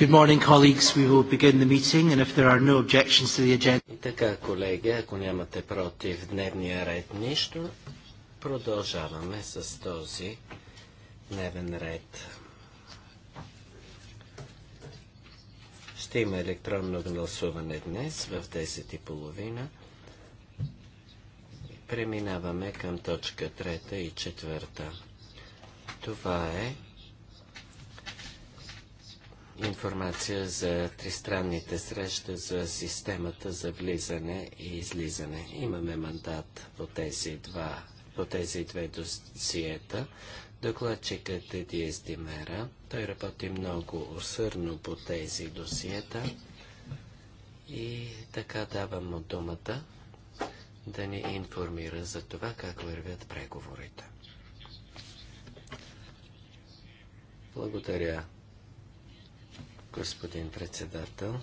Good morning, colleagues. We will begin the meeting, and if there are no objections to the agenda... И така, колеги, ако нямате против дневния ред нищо, продължаваме с този дневен ред. Ще има електронно гласуване днес в 10.30. Преминаваме към точка 3 и 4. Това е информация за тристранните срещи за системата за влизане и излизане. Имаме мандат по тези, два, по тези две досиета. Докладчикът е Диес Димера. Той работи много усърдно по тези досиета. И така давам му думата да ни информира за това как вървят преговорите. Благодаря, господин председател.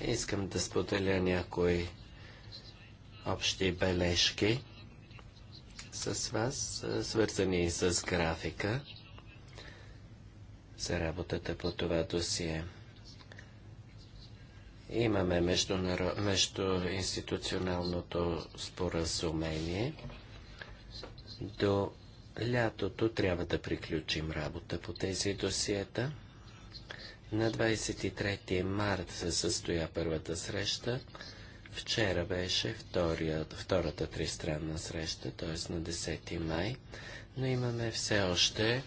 Искам да споделя някои общи бележки с вас, свързани с графика за работата по това досие. Имаме междуинституционалното споразумение – до лятото трябва да приключим работа по тези досиета. На 23 март се състоя първата среща. Вчера беше втория, втората тристранна среща, т.е. на 10 май, но имаме все още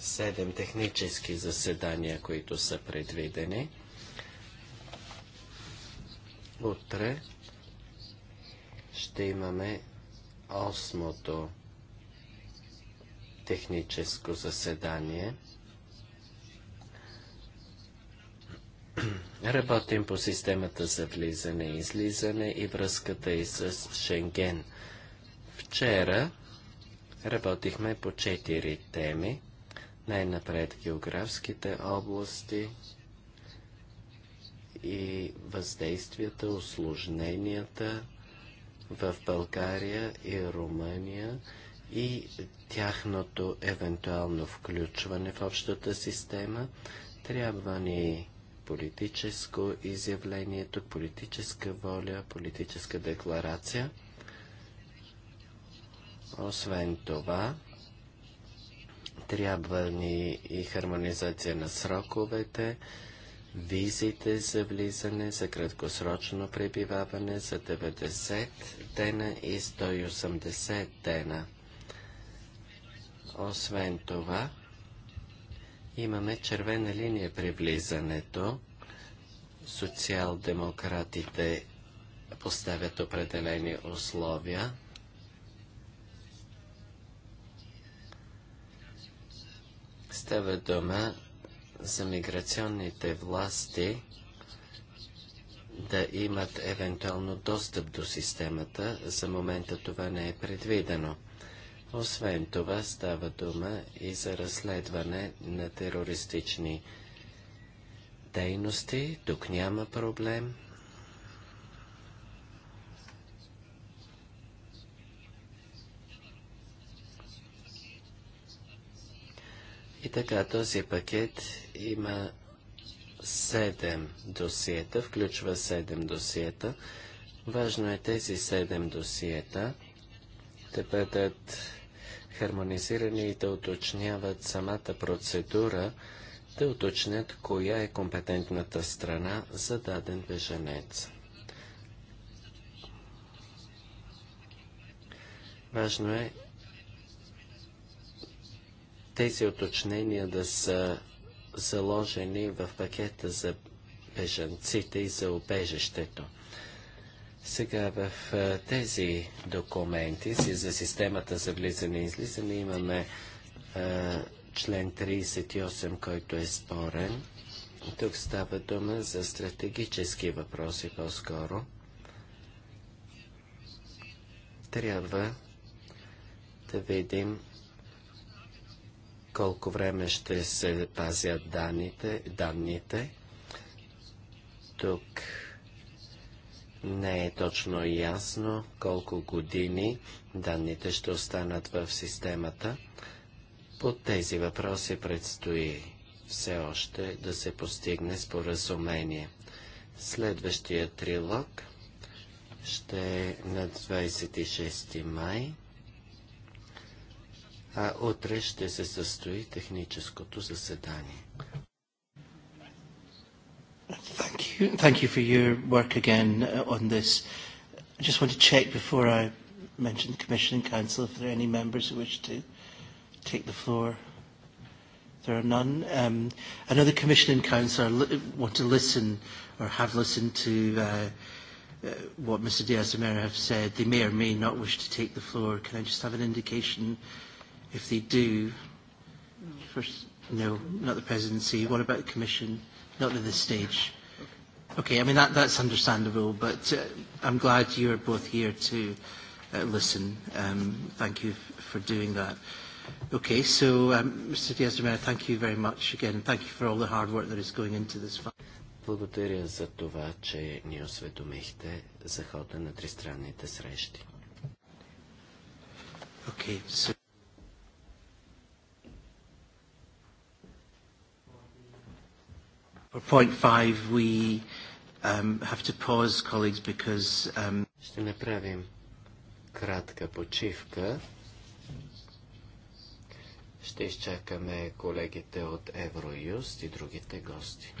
7 технически заседания, които са предвидени. Утре ще имаме осмото техническо заседание. Работим по системата за влизане и излизане и връзката и с Шенген. Вчера работихме по четири теми. Най-напред географските области и въздействията, осложненията, в България и Румъния и тяхното евентуално включване в общата система. Трябва ни политическо изявление, тук политическа воля, политическа декларация. Освен това, трябва ни и хармонизация на сроковете, визите за влизане, за краткосрочно пребиваване, за 90 Тена и 180 дена. Освен това, имаме червена линия при влизането. Социал-демократите поставят определени условия. Става дума за миграционните власти да имат евентуално достъп до системата. За момента това не е предвидено. Освен това става дума и за разследване на терористични дейности. Тук няма проблем. И така този пакет има 7 досиета, включва 7 досиета. Важно е тези 7 досиета да бъдат хармонизирани и да уточняват самата процедура, да уточнят коя е компетентната страна за даден беженец. Важно е тези уточнения да са заложени в пакета за бежанците и за убежището. Сега в тези документи си за системата за влизане и излизане имаме е, член 38, който е спорен. Тук става дума за стратегически въпроси по-скоро. Трябва да видим колко време ще се пазят данните, данните. Тук не е точно ясно колко години данните ще останат в системата. По тези въпроси предстои все още да се постигне споразумение. Следващия трилог ще е на 26 май а утре ще се състои техническото заседание. Thank you. Thank you for your work again on this. I just want to check before I mention the Commission and Council if there are any members who wish to take the floor. There are none. Um, I know the Commission and Council are li- want to listen or have listened to uh, uh, what Mr Diaz-Amera have said. They may or may not wish to take the floor. Can I just have an indication if they do, first, no, not the presidency. What about the commission? Not at this stage. Okay, I mean, that, that's understandable, but uh, I'm glad you're both here to uh, listen. Um, thank you for doing that. Okay, so um, Mr. Diaz de thank you very much again. Thank you for all the hard work that is going into this fund. Благодаря за това, че ни осведомихте за хода на тристранните срещи. Okay, so For point five, we um, have to pause, colleagues, because... Um... Ще направим кратка почивка. Ще изчакаме колегите от Евроюст и другите гости.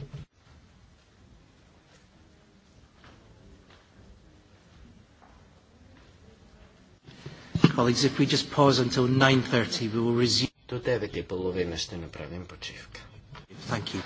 Colleagues, if we just pause until 9.30, we will resume. До 9.30 ще направим почивка. Thank you.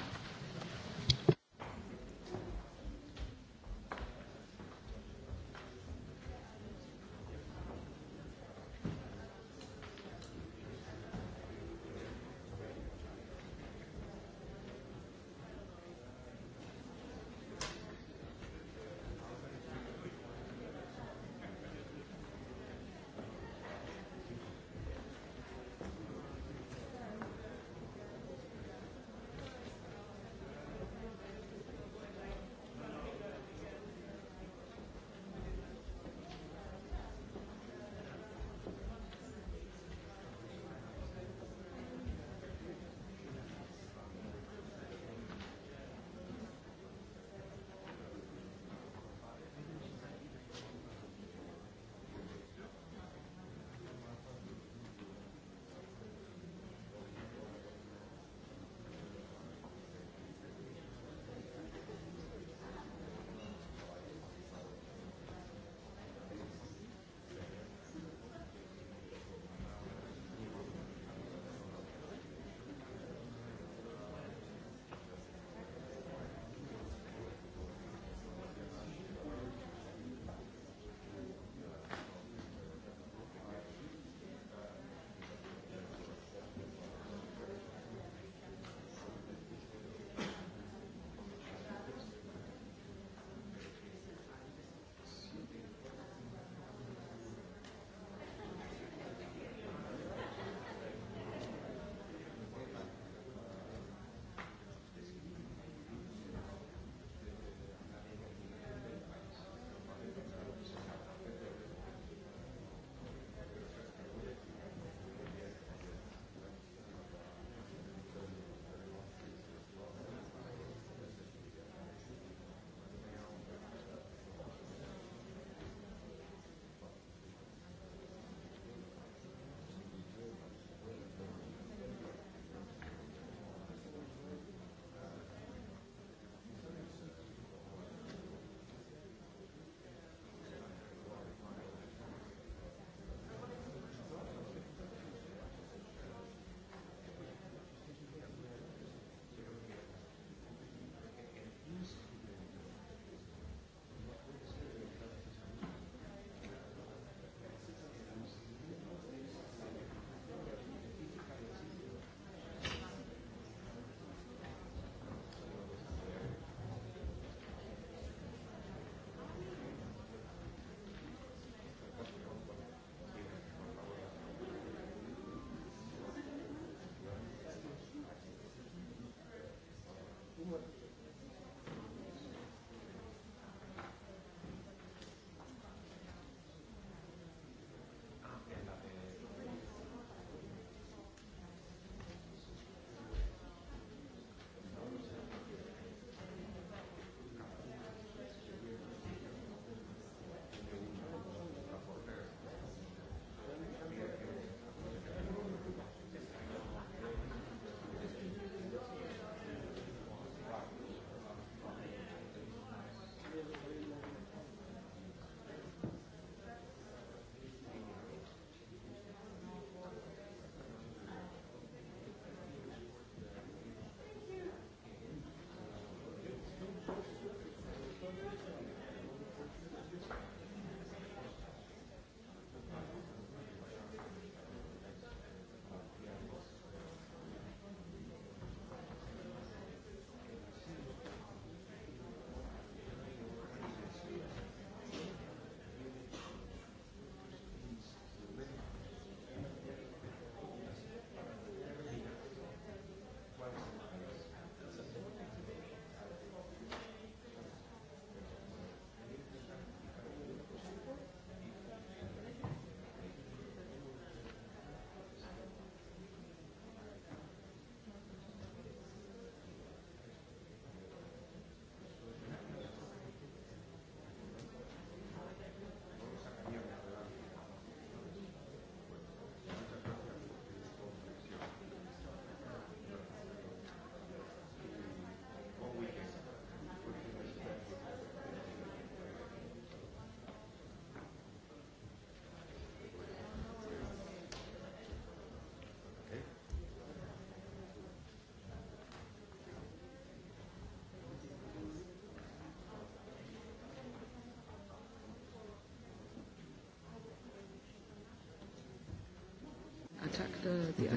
attack the, the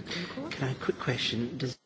Can I quick question? Does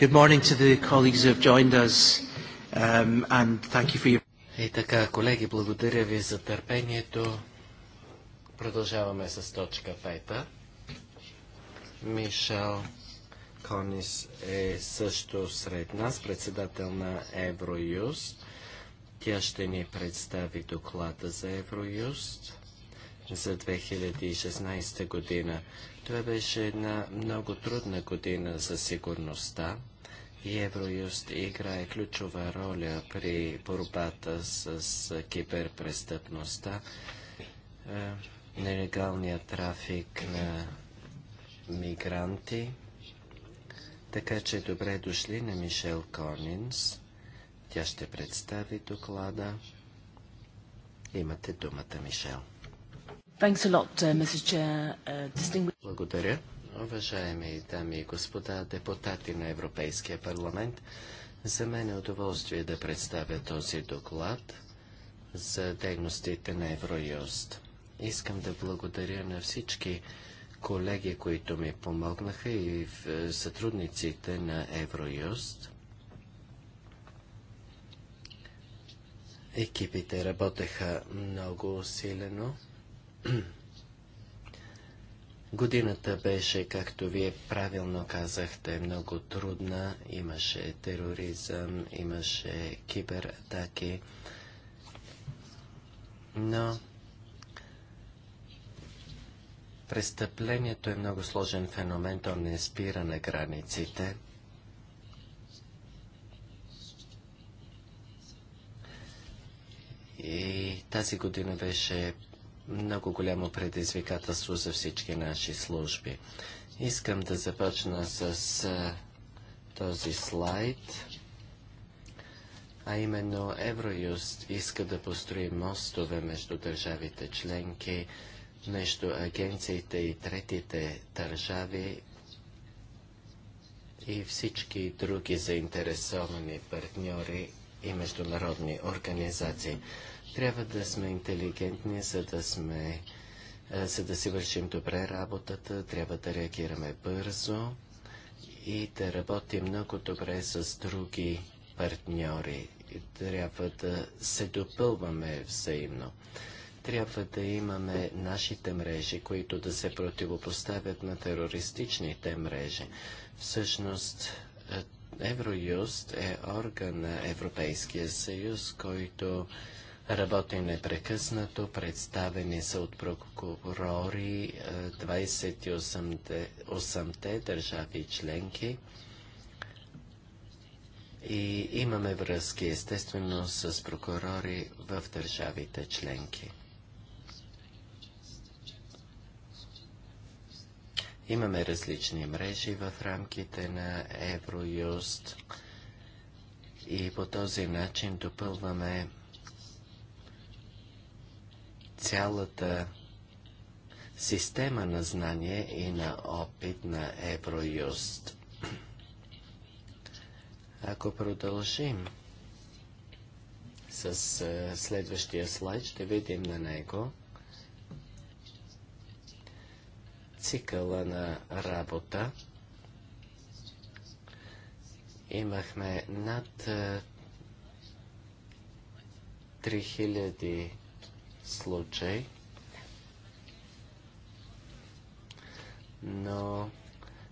Good morning to the colleagues who have joined us um, and thank you for your... И така, колеги, благодаря ви за търпението. Продължаваме с точка 5. Мишел Конис е също сред нас, председател на Евроюст. Тя ще ни представи доклада за Евроюст за 2016 година. Това беше една много трудна година за сигурността и Евроюст играе ключова роля при борбата с, киберпрестъпността, е, нелегалния трафик на мигранти. Така че добре дошли на Мишел Конинс. Тя ще представи доклада. Имате думата, Мишел. Uh, uh, благодаря. Уважаеми дами и господа депутати на Европейския парламент, за мен е удоволствие да представя този доклад за дейностите на Евроюст. Искам да благодаря на всички колеги, които ми помогнаха и в е, сътрудниците на Евроюст. Екипите работеха много усилено. Годината беше, както вие правилно казахте, много трудна. Имаше тероризъм, имаше кибератаки. Но престъплението е много сложен феномен, то не спира на границите. И тази година беше много голямо предизвикателство за всички наши служби. Искам да започна с а, този слайд, а именно Евроюст иска да построи мостове между държавите членки, между агенциите и третите държави и всички други заинтересовани партньори и международни организации. Трябва да сме интелигентни, за да сме е, за да си вършим добре работата, трябва да реагираме бързо и да работим много добре с други партньори. Трябва да се допълваме взаимно. Трябва да имаме нашите мрежи, които да се противопоставят на терористичните мрежи. Всъщност, е, Евроюст е орган на Европейския съюз, който Работи непрекъснато, представени са от прокурори 28-те е, държави и членки. И имаме връзки, естествено, с прокурори в държавите членки. Имаме различни мрежи в рамките на Евроюст и по този начин допълваме цялата система на знание и на опит на Евроюст. Ако продължим с следващия слайд, ще видим на него цикъла на работа. Имахме над 3000 случай. Но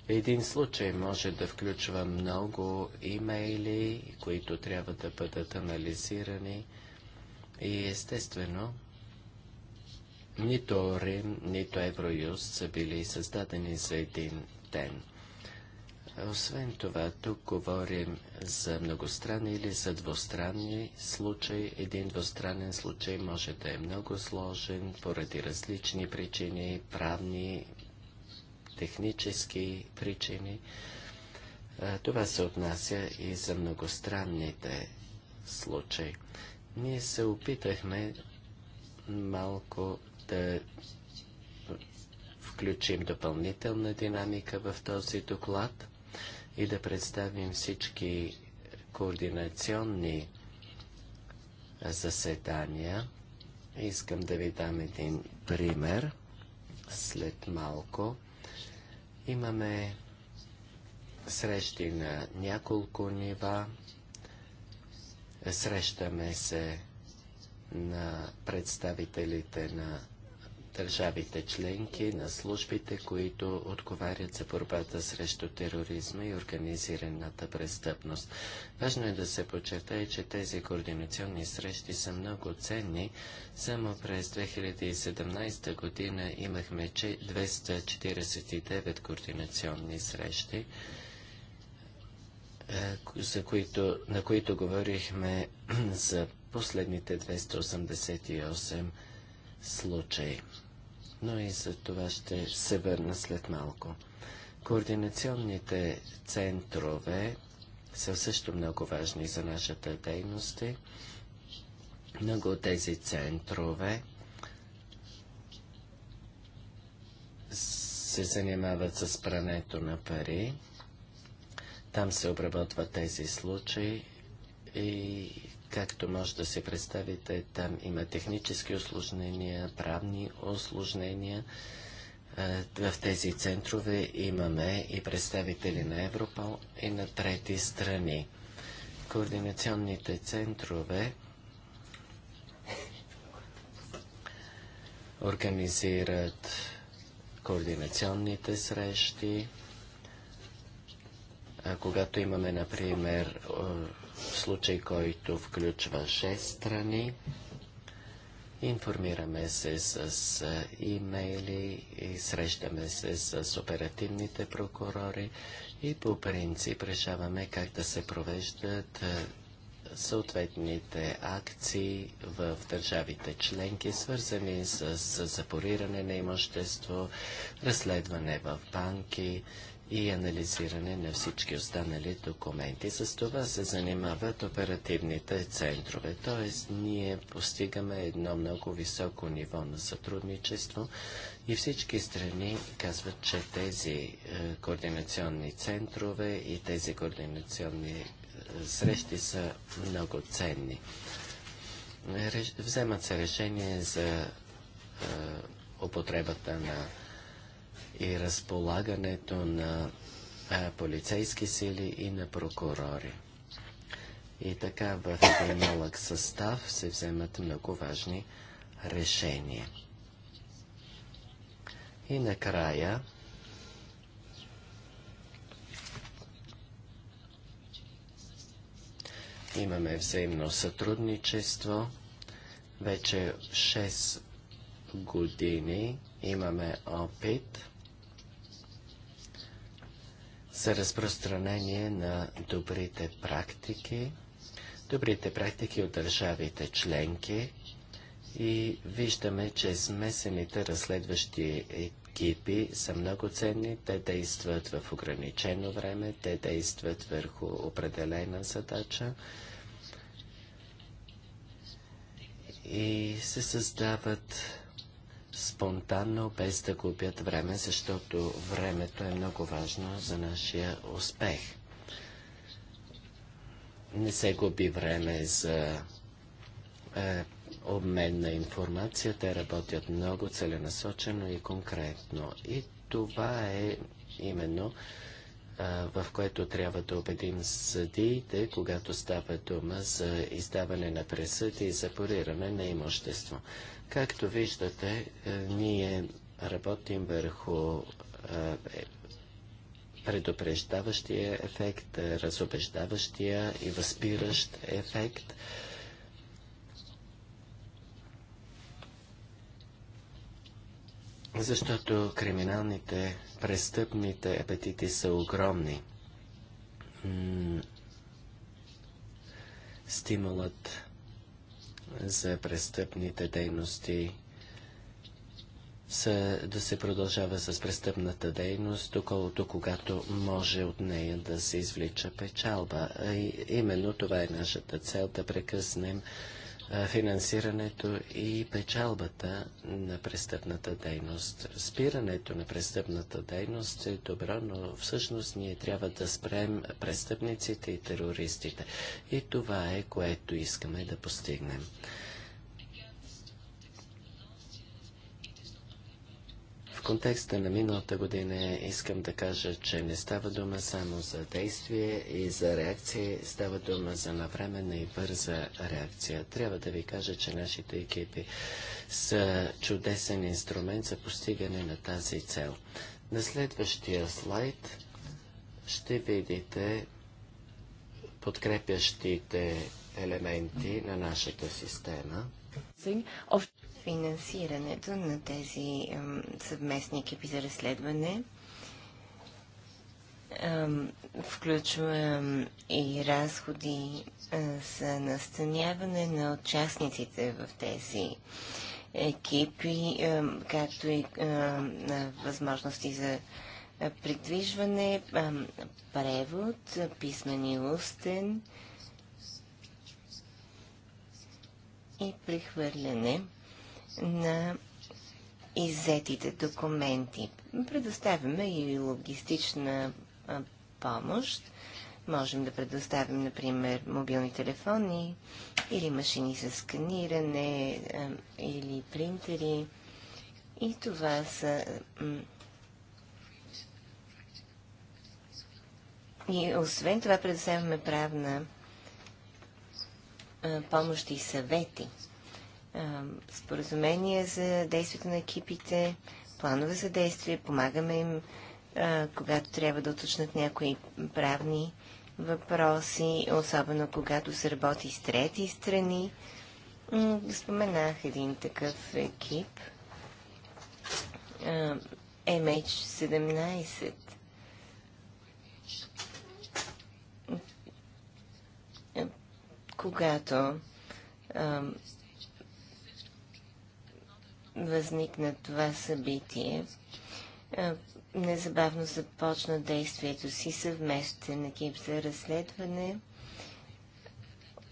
един случай може да включва много имейли, които трябва да бъдат анализирани. И естествено, нито Рим, нито Евроюст са били създадени за един ден. Освен това, тук говорим за многостранни или за двустранни случаи. Един двустранен случай може да е много сложен поради различни причини, правни, технически причини. Това се отнася и за многостранните случаи. Ние се опитахме малко да включим допълнителна динамика в този доклад и да представим всички координационни заседания. Искам да ви дам един пример. След малко имаме срещи на няколко нива. Срещаме се на представителите на държавите членки, на службите, които отговарят за борбата срещу тероризма и организираната престъпност. Важно е да се подчертае, че тези координационни срещи са много ценни. Само през 2017 година имахме 249 координационни срещи, е, за които, на които говорихме за последните 288 случаи но и за това ще се върна след малко. Координационните центрове са също много важни за нашата дейност. Много от тези центрове се занимават с прането на пари. Там се обработват тези случаи и Както може да се представите, там има технически осложнения, правни осложнения. В тези центрове имаме и представители на Европол и на трети страни. Координационните центрове организират координационните срещи. Когато имаме, например, случай, който включва 6 страни. Информираме се с имейли и срещаме се с оперативните прокурори и по принцип решаваме как да се провеждат съответните акции в държавите членки, свързани с запориране на имущество, разследване в банки и анализиране на всички останали документи. С това се занимават оперативните центрове, т.е. ние постигаме едно много високо ниво на сътрудничество и всички страни казват, че тези е, координационни центрове и тези координационни е, срещи са много ценни. Вземат се решение за е, употребата на и разполагането на а, полицейски сили и на прокурори. И така в един малък състав се вземат много важни решения. И накрая имаме взаимно сътрудничество. Вече 6 години имаме опит за разпространение на добрите практики, добрите практики от държавите членки и виждаме, че смесените разследващи екипи са много ценни. Те действат в ограничено време, те действат върху определена задача и се създават спонтанно, без да губят време, защото времето е много важно за нашия успех. Не се губи време за е, обмен на информация. Те работят много целенасочено и конкретно. И това е именно е, в което трябва да убедим съдиите, когато става дума за издаване на пресъди и запориране на имущество. Както виждате, е, ние работим върху е, предупреждаващия ефект, е, разобеждаващия и възпиращ ефект. Защото криминалните, престъпните апетити са огромни. Стимулът за престъпните дейности са да се продължава с престъпната дейност, доколкото когато може от нея да се извлича печалба. А именно това е нашата цел да прекъснем финансирането и печалбата на престъпната дейност. Спирането на престъпната дейност е добро, но всъщност ние трябва да спрем престъпниците и терористите. И това е, което искаме да постигнем. контекста на миналата година искам да кажа, че не става дума само за действие и за реакция, става дума за навременна и бърза реакция. Трябва да ви кажа, че нашите екипи са чудесен инструмент за постигане на тази цел. На следващия слайд ще видите подкрепящите елементи на нашата система финансирането на тези съвместни екипи за разследване включва и разходи за настаняване на участниците в тези екипи, както и възможности за придвижване, превод, писмен и устен и прехвърляне на иззетите документи. Предоставяме и логистична помощ. Можем да предоставим, например, мобилни телефони или машини за сканиране или принтери. И това са И освен това предоставяме правна помощ и съвети споразумения за действието на екипите, планове за действие, помагаме им, когато трябва да уточнат някои правни въпроси, особено когато се работи с трети страни. Споменах един такъв екип. MH17. Когато възникна това събитие, незабавно започна действието си съвместен екип за разследване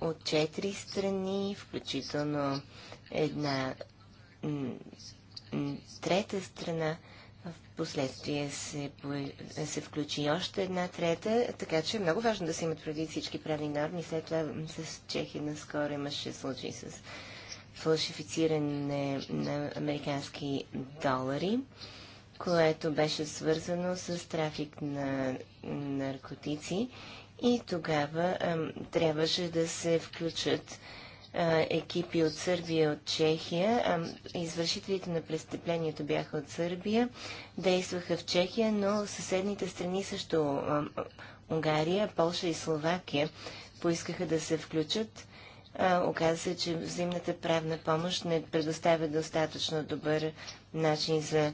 от четири страни, включително една трета страна. В последствие се, се включи още една трета, така че е много важно да се имат преди всички правни норми. След това с Чехия наскоро имаше случаи с фалшифициране на американски долари, което беше свързано с трафик на наркотици и тогава трябваше да се включат а, екипи от Сърбия, от Чехия. извършителите на престъплението бяха от Сърбия, действаха в Чехия, но съседните страни също, Унгария, Полша и Словакия, поискаха да се включат Оказва се, че взаимната правна помощ не предоставя достатъчно добър начин за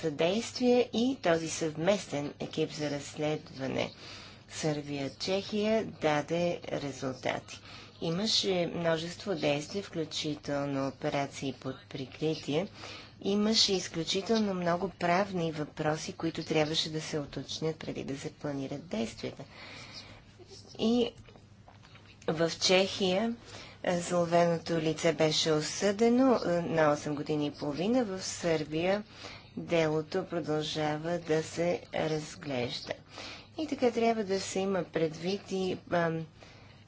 съдействие и този съвместен екип за разследване Сърбия-Чехия даде резултати. Имаше множество действия, включително операции под прикритие. Имаше изключително много правни въпроси, които трябваше да се уточнят преди да се планират действията. И в Чехия е, зловеното лице беше осъдено е, на 8 години и половина. В Сърбия делото продължава да се разглежда. И така трябва да се има предвид и а,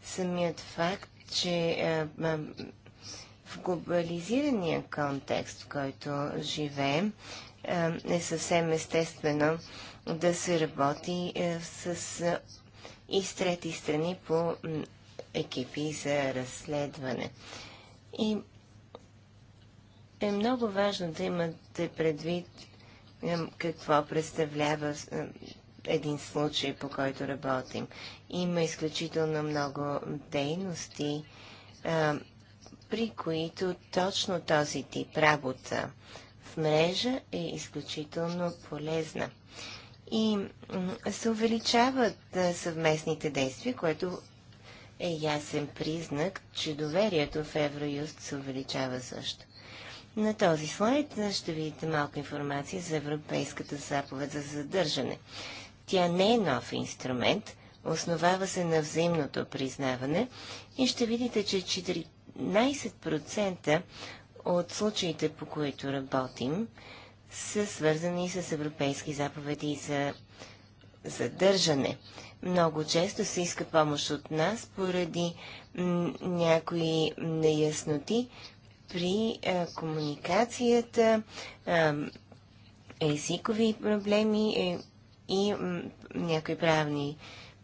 самият факт, че а, а, в глобализирания контекст, в който живеем, е съвсем естествено да се работи а, е, с а, и с трети страни по екипи за разследване. И е много важно да имате предвид какво представлява един случай, по който работим. Има изключително много дейности, при които точно този тип работа в мрежа е изключително полезна. И се увеличават е, съвместните действия, което е ясен признак, че доверието в Евроюст се увеличава също. На този слайд ще видите малко информация за Европейската заповед за задържане. Тя не е нов инструмент, основава се на взаимното признаване и ще видите, че 14% от случаите, по които работим, са свързани с европейски заповеди за задържане. Много често се иска помощ от нас поради някои неясноти при а, комуникацията, а, езикови проблеми е, и някои правни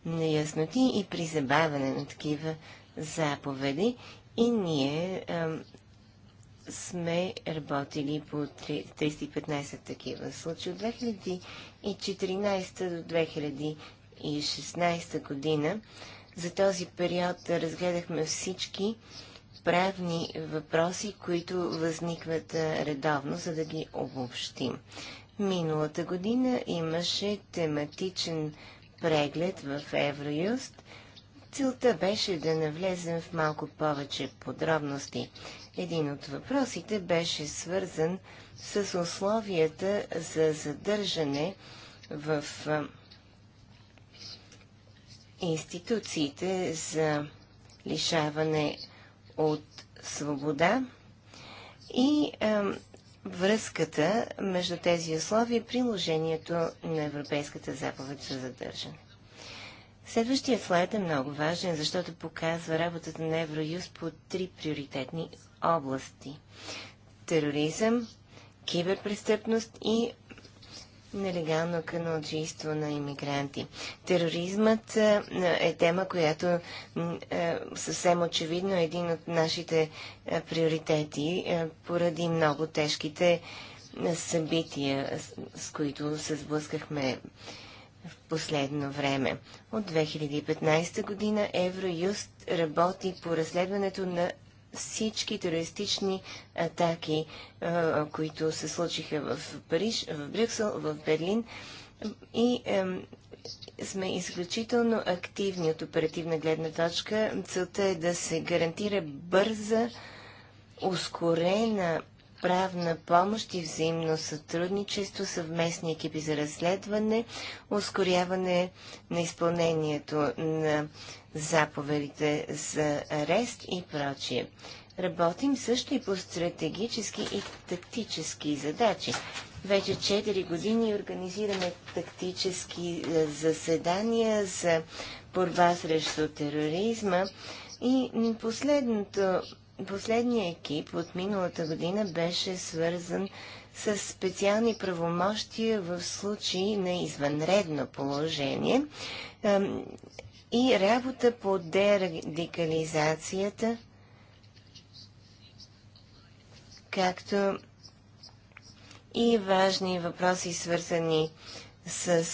неясноти и при забавяне на такива заповеди. И ние а, сме работили по 315 такива случаи от 2014 до 2016 година. За този период разгледахме всички правни въпроси, които възникват редовно, за да ги обобщим. Миналата година имаше тематичен преглед в Евроюст. Целта беше да навлезем в малко повече подробности. Един от въпросите беше свързан с условията за задържане в институциите за лишаване от свобода и е, връзката между тези условия и приложението на Европейската заповед за задържане. Следващия слайд е много важен, защото показва работата на Евроюз по три приоритетни области – тероризъм, киберпрестъпност и нелегално каналджийство на иммигранти. Тероризмът е, е тема, която е, съвсем очевидно е един от нашите е, приоритети поради много тежките събития, с които се сблъскахме в последно време. От 2015 година Евроюст работи по разследването на всички терористични атаки, които се случиха в Париж, в Брюксел, в Берлин. И сме изключително активни от оперативна гледна точка. Целта е да се гарантира бърза, ускорена правна помощ и взаимно сътрудничество, съвместни екипи за разследване, ускоряване на изпълнението на заповедите за арест и прочие. Работим също и по стратегически и тактически задачи. Вече 4 години организираме тактически е, заседания за борба срещу тероризма. И последното Последният екип от миналата година беше свързан с специални правомощия в случай на извънредно положение и работа по дерадикализацията, както и важни въпроси, свързани с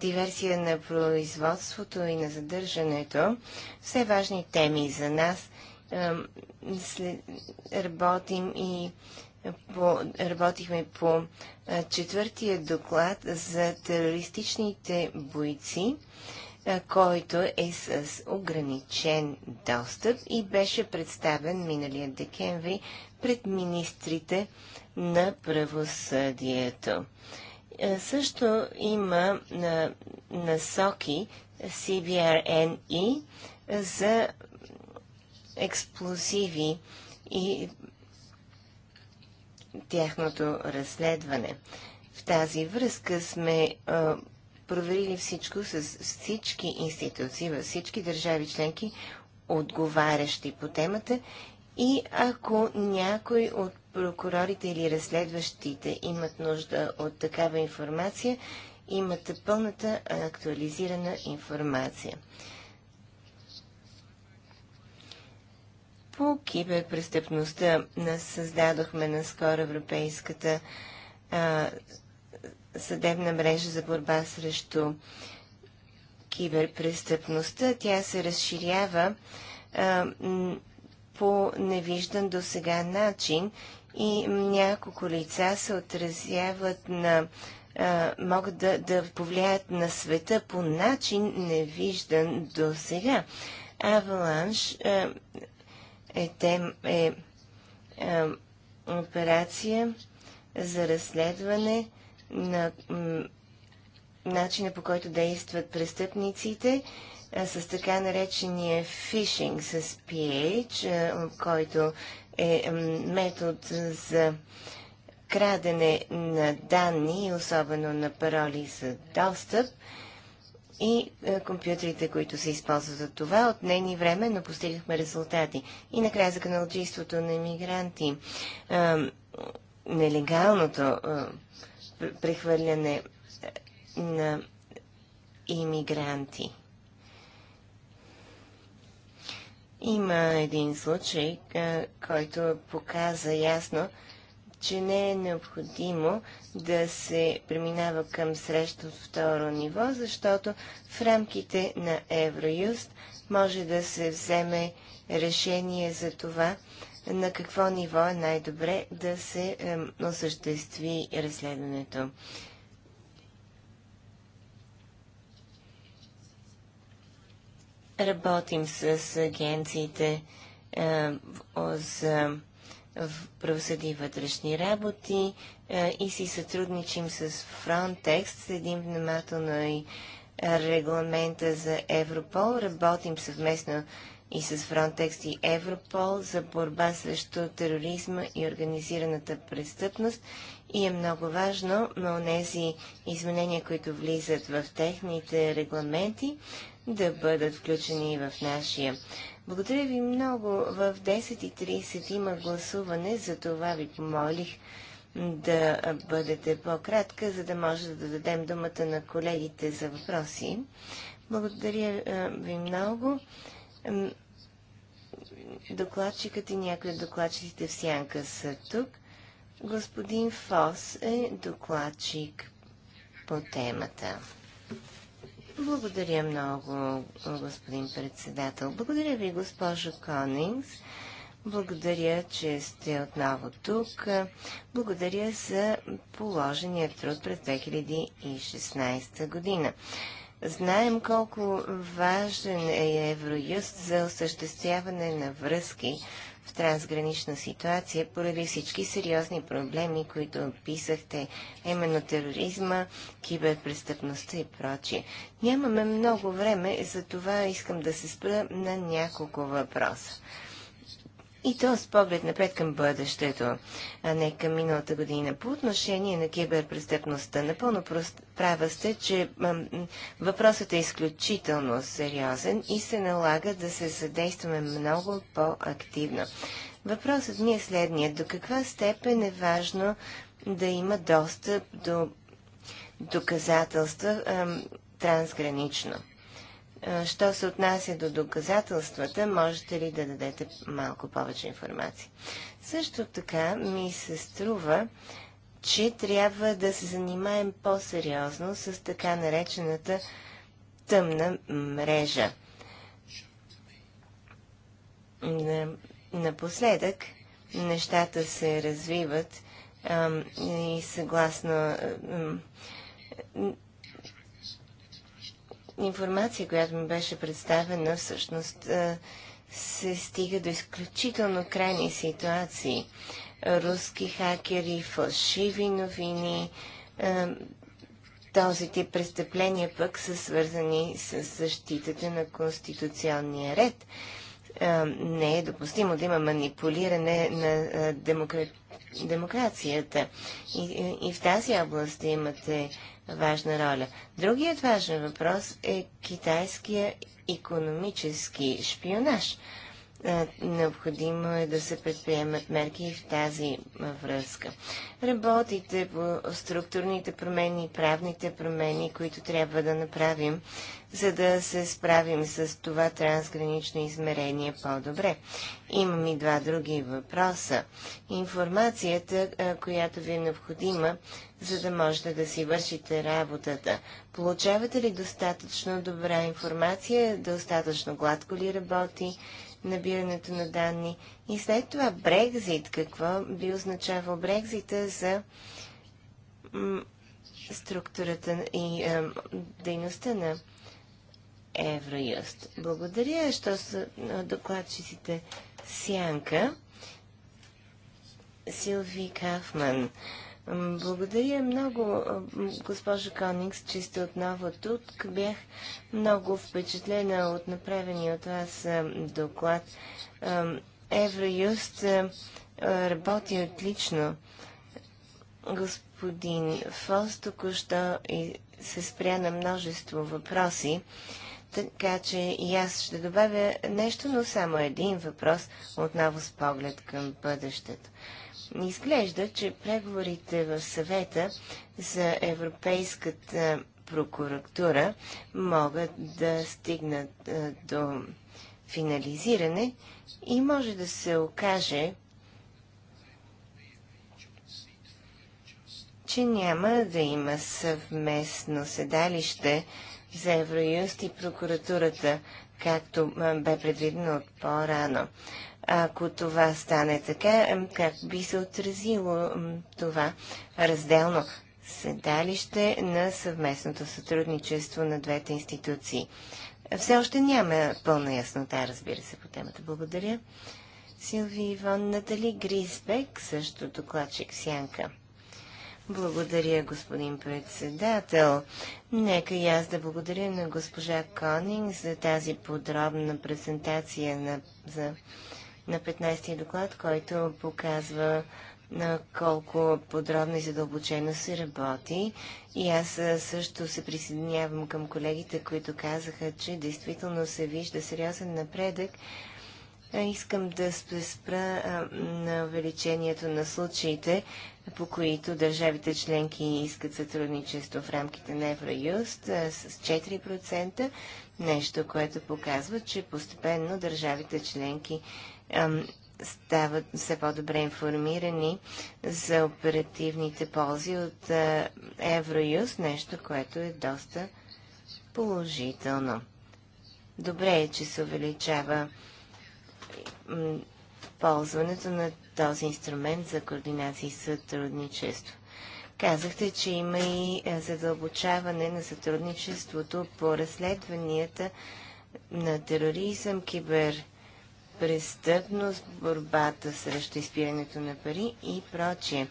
диверсия на производството и на задържането, все важни теми за нас работим и по, работихме по четвъртия доклад за терористичните бойци, който е с ограничен достъп и беше представен миналия декември пред министрите на правосъдието. Също има насоки CBRNE за експлозиви и тяхното разследване. В тази връзка сме а, проверили всичко с всички институции във всички държави членки, отговарящи по темата и ако някой от прокурорите или разследващите имат нужда от такава информация, имате пълната актуализирана информация. по киберпрестъпността създадохме наскоро Европейската а, съдебна мрежа за борба срещу киберпрестъпността. Тя се разширява а, по невиждан до сега начин и няколко лица се отразяват на а, могат да, да повлияят на света по начин невиждан до сега. Аваланш е, тем, е, е операция за разследване на начина по който действат престъпниците е, с така наречения фишинг с PH, е, който е метод за крадене на данни, особено на пароли за достъп и е, компютрите, които се използват от това, от нейни време, но постигахме резултати. И накрая за каналчийството на иммигранти. Е, нелегалното е, прехвърляне е, на иммигранти. Има един случай, е, който показа ясно, че не е необходимо да се преминава към среща от второ ниво, защото в рамките на Евроюст може да се вземе решение за това, на какво ниво е най-добре да се е, осъществи разследването. Работим с агенциите е, за в правосъди и вътрешни работи а, и си сътрудничим с Frontex, следим внимателно и регламента за Европол, работим съвместно и с Frontex и Европол за борба срещу тероризма и организираната престъпност и е много важно на тези изменения, които влизат в техните регламенти, да бъдат включени и в нашия. Благодаря ви много. В 10.30 има гласуване, за това ви помолих да бъдете по-кратка, за да може да дадем думата на колегите за въпроси. Благодаря ви много. Докладчикът и някои от докладчиците в сянка са тук. Господин Фос е докладчик по темата. Благодаря много, господин председател. Благодаря ви, госпожо Конингс. Благодаря, че сте отново тук. Благодаря за положения труд през 2016 година. Знаем колко важен е Евроюст за осъществяване на връзки в трансгранична ситуация поради всички сериозни проблеми, които описахте, именно тероризма, киберпрестъпността и прочие. Нямаме много време, за това искам да се спра на няколко въпроса. И то с поглед напред към бъдещето, а не към миналата година. По отношение на киберпрестъпността, напълно права сте, че въпросът е изключително сериозен и се налага да се задействаме много по-активно. Въпросът ми е следният. До каква степен е важно да има достъп до доказателства трансгранично? Е, що се отнася до доказателствата, можете ли да дадете малко повече информация? Също така ми се струва, че трябва да се занимаем по-сериозно с така наречената тъмна мрежа. Напоследък нещата се развиват и съгласно информация, която ми беше представена, всъщност се стига до изключително крайни ситуации. Руски хакери, фалшиви новини, този тип престъпления пък са свързани с защитата на конституционния ред. Не е допустимо да има манипулиране на демокра... демокрацията. И, и в тази област имате важна роля. Другият важен въпрос е китайския економически шпионаж. Необходимо е да се предприемат мерки в тази връзка. Работите по структурните промени правните промени, които трябва да направим, за да се справим с това трансгранично измерение по-добре. Имам и два други въпроса. Информацията, която ви е необходима, за да можете да си вършите работата. Получавате ли достатъчно добра информация, достатъчно гладко ли работи набирането на данни? И след това Брекзит, какво би означавал Брекзита за структурата и е, дейността на Евроюст. Благодаря, що са докладчиците Сянка, Силви Кафман. Благодаря много, госпожа Коникс, че сте отново тук. Бях много впечатлена от направения от вас доклад. Евроюст работи отлично. Господин Фос току-що се спря на множество въпроси така че и аз ще добавя нещо, но само един въпрос, отново с поглед към бъдещето. Изглежда, че преговорите в съвета за Европейската прокуратура могат да стигнат до финализиране и може да се окаже, че няма да има съвместно седалище за Евроюст и прокуратурата, както бе предвидено от по-рано. Ако това стане така, как би се отразило това разделно седалище на съвместното сътрудничество на двете институции? Все още няма пълна яснота, разбира се, по темата. Благодаря. Силви Иван Натали Гризбек, също докладчик Сянка. Благодаря, господин председател. Нека и аз да благодаря на госпожа Конинг за тази подробна презентация на, за, на 15-ти доклад, който показва на колко подробно и задълбочено се работи. И аз също се присъединявам към колегите, които казаха, че действително се вижда сериозен напредък. Искам да спра на увеличението на случаите, по които държавите членки искат сътрудничество в рамките на Евроюст с 4%, нещо, което показва, че постепенно държавите членки стават все по-добре информирани за оперативните ползи от Евроюст, нещо, което е доста положително. Добре е, че се увеличава ползването на този инструмент за координация и сътрудничество. Казахте, че има и е, задълбочаване на сътрудничеството по разследванията на тероризъм, киберпрестъпност, борбата срещу изпирането на пари и прочие.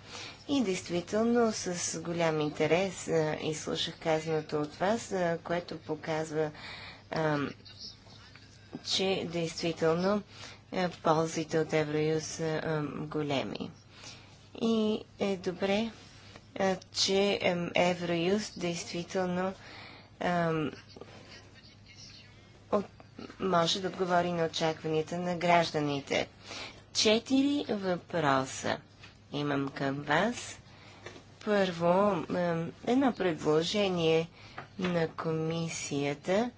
И действително с голям интерес а, е, изслушах казаното от вас, а, е, което показва, а, че действително е, ползите от Евроюз са е, големи. И е добре, е, че Евроюз действително може да отговори на очакванията на гражданите. Четири въпроса имам към вас. Първо, едно предложение на комисията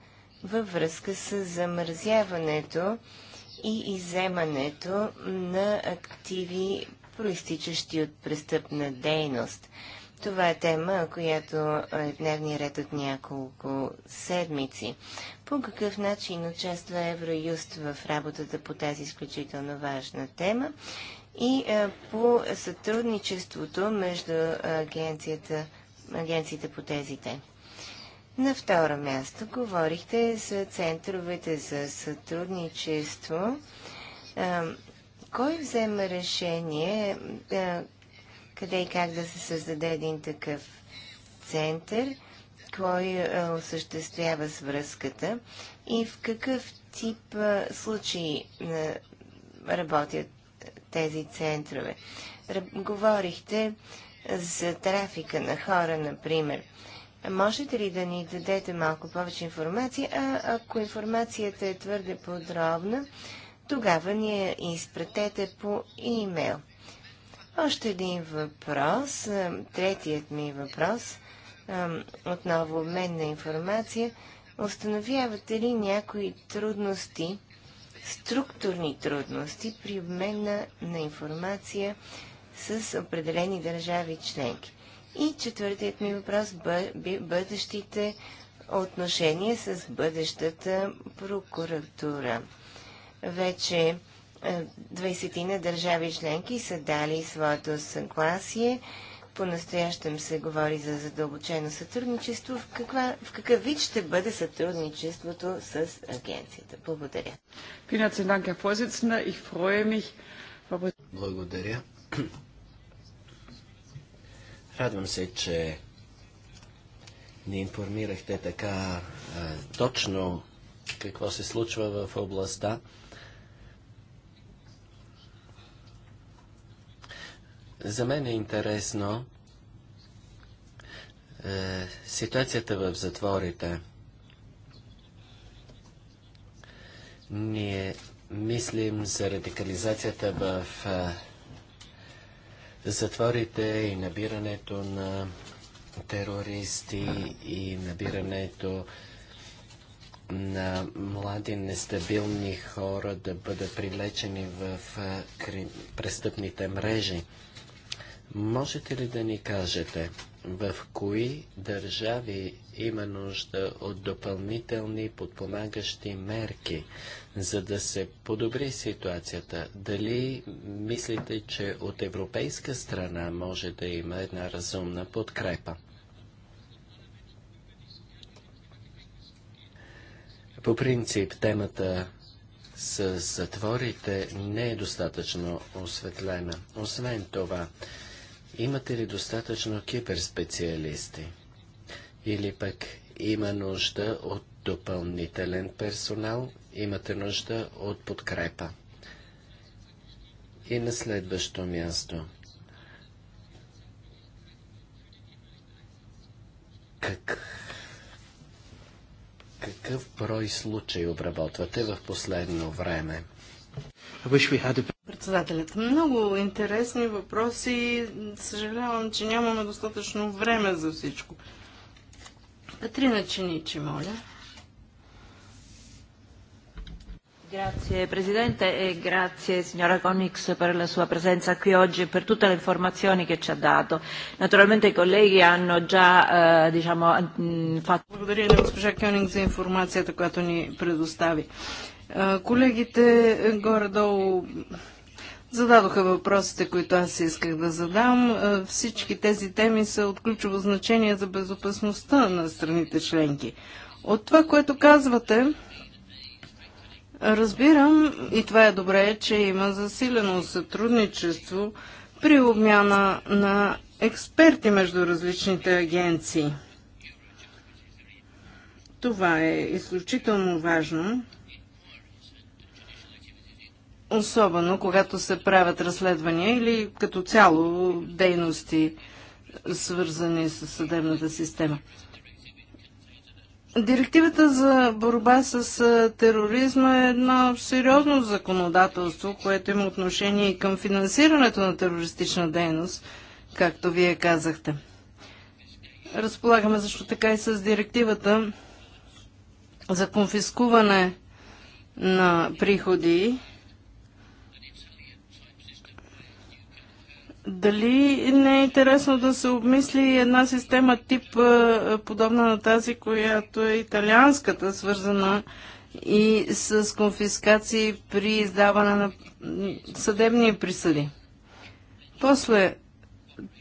във връзка с замързяването и иземането на активи, проистичащи от престъпна дейност. Това е тема, която е в дневния ред от няколко седмици. По какъв начин участва Евроюст в работата по тази изключително важна тема и е, по сътрудничеството между агенцията, агенциите по тези теми? На второ място говорихте за центровете за сътрудничество. кой взема решение къде и как да се създаде един такъв център? Кой осъществява свръзката И в какъв тип случаи работят тези центрове? Говорихте за трафика на хора, например. Можете ли да ни дадете малко повече информация? А ако информацията е твърде подробна, тогава ни я изпратете по имейл. Още един въпрос, третият ми въпрос, отново обмен на информация. Установявате ли някои трудности, структурни трудности при обмена на информация с определени държави членки? И четвъртият ми въпрос – бъдещите отношения с бъдещата прокуратура. Вече 20 е, на държави членки са дали своето съгласие. По-настоящем се говори за задълбочено сътрудничество. В, каква, в какъв вид ще бъде сътрудничеството с агенцията? Благодаря. Благодаря. Радвам се, че ни информирахте така а, е, точно какво се случва в областта. За мен е интересно е, ситуацията в затворите. Ние мислим за радикализацията в е, затворите и набирането на терористи и набирането на млади нестабилни хора да бъдат привлечени в престъпните мрежи. Можете ли да ни кажете в кои държави има нужда от допълнителни подпомагащи мерки, за да се подобри ситуацията? Дали мислите, че от европейска страна може да има една разумна подкрепа? По принцип, темата с затворите не е достатъчно осветлена. Освен това, имате ли достатъчно киберспециалисти? Или пък има нужда от допълнителен персонал, имате нужда от подкрепа. И на следващо място. Как... Какъв брой случаи обработвате в последно време? Председателят, много интересни въпроси. Съжалявам, че нямаме достатъчно време за всичко. Катрина Чиничи, моля. Grazie Presidente e grazie signora Conix per la sua presenza qui oggi e per tutte le informazioni che ci ha dato. Naturalmente i colleghi hanno già eh, mm, fatto... Благодаря госпожа Кьонинг за информацията, която ни предостави. Е, колегите е, горе-долу зададоха въпросите, които аз исках да задам. Е, всички тези теми са от ключово значение за безопасността на страните членки. От това, което казвате, Разбирам, и това е добре, че има засилено сътрудничество при обмяна на експерти между различните агенции. Това е изключително важно, особено когато се правят разследвания или като цяло дейности, свързани с съдебната система. Директивата за борба с тероризма е едно сериозно законодателство, което има отношение и към финансирането на терористична дейност, както вие казахте. Разполагаме също така и с директивата за конфискуване на приходи Дали не е интересно да се обмисли една система тип подобна на тази, която е италианската, свързана и с конфискации при издаване на съдебни присъди? После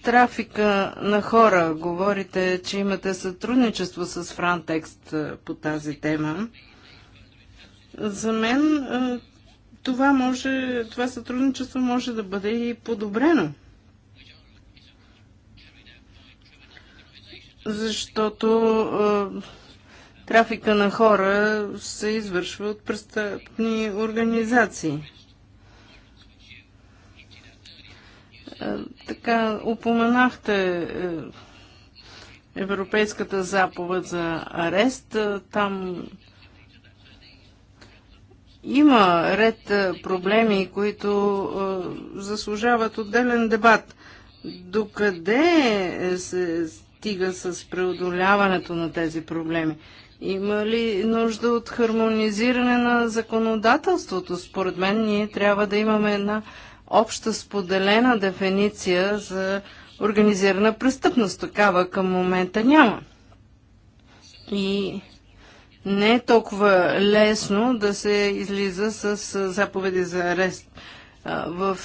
трафика на хора. Говорите, че имате сътрудничество с Франтекст по тази тема. За мен това, може, това сътрудничество може да бъде и подобрено. защото а, трафика на хора се извършва от престъпни организации. А, така, упоменахте е, Европейската заповед за арест. Там има ред е, проблеми, които е, заслужават отделен дебат. Докъде се стига с преодоляването на тези проблеми? Има ли нужда от хармонизиране на законодателството? Според мен ние трябва да имаме една обща споделена дефиниция за организирана престъпност. Такава към момента няма. И не е толкова лесно да се излиза с заповеди за арест в,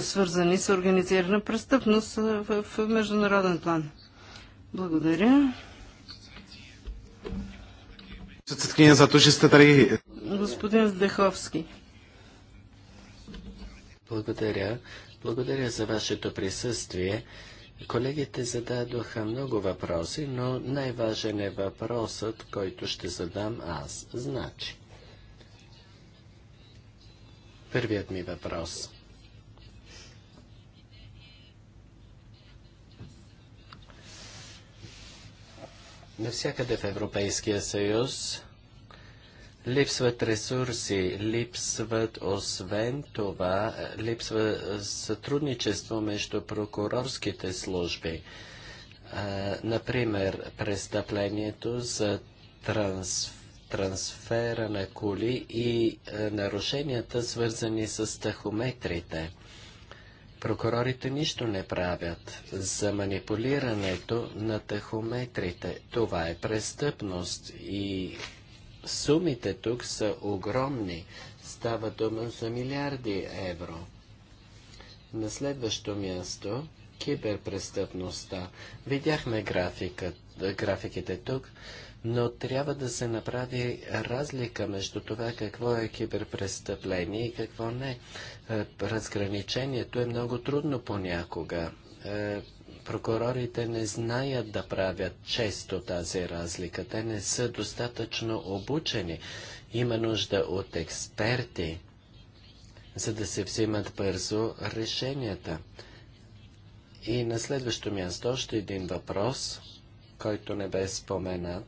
свързани с организирана престъпност в международен план. Благодаря. Господин Здеховски. Благодаря. Благодаря за вашето присъствие. Колегите зададоха много въпроси, но най-важен е въпросът, който ще задам аз. Значи, първият ми въпрос – Навсякъде в Европейския съюз липсват ресурси, липсват освен това, е, липсва е, сътрудничество между прокурорските служби. Е, например, престъплението за трансфер трансфера на кули и нарушенията, свързани с тахометрите. Прокурорите нищо не правят за манипулирането на тахометрите. Това е престъпност и сумите тук са огромни. Става дума за милиарди евро. На следващо място киберпрестъпността. Видяхме графикът, графиките тук, но трябва да се направи разлика между това какво е киберпрестъпление и какво не. Е, разграничението е много трудно понякога. Е, прокурорите не знаят да правят често тази разлика. Те не са достатъчно обучени. Има нужда от експерти, за да се взимат бързо решенията. И на следващо място още един въпрос, който не бе споменат.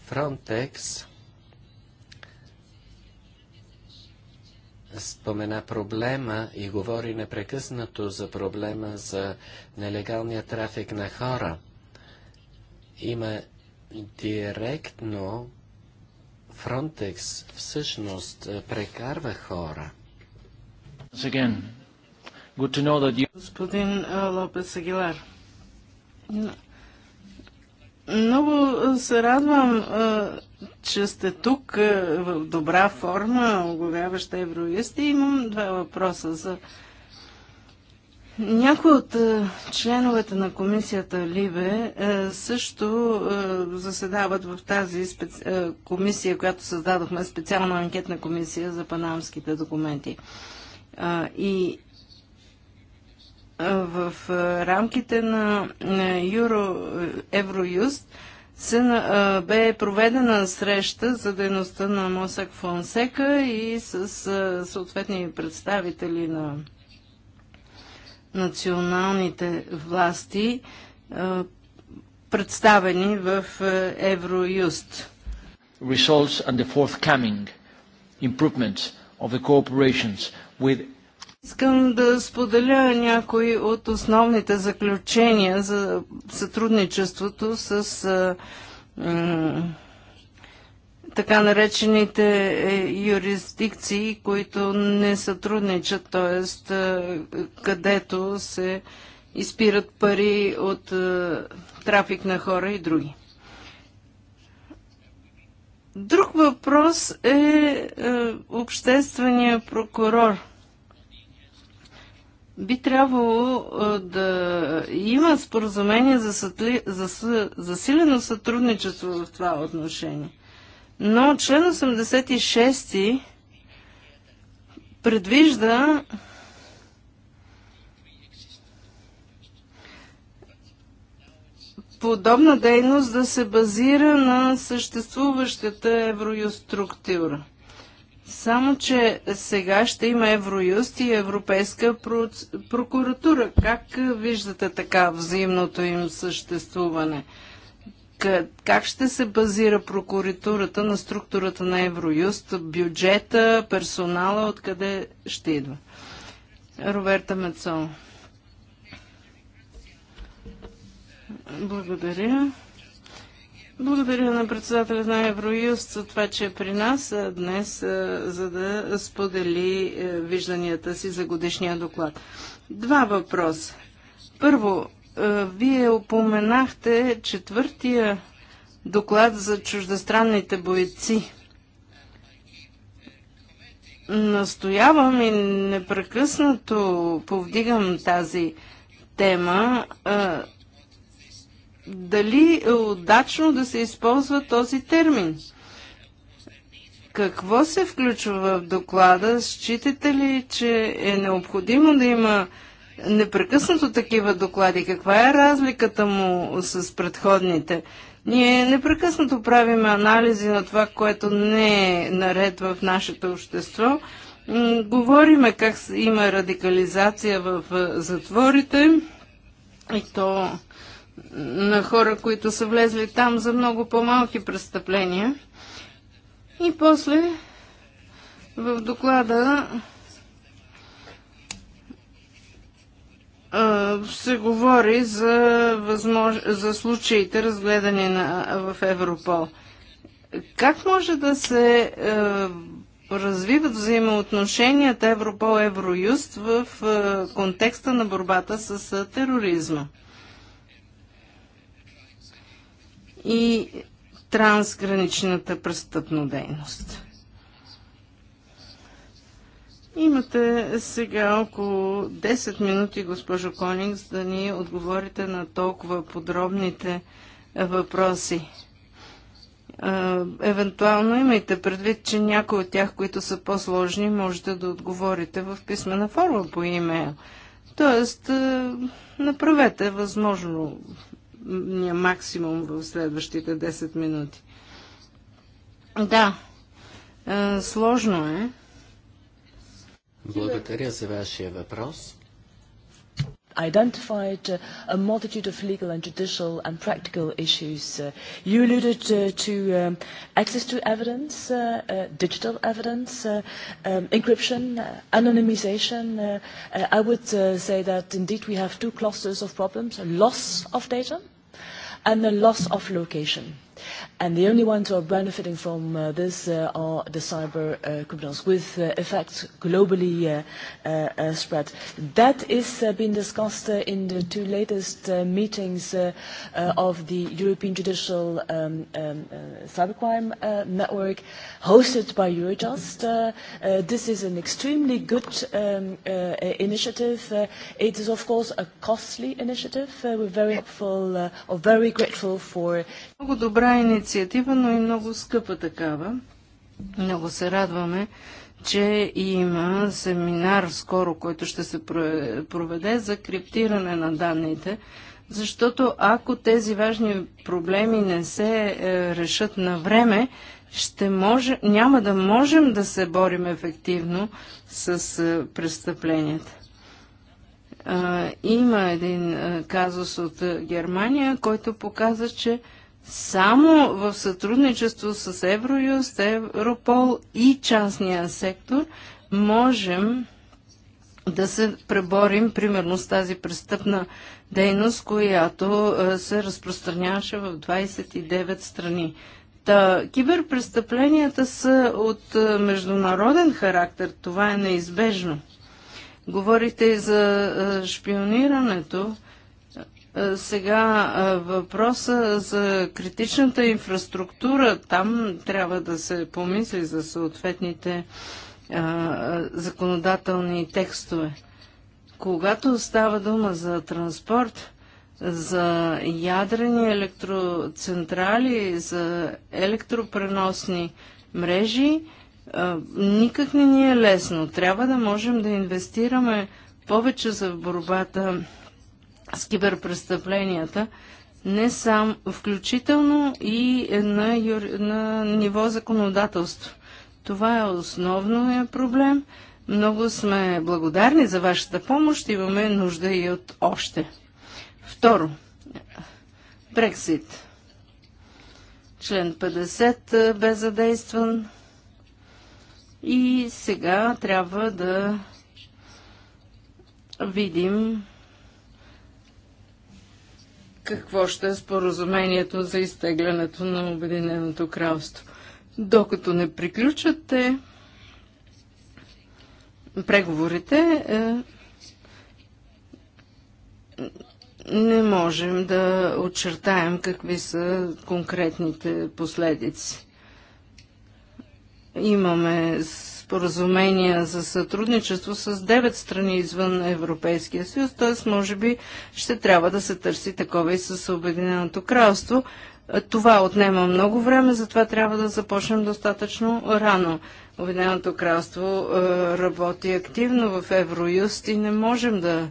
Фронтекс спомена проблема и говори непрекъснато за проблема за нелегалния трафик на хора. Има директно Фронтекс всъщност е, прекарва хора. Господин е, Лопес Агилар, много се радвам, че сте тук в добра форма, оговяваща евровиста. Имам два въпроса за някои от членовете на комисията Либе също заседават в тази специ... комисия, която създадохме, специална анкетна комисия за панамските документи. И в рамките на Euro, Евроюст се, а, бе проведена среща за дейността на Мосак Фонсека и с а, съответни представители на националните власти, а, представени в Евроюст. Results and the forthcoming improvements of the cooperations with Искам да споделя някои от основните заключения за сътрудничеството с така наречените е, юрисдикции, които не сътрудничат, т.е. където се изпират пари от трафик на хора и други. Друг въпрос е, е обществения прокурор би трябвало да има споразумение за, сътли, за засилено сътрудничество в това отношение. Но член 86 предвижда подобна дейност да се базира на съществуващата евроюструктура. структура – само, че сега ще има Евроюст и Европейска прокуратура. Как виждате така взаимното им съществуване? Как ще се базира прокуратурата на структурата на Евроюст, бюджета, персонала, откъде ще идва? Роберта Мецол. Благодаря. Благодаря на председателя на Евроюст за това, че е при нас днес, за да сподели е, вижданията си за годишния доклад. Два въпроса. Първо, е, вие упоменахте четвъртия доклад за чуждестранните бойци. Настоявам и непрекъснато повдигам тази тема дали е удачно да се използва този термин. Какво се включва в доклада? Считате ли, че е необходимо да има непрекъснато такива доклади? Каква е разликата му с предходните? Ние непрекъснато правим анализи на това, което не е наред в нашето общество. Говориме как има радикализация в затворите и то на хора, които са влезли там за много по-малки престъпления. И после в доклада се говори за, възмож... за случаите разгледани на... в Европол. Как може да се развиват взаимоотношенията Европол-Евроюст в контекста на борбата с тероризма? и трансграничната престъпна дейност. Имате сега около 10 минути, госпожо Конингс, да ни отговорите на толкова подробните въпроси. Евентуално имайте предвид, че някои от тях, които са по-сложни, можете да отговорите в писмена форма по имейл. Тоест, направете възможно максимум в следващите 10 минути. Да, е, сложно е. Благодаря за вашия въпрос. Identified a multitude of legal and judicial and practical issues. Uh, You alluded uh, to um, access to evidence, uh, uh, digital evidence, uh, um, encryption, uh, anonymization. Uh, uh, I would uh, say that indeed we have two clusters of problems: loss of data, and the loss of location And the only ones who are benefiting from uh, this uh, are the cyber uh, criminals, with uh, effects globally uh, uh, spread. That is uh, being discussed uh, in the two latest uh, meetings uh, uh, of the European Judicial um, um, uh, Cybercrime uh, Network, hosted by Eurojust. Uh, uh, this is an extremely good um, uh, initiative. Uh, it is, of course, a costly initiative. Uh, we're very hopeful uh, or very grateful for много добра инициатива, но и много скъпа такава. Много се радваме, че има семинар скоро, който ще се проведе за криптиране на данните, защото ако тези важни проблеми не се е, решат на време, ще може, няма да можем да се борим ефективно с е, престъпленията. има един е, казус от Германия, който показа, че само в сътрудничество с Евроюст, Европол и частния сектор можем да се преборим, примерно, с тази престъпна дейност, която е, се разпространяваше в 29 страни. Та, киберпрестъпленията са от е, международен характер. Това е неизбежно. Говорите и за е, шпионирането. Е, сега е, въпроса за критичната инфраструктура, там трябва да се помисли за съответните а, е, законодателни текстове. Когато става дума за транспорт, за ядрени електроцентрали, за електропреносни мрежи, а, никак не ни е лесно. Трябва да можем да инвестираме повече за борбата с киберпрестъпленията, не сам, включително и на, юр... на ниво законодателство. Това е основният проблем. Много сме благодарни за вашата помощ. Имаме нужда и от още. Второ, Брексит. Член 50 е, бе задействан и сега трябва да видим какво ще е споразумението за изтеглянето на Обединеното кралство. Докато не приключате преговорите, е, не можем да очертаем какви са конкретните последици. Имаме споразумения за сътрудничество с 9 страни извън Европейския съюз, т.е. може би ще трябва да се търси такова и с Обединеното кралство. Това отнема много време, затова трябва да започнем достатъчно рано. Обединеното кралство е, работи активно в Евроюст и не можем да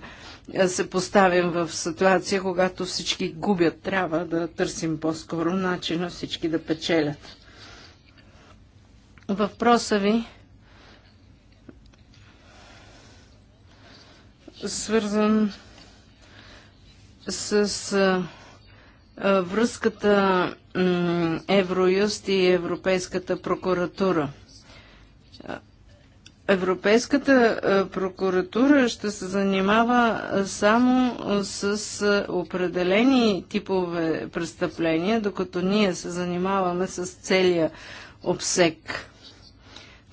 е, се поставим в ситуация, когато всички губят. Трябва да търсим по-скоро начина всички да печелят. Въпроса ви свързан с връзката Евроюст и Европейската прокуратура. Европейската прокуратура ще се занимава само с определени типове престъпления, докато ние се занимаваме с целия обсек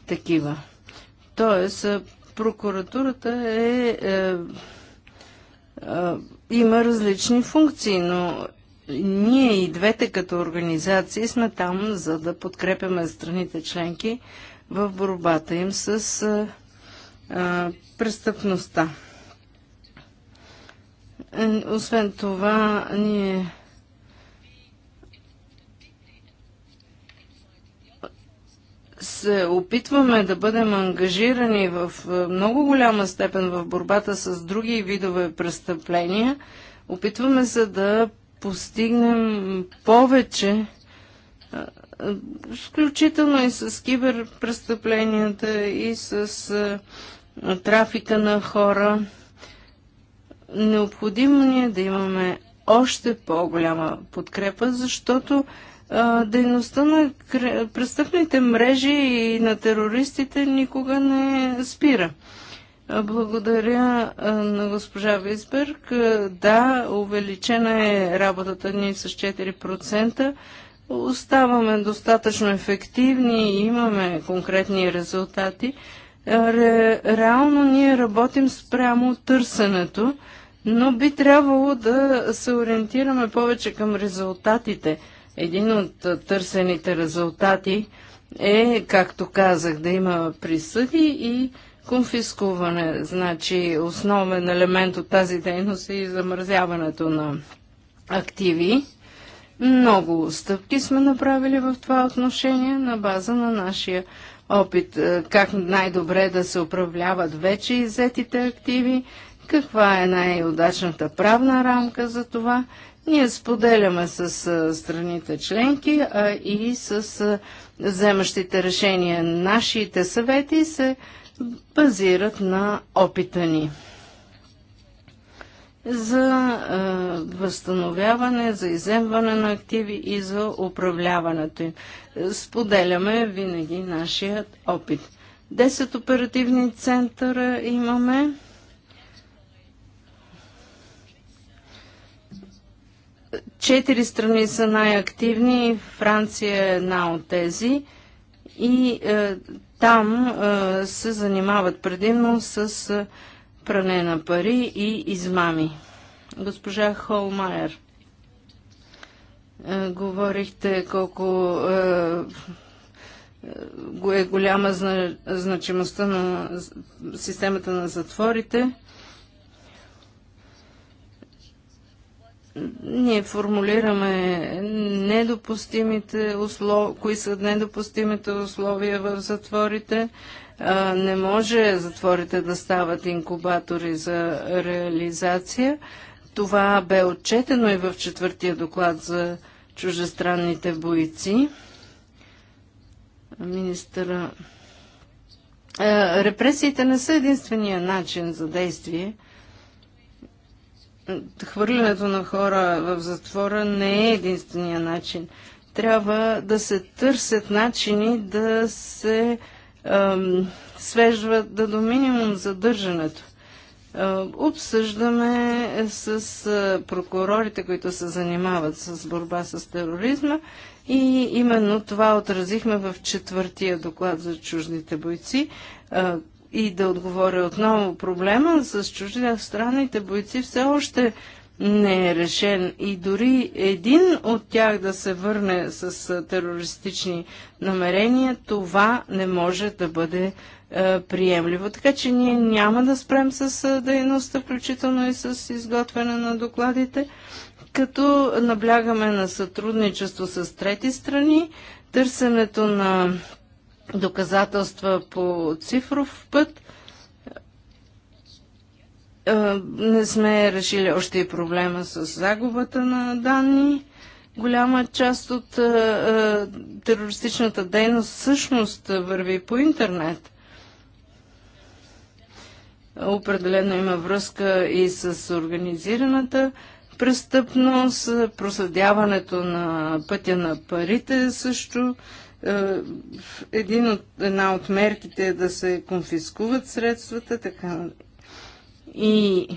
такива. Тоест, прокуратурата е, е, е, има различни функции, но ние и двете като организации сме там, за да подкрепяме страните членки в борбата им с е, е, престъпността. Е, освен това, ние се опитваме да бъдем ангажирани в е, много голяма степен в борбата с други видове престъпления, опитваме се да постигнем повече, е, включително и с киберпрестъпленията, и с е, трафика на хора. Необходимо ни е да имаме още по-голяма подкрепа, защото дейността на престъпните мрежи и на терористите никога не спира. Благодаря на госпожа Висберг. Да, увеличена е работата ни с 4%. Оставаме достатъчно ефективни и имаме конкретни резултати. Ре, реално ние работим спрямо търсенето, но би трябвало да се ориентираме повече към резултатите – един от търсените резултати е, както казах, да има присъди и конфискуване. Значи основен елемент от тази дейност е и замързяването на активи. Много стъпки сме направили в това отношение на база на нашия опит. Е, как най-добре да се управляват вече иззетите активи, каква е най-удачната правна рамка за това ние споделяме с страните членки а и с вземащите решения. Нашите съвети се базират на опита ни за а, възстановяване, за иземване на активи и за управляването им. Споделяме винаги нашият опит. Десет оперативни центъра имаме Четири страни са най-активни, Франция е една от тези и е, там е, се занимават предимно с е, пране на пари и измами. Госпожа Холмайер, е, говорихте колко е, е, е голяма значимостта на системата на затворите ние формулираме недопустимите условия, кои са недопустимите условия в затворите. не може затворите да стават инкубатори за реализация. Това бе отчетено и в четвъртия доклад за чужестранните бойци. Министъра... репресиите не са единствения начин за действие – хвърлянето на хора в затвора не е единствения начин. Трябва да се търсят начини да се ам, свежват да до минимум задържането. Обсъждаме с прокурорите, които се занимават с борба с тероризма и именно това отразихме в четвъртия доклад за чуждите бойци и да отговоря отново, проблема с чуждестранните бойци все още не е решен и дори един от тях да се върне с терористични намерения, това не може да бъде е, приемливо. Така че ние няма да спрем с дейността, включително и с изготвяне на докладите, като наблягаме на сътрудничество с трети страни, търсенето на доказателства по цифров път. Е, не сме решили още и проблема с загубата на данни. Голяма част от е, е, терористичната дейност всъщност върви по интернет. Определено има връзка и с организираната престъпност, проследяването на пътя на парите също е, един от, една от мерките е да се конфискуват средствата, така и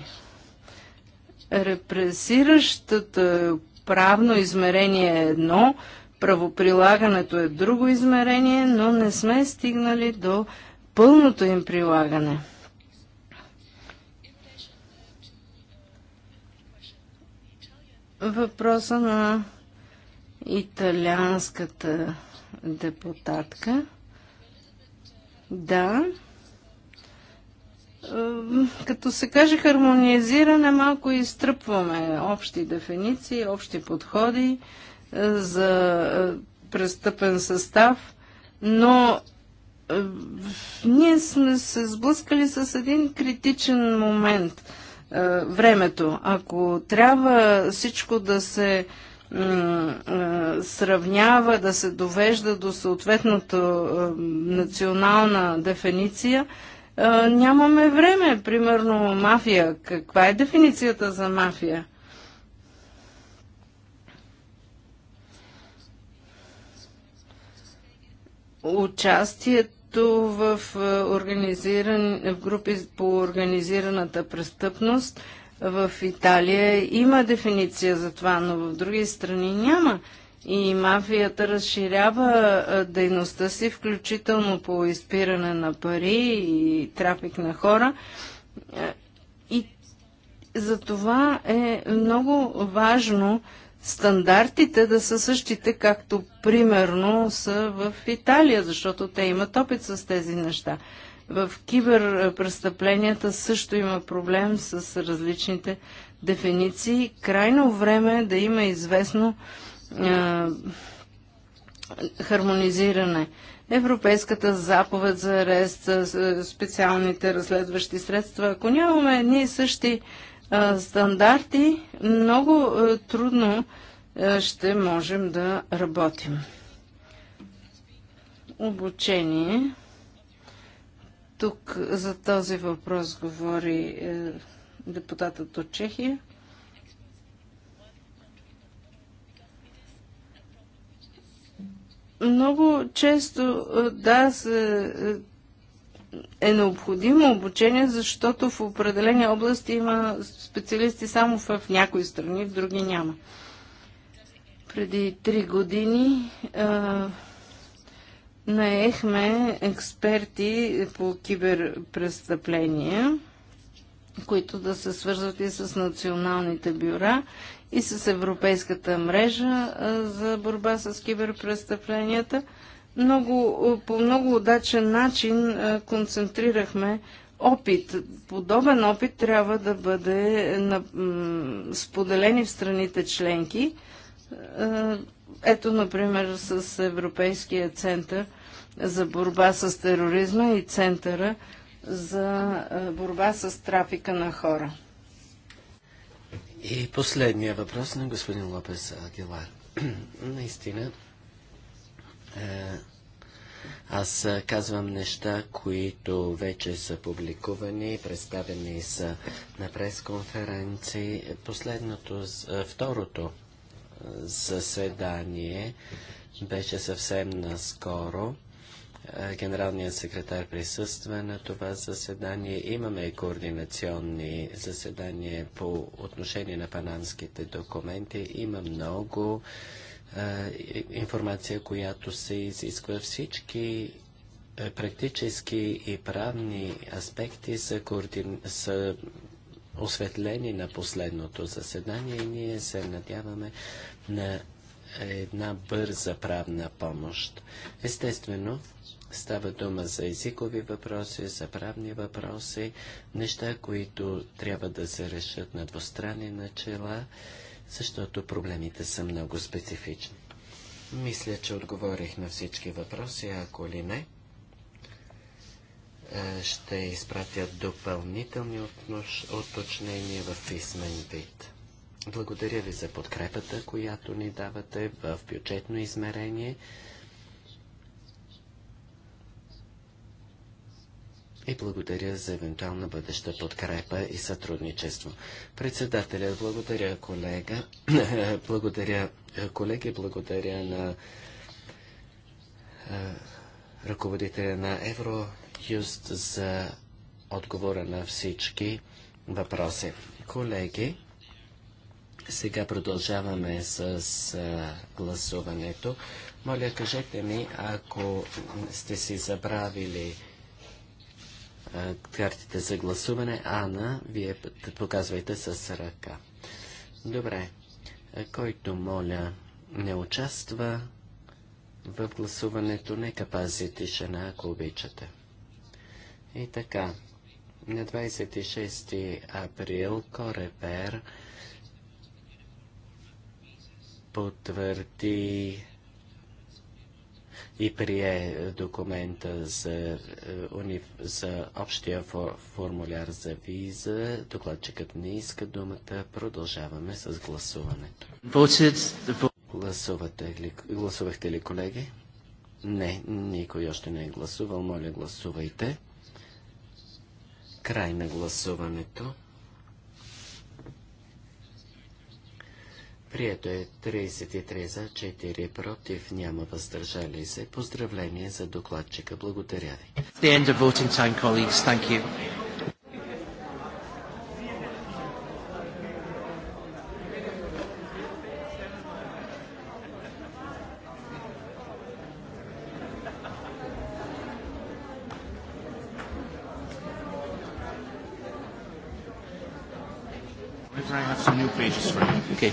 репресиращата правно измерение е едно, правоприлагането е друго измерение, но не сме стигнали до пълното им прилагане. Въпроса на италианската депутатка. Да. Като се каже хармонизиране, малко изтръпваме общи дефиниции, общи подходи за престъпен състав, но ние сме се сблъскали с един критичен момент времето. Ако трябва всичко да се сравнява, да се довежда до съответната национална дефиниция, нямаме време. Примерно мафия. Каква е дефиницията за мафия? Участието в, организиран, в групи по организираната престъпност – в Италия има дефиниция за това, но в други страни няма. И мафията разширява дейността си, включително по изпиране на пари и трафик на хора. И за това е много важно стандартите да са същите, както примерно са в Италия, защото те имат опит с тези неща. В киберпрестъпленията също има проблем с различните дефиниции. Крайно време е да има известно е, хармонизиране. Европейската заповед за арест, специалните разследващи средства. Ако нямаме едни и същи е, стандарти, много е, трудно е, ще можем да работим. Обучение. Тук за този въпрос говори е, депутатът от Чехия. Много често, е, да, се, е, е необходимо обучение, защото в определени области има специалисти само в някои страни, в други няма. Преди три години е, наехме експерти по киберпрестъпления, които да се свързват и с националните бюра и с Европейската мрежа за борба с киберпрестъпленията. Много, по много удачен начин концентрирахме опит. Подобен опит трябва да бъде споделени в страните членки. Ето, например, с Европейския център – за борба с тероризма и Центъра за борба с трафика на хора. И последния въпрос на господин Лопес Агилар. Наистина, е, аз казвам неща, които вече са публикувани, представени са на пресконференции. Последното, е, второто е, заседание беше съвсем наскоро. Генералният секретар присъства на това заседание. Имаме и координационни заседания по отношение на панамските документи. Има много информация, която се изисква всички практически и правни аспекти са, координ... са осветлени на последното заседание и ние се надяваме на една бърза правна помощ. Естествено, Става дума за езикови въпроси, за правни въпроси, неща, които трябва да се решат на двустранни начала, защото проблемите са много специфични. Мисля, че отговорих на всички въпроси, ако ли не, е, ще изпратя допълнителни уточнения в писмен вид. Благодаря ви за подкрепата, която ни давате в бюджетно измерение. и благодаря за евентуална бъдеща подкрепа и сътрудничество. Председателя, благодаря колега, благодаря е, колеги, благодаря на е, ръководителя на Евроюст за отговора на всички въпроси. Колеги, сега продължаваме с а, е, гласуването. Моля, кажете ми, ако сте си забравили картите за гласуване. Ана, вие показвайте с ръка. Добре. Който моля не участва в гласуването, нека пази тишина, ако обичате. И така, на 26 април Корепер потвърди и прие документа за, е, за общия формуляр за виза. Докладчикът не иска думата. Продължаваме с гласуването. Гласувате ли, гласувахте ли, колеги? Не, никой още не е гласувал. Моля, гласувайте. Край на гласуването. Прието е 33 за, 4 против, няма въздържали се. Поздравление за докладчика. Благодаря ви. The end of voting time, colleagues. Thank you. Okay.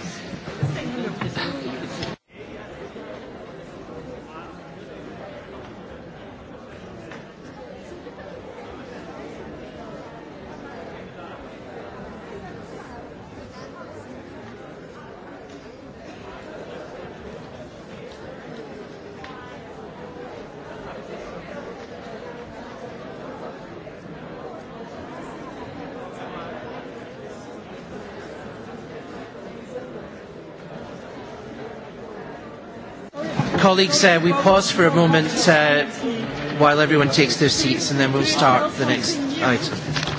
Colleagues, uh, we pause for a moment uh, while everyone takes their seats and then we'll start the next item.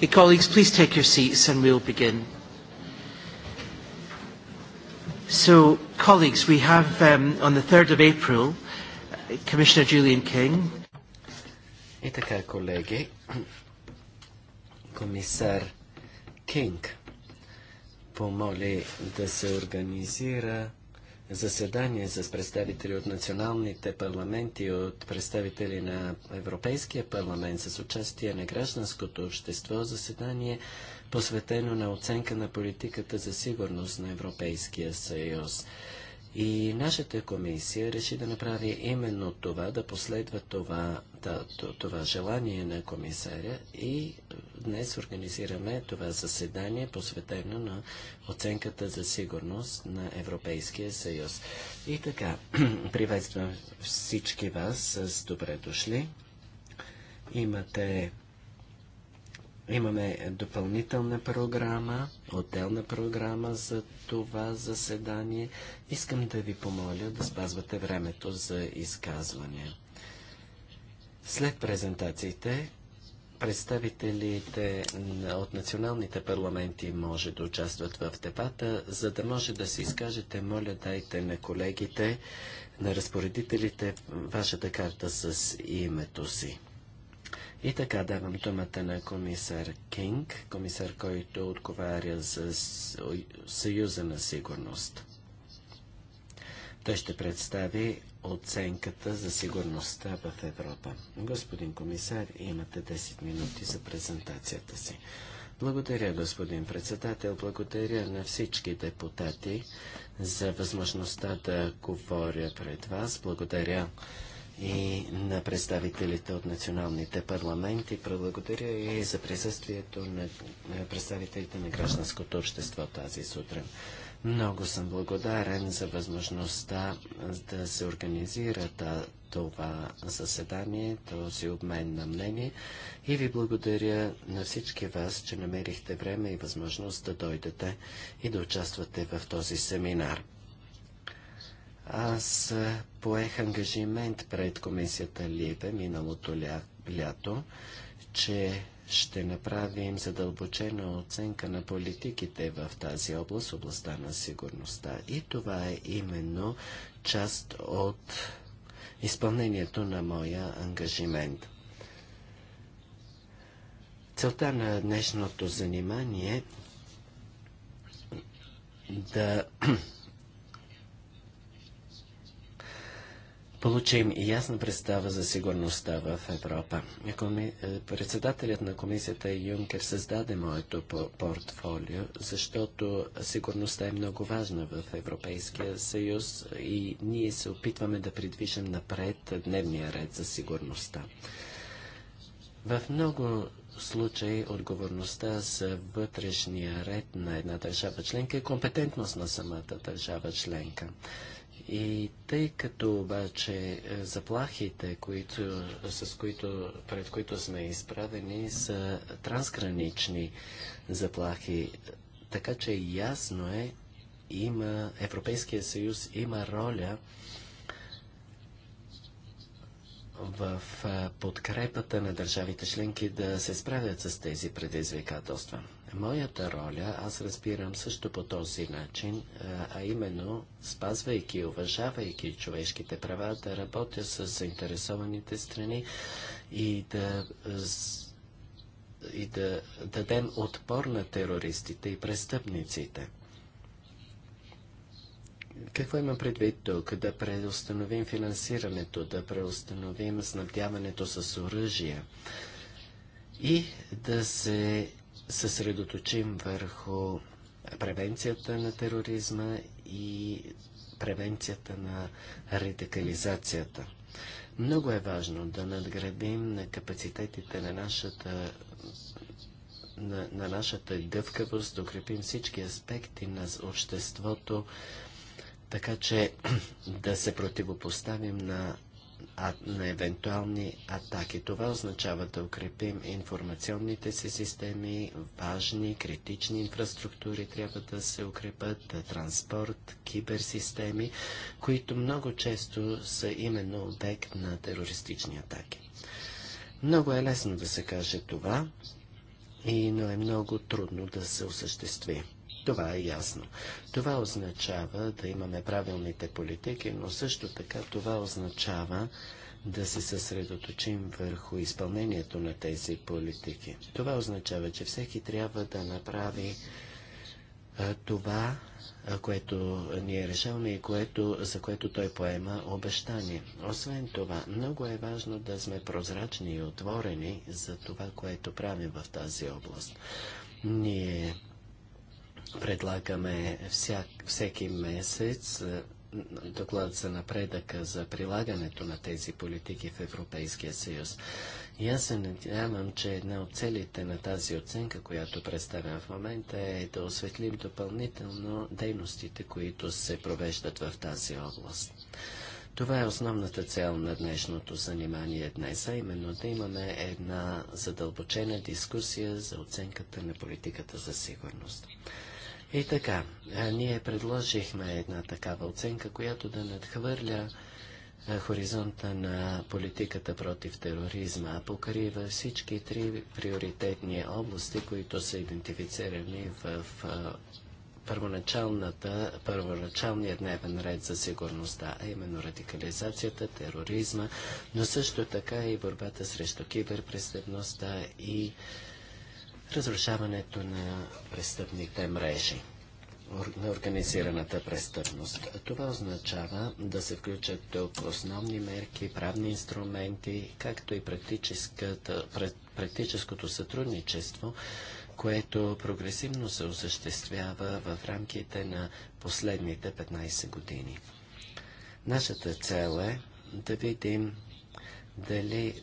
Okay, colleagues, please take your seats and we'll begin. So, colleagues, we have um, on the 3rd of April, Commissioner Julian King. Итака, колеги, комисар Кинг помоли да се организира заседание с представители от националните парламенти, от представители на Европейския парламент с участие на гражданското общество, заседание посветено на оценка на политиката за сигурност на Европейския съюз. И нашата комисия реши да направи именно това, да последва това това желание на комисаря и днес организираме това заседание, посветено на оценката за сигурност на Европейския съюз. И така, приветствам всички вас с добре дошли. Имате Имаме допълнителна програма, отделна програма за това заседание. Искам да ви помоля да спазвате времето за изказвания. След презентациите, представителите от националните парламенти може да участват в дебата. За да може да се изкажете, моля дайте на колегите, на разпоредителите вашата карта с името си. И така давам думата на комисар Кинг, комисар, който отговаря за Съюза на сигурност. Той ще представи оценката за сигурността в Европа. Господин комисар, имате 10 минути за презентацията си. Благодаря, господин председател. Благодаря на всички депутати за възможността да говоря пред вас. Благодаря и на представителите от националните парламенти. Благодаря и за присъствието на представителите на гражданското общество тази сутрин. Много съм благодарен за възможността да се организира това заседание, този обмен на мнение и ви благодаря на всички вас, че намерихте време и възможност да дойдете и да участвате в този семинар. Аз поех ангажимент пред комисията Либе миналото лято, че ще направим задълбочена оценка на политиките в тази област, областта на сигурността. И това е именно част от изпълнението на моя ангажимент. Целта на днешното занимание е да получим ясна представа за сигурността в Европа. Е, председателят на комисията Юнкер създаде моето портфолио, защото сигурността е много важна в Европейския съюз и ние се опитваме да придвижим напред дневния ред за сигурността. В много случаи отговорността за вътрешния ред на една държава членка е компетентност на самата държава членка. И тъй като обаче е, заплахите, които, с които, пред които сме изправени, са трансгранични заплахи, така че ясно е, има, Европейския съюз има роля в е, подкрепата на държавите членки да се справят с тези предизвикателства. Моята роля аз разбирам също по този начин, а именно спазвайки и уважавайки човешките права, да работя с заинтересованите страни и да, и да дадем отпор на терористите и престъпниците. Какво има предвид тук? Да преустановим финансирането, да преустановим снабдяването с оръжия и да се съсредоточим върху превенцията на тероризма и превенцията на радикализацията. Много е важно да надградим на капацитетите на нашата, на, на нашата гъвкавост, да укрепим всички аспекти на обществото, така че да се противопоставим на а, на евентуални атаки. Това означава да укрепим информационните си системи, важни, критични инфраструктури трябва да се укрепят, транспорт, киберсистеми, които много често са именно обект на терористични атаки. Много е лесно да се каже това, и, но е много трудно да се осъществи. Това е ясно. Това означава да имаме правилните политики, но също така това означава да се съсредоточим върху изпълнението на тези политики. Това означава, че всеки трябва да направи а, това, а, което ние решаваме и което, за което той поема обещание. Освен това, много е важно да сме прозрачни и отворени за това, което правим в тази област. Ние Предлагаме всяк, всеки месец е, доклад за напредъка за прилагането на тези политики в Европейския съюз. И аз се надявам, че една от целите на тази оценка, която представям в момента, е да осветлим допълнително дейностите, които се провеждат в тази област. Това е основната цел на днешното занимание днес, а именно да имаме една задълбочена дискусия за оценката на политиката за сигурност. И така, ние предложихме една такава оценка, която да надхвърля хоризонта на политиката против тероризма, а покрива всички три приоритетни области, които са идентифицирани в първоначалната, първоначалния дневен ред за сигурността, а именно радикализацията, тероризма, но също така и борбата срещу киберпрестъпността и разрушаването на престъпните мрежи на организираната престъпност. Това означава да се включат тук основни мерки, правни инструменти, както и практическото сътрудничество, което прогресивно се осъществява в рамките на последните 15 години. Нашата цел е да видим дали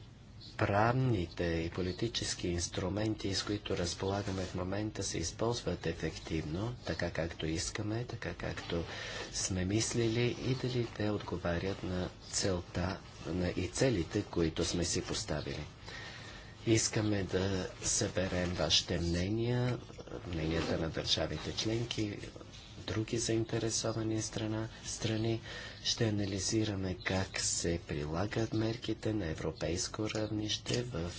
правните и политически инструменти, с които разполагаме в момента, се използват ефективно, така както искаме, така както сме мислили и дали те отговарят на целта на и целите, които сме си поставили. Искаме да съберем вашите мнения, мненията на държавите членки, други заинтересовани страна, страни, ще анализираме как се прилагат мерките на европейско равнище в,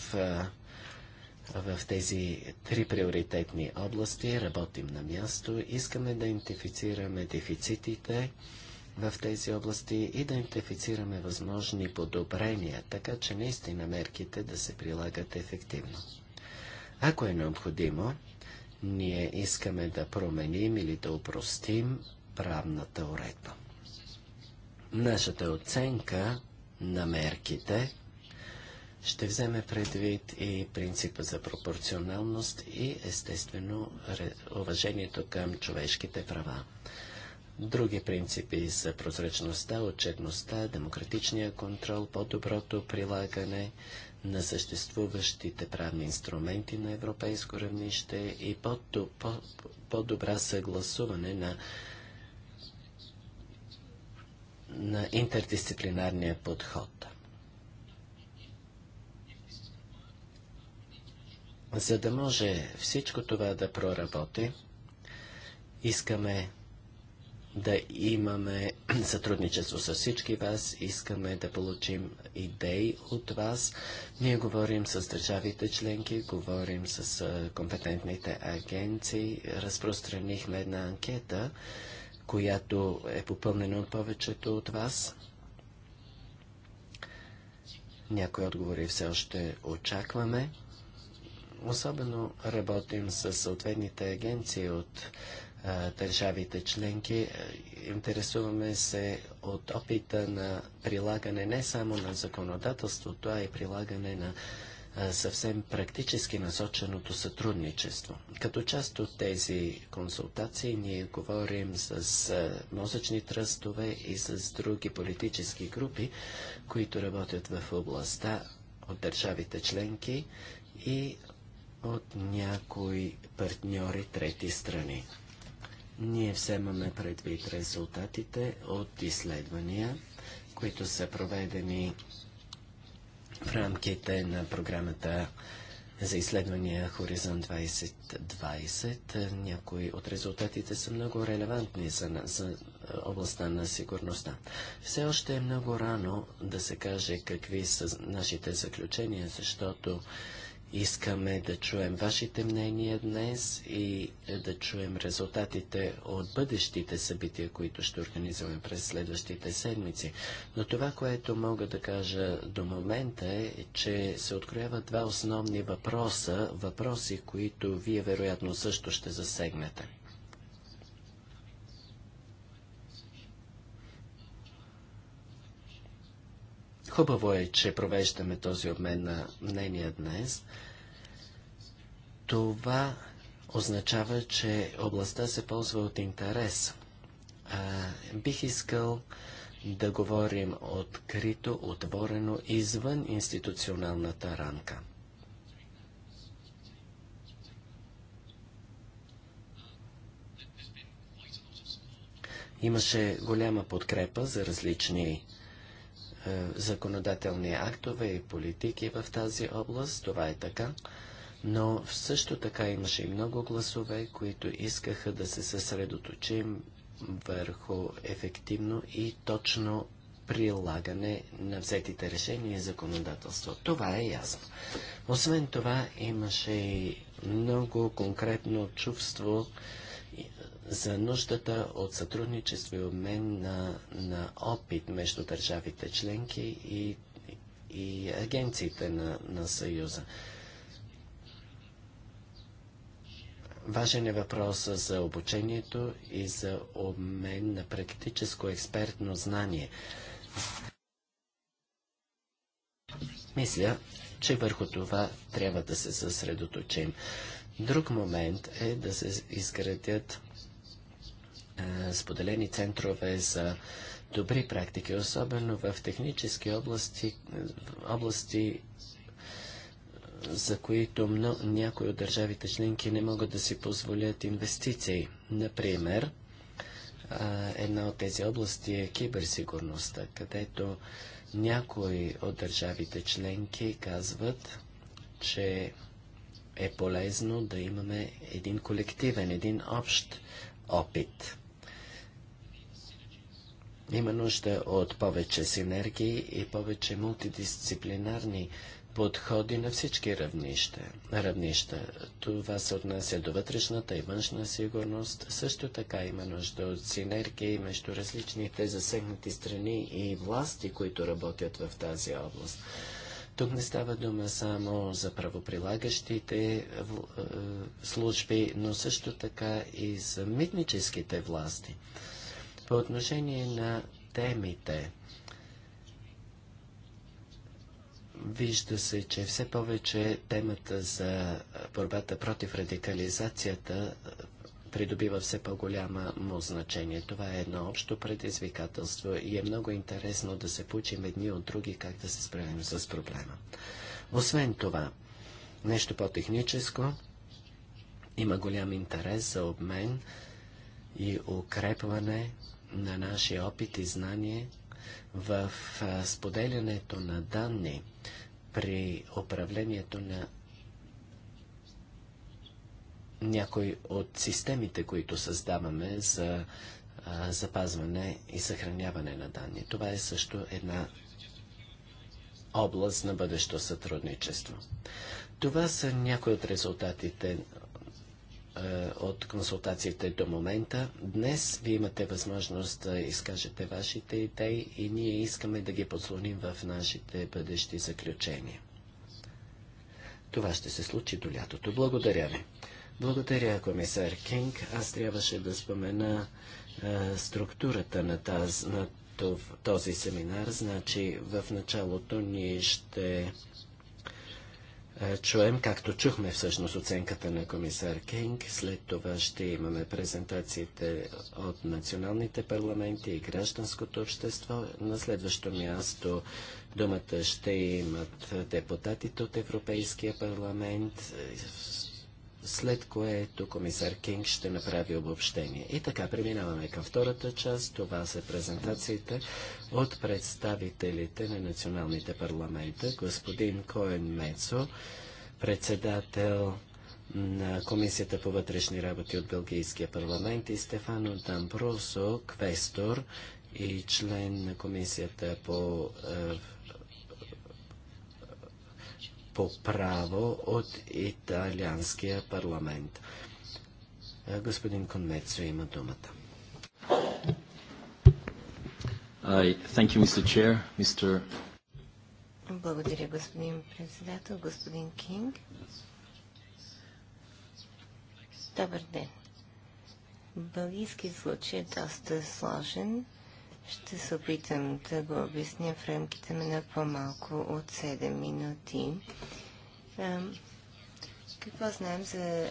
в тези три приоритетни области. Работим на място. Искаме да идентифицираме дефицитите в тези области и да идентифицираме възможни подобрения, така че наистина мерките да се прилагат ефективно. Ако е необходимо, ние искаме да променим или да упростим правната уредба. Нашата оценка на мерките ще вземе предвид и принципа за пропорционалност и естествено уважението към човешките права. Други принципи са прозрачността, отчетността, демократичния контрол, по-доброто прилагане на съществуващите правни инструменти на европейско равнище и по-добра съгласуване на на интердисциплинарния подход. За да може всичко това да проработи, искаме да имаме сътрудничество с всички вас, искаме да получим идеи от вас. Ние говорим с държавите членки, говорим с компетентните агенции, разпространихме една анкета, която е попълнена от повечето от вас. Някои отговори все още очакваме. Особено работим с съответните агенции от а, държавите членки. Интересуваме се от опита на прилагане не само на законодателството, а и прилагане на съвсем практически насоченото сътрудничество. Като част от тези консултации ние говорим с мозъчни тръстове и с други политически групи, които работят в областта от държавите членки и от някои партньори трети страни. Ние вземаме предвид резултатите от изследвания, които са проведени в рамките на програмата за изследвания Хоризонт 2020. Някои от резултатите са много релевантни за, за е, областта на сигурността. Все още е много рано да се каже какви са нашите заключения, защото Искаме да чуем вашите мнения днес и е, да чуем резултатите от бъдещите събития, които ще организваме през следващите седмици. Но това, което мога да кажа до момента е, че се открояват два основни въпроса, въпроси, които вие вероятно също ще засегнете. Хубаво е, че провеждаме този обмен на мнения днес. Това означава, че областта се ползва от интерес. А, бих искал да говорим открито, отворено, извън институционалната рамка. Имаше голяма подкрепа за различни е, законодателни актове и политики в тази област. Това е така. Но също така имаше и много гласове, които искаха да се съсредоточим върху ефективно и точно прилагане на взетите решения и законодателство. Това е ясно. Освен това, имаше и много конкретно чувство за нуждата от сътрудничество и обмен на, на опит между държавите членки и, и агенциите на, на Съюза. Важен е въпрос за обучението и за обмен на практическо експертно знание. Мисля, че върху това трябва да се съсредоточим. Друг момент е да се изградят споделени центрове за добри практики, особено в технически области, области за които някои от държавите членки не могат да си позволят инвестиции. Например, една от тези области е киберсигурността, където някои от държавите членки казват, че е полезно да имаме един колективен, един общ опит. Има нужда от повече синергии и повече мултидисциплинарни подходи на всички равнища. равнища. Това се отнася до вътрешната и външна сигурност. Също така има нужда от синергии между различните засегнати страни и власти, които работят в тази област. Тук не става дума само за правоприлагащите е, служби, но също така и за митническите власти. По отношение на темите, вижда се, че все повече темата за борбата против радикализацията придобива все по-голяма му значение. Това е едно общо предизвикателство и е много интересно да се получим едни от други как да се справим с проблема. Освен това, нещо по-техническо, има голям интерес за обмен и укрепване на нашия опит и знание в споделянето на данни при управлението на някои от системите, които създаваме за запазване и съхраняване на данни. Това е също една област на бъдещо сътрудничество. Това са някои от резултатите е, от консултациите до момента. Днес ви имате възможност да изкажете вашите идеи и ние искаме да ги подслоним в нашите бъдещи заключения. Това ще се случи до лятото. Благодаря ви. Благодаря, комисар Кинг. Аз трябваше да спомена е, структурата на, таз, на този семинар. Значи, в началото ние ще е, чуем, както чухме всъщност оценката на комисар Кинг. След това ще имаме презентациите от националните парламенти и гражданското общество. На следващо място думата ще имат депутатите от Европейския парламент след което комисар Кинг ще направи обобщение. И така, преминаваме към втората част. Това са презентациите от представителите на националните парламента. Господин Коен Мецо, председател на Комисията по вътрешни работи от Белгийския парламент и Стефано Дамбросо, квестор и член на Комисията по е, по право от италианския парламент. Е, господин Конмецо има думата. Thank you, Mr. Chair, Mr. Благодаря, господин председател, господин Кинг. Добър ден. Бългийски случай е доста сложен. Ще се опитам да го обясня в рамките ми на по-малко от 7 минути. какво знаем за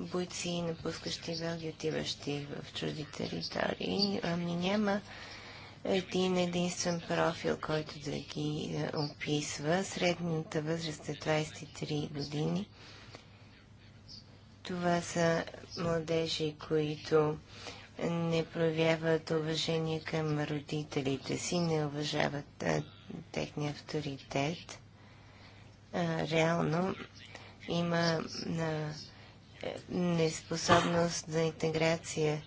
бойци, напускащи Белгия, отиващи в чужди територии? Ами няма един единствен профил, който да ги е, описва. Средната възраст е 23 години. Това са младежи, които не проявяват уважение към родителите си, не уважават а, техния авторитет. А, реално има а, неспособност за интеграция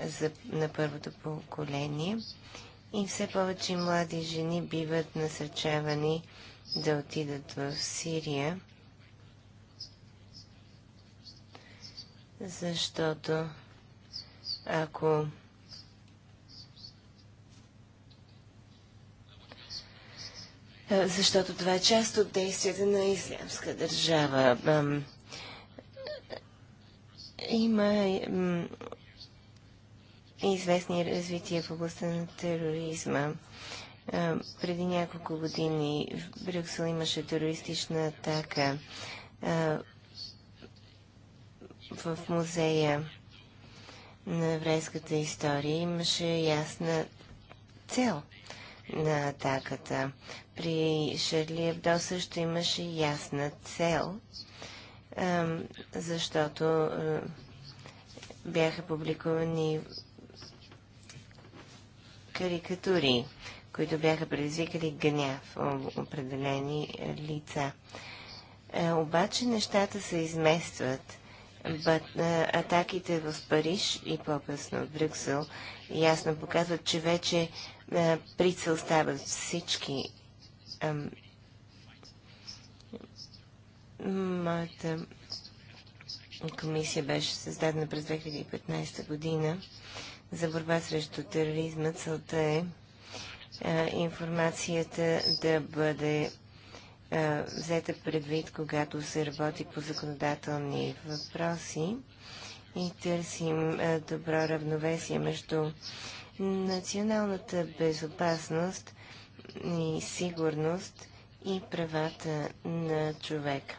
за, на първото поколение и все повече млади жени биват насърчавани да отидат в Сирия, защото ако защото това е част от действията на Ислямска държава. Има известни развития в областта на тероризма. Преди няколко години в Брюксел имаше терористична атака в музея на еврейската история имаше ясна цел на атаката. При Шарли Ебдо също имаше ясна цел, защото бяха публикувани карикатури, които бяха предизвикали гняв в определени лица. Е, обаче нещата се изместват атаките в Париж и по-късно в Брюксел ясно показват, че вече прицел стават всички. моята комисия беше създадена през 2015 година за борба срещу тероризма. Целта е информацията да бъде е, взета предвид, когато се работи по законодателни въпроси и търсим е, добро равновесие между националната безопасност и сигурност и правата на човека.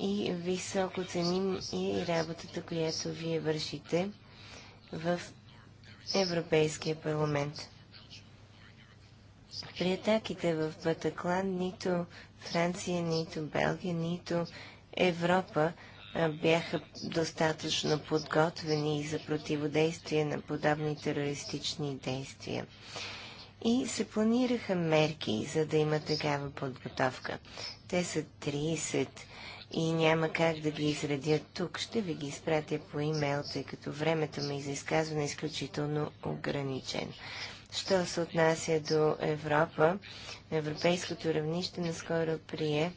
И високо ценим и работата, която вие вършите в Европейския парламент. При атаките в Батаклан нито Франция, нито Белгия, нито Европа бяха достатъчно подготвени за противодействие на подобни терористични действия. И се планираха мерки, за да има такава подготовка. Те са 30 и няма как да ги изредя тук. Ще ви ги изпратя по имейл, тъй като времето ми за изказване е изключително ограничено. Що се отнася до Европа, европейското равнище наскоро прие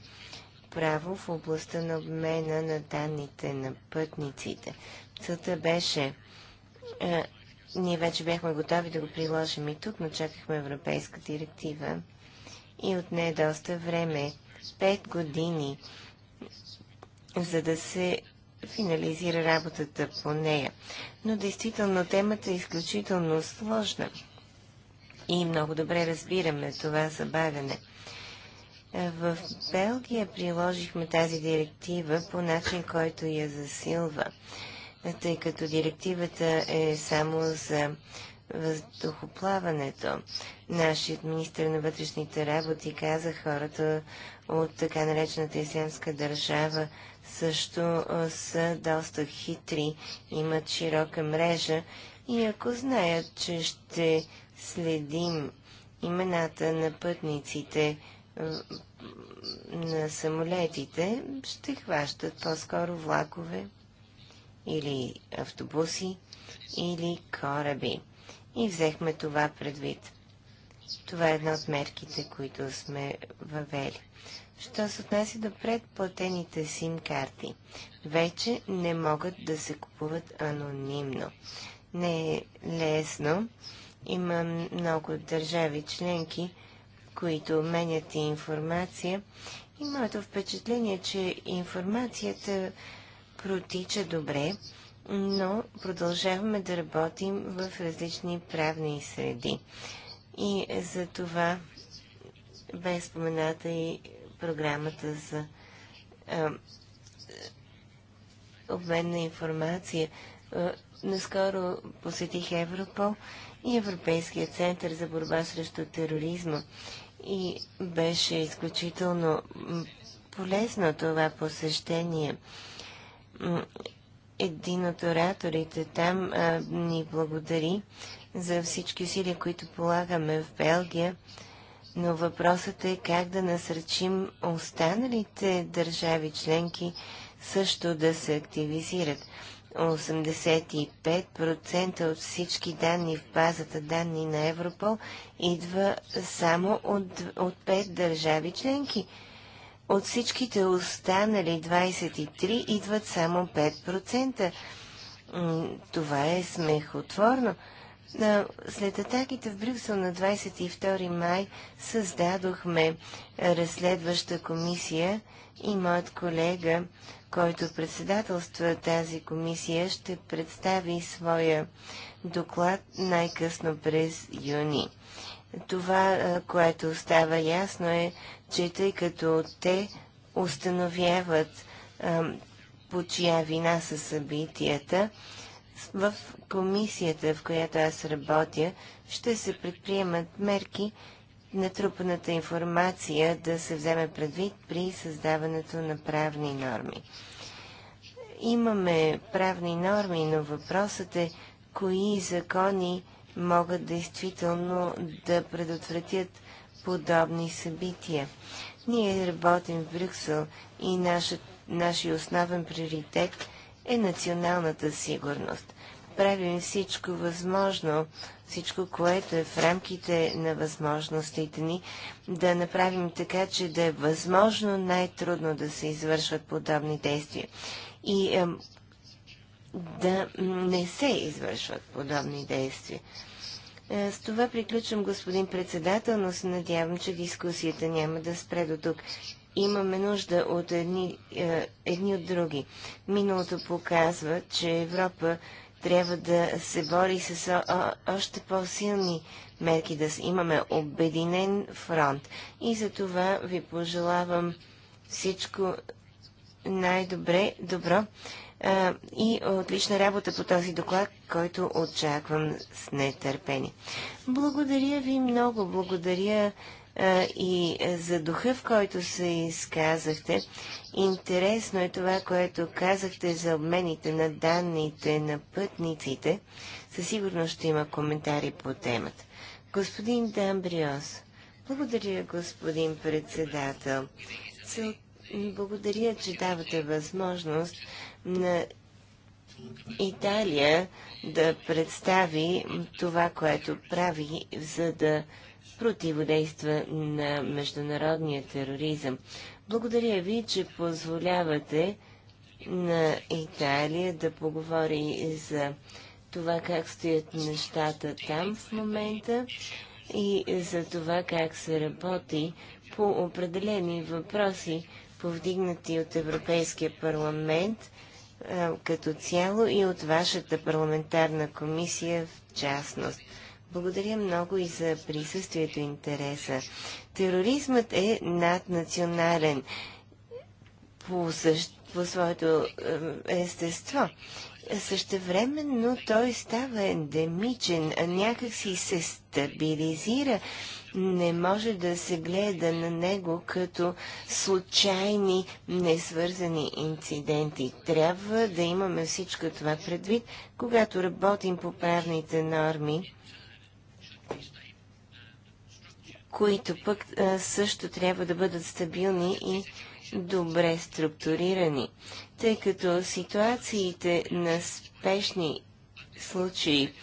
право в областта на обмена на данните на пътниците. Целта беше е, ние вече бяхме готови да го приложим и тук, но чакахме Европейска директива и от нея доста време, пет години, за да се финализира работата по нея. Но действително темата е изключително сложна и много добре разбираме това забавяне. В Белгия приложихме тази директива по начин, който я засилва, тъй като директивата е само за въздухоплаването. Нашият министр на вътрешните работи каза хората от така наречената ислямска държава също са доста хитри, имат широка мрежа и ако знаят, че ще следим имената на пътниците на самолетите, ще хващат по-скоро влакове или автобуси или кораби. И взехме това предвид. Това е една от мерките, които сме въвели. Що се отнася до предплатените сим карти, вече не могат да се купуват анонимно. Не е лесно има много държави членки, които и информация. И моето впечатление, е, че информацията протича добре, но продължаваме да работим в различни правни среди. И за това бе спомената и програмата за а, обмен на информация. А, наскоро посетих Европол и Европейския център за борба срещу тероризма. И беше изключително полезно това посещение. Един от ораторите там а, ни благодари за всички усилия, които полагаме в Белгия, но въпросът е как да насърчим останалите държави членки също да се активизират. 85% от всички данни в базата данни на Европол идва само от, от 5 държави членки. От всичките останали 23 идват само 5%. Това е смехотворно. След атаките в Брюксел на 22 май създадохме разследваща комисия и моят колега който председателства тази комисия, ще представи своя доклад най-късно през юни. Това, което става ясно е, че тъй като те установяват по чия вина са събитията, в комисията, в която аз работя, ще се предприемат мерки, натрупаната информация да се вземе предвид при създаването на правни норми. Имаме правни норми, но въпросът е кои закони могат действително да предотвратят подобни събития. Ние работим в Брюксел и нашия основен приоритет е националната сигурност. Правим всичко възможно всичко, което е в рамките на възможностите ни, да направим така, че да е възможно най-трудно да се извършват подобни действия. И е, да не се извършват подобни действия. Е, с това приключвам, господин председател, но се надявам, че дискусията няма да спре до тук имаме нужда от едни, е, едни от други. Миналото показва, че Европа трябва да се бори с още по-силни мерки, да имаме обединен фронт. И за това ви пожелавам всичко най-добре, добро а, и отлична работа по този доклад, който очаквам с нетърпение. Благодаря ви много, благодаря и е, за духа, в който се изказахте. Интересно е това, което казахте за обмените на данните на пътниците. Със сигурност ще има коментари по темата. Господин Дамбриос, благодаря, господин председател. Благодаря, че давате възможност на Италия да представи това, което прави, за да противодейства на международния тероризъм. Благодаря ви, че позволявате на Италия да поговори за това как стоят нещата там в момента и за това как се работи по определени въпроси, повдигнати от Европейския парламент като цяло и от вашата парламентарна комисия в частност. Благодаря много и за присъствието и интереса. Тероризмът е наднационален по, същ... по своето е, естество. Същевременно той става ендемичен, някак си се стабилизира. Не може да се гледа на него като случайни, несвързани инциденти. Трябва да имаме всичко това предвид, когато работим по правните норми които пък също трябва да бъдат стабилни и добре структурирани, тъй като ситуациите на спешни случаи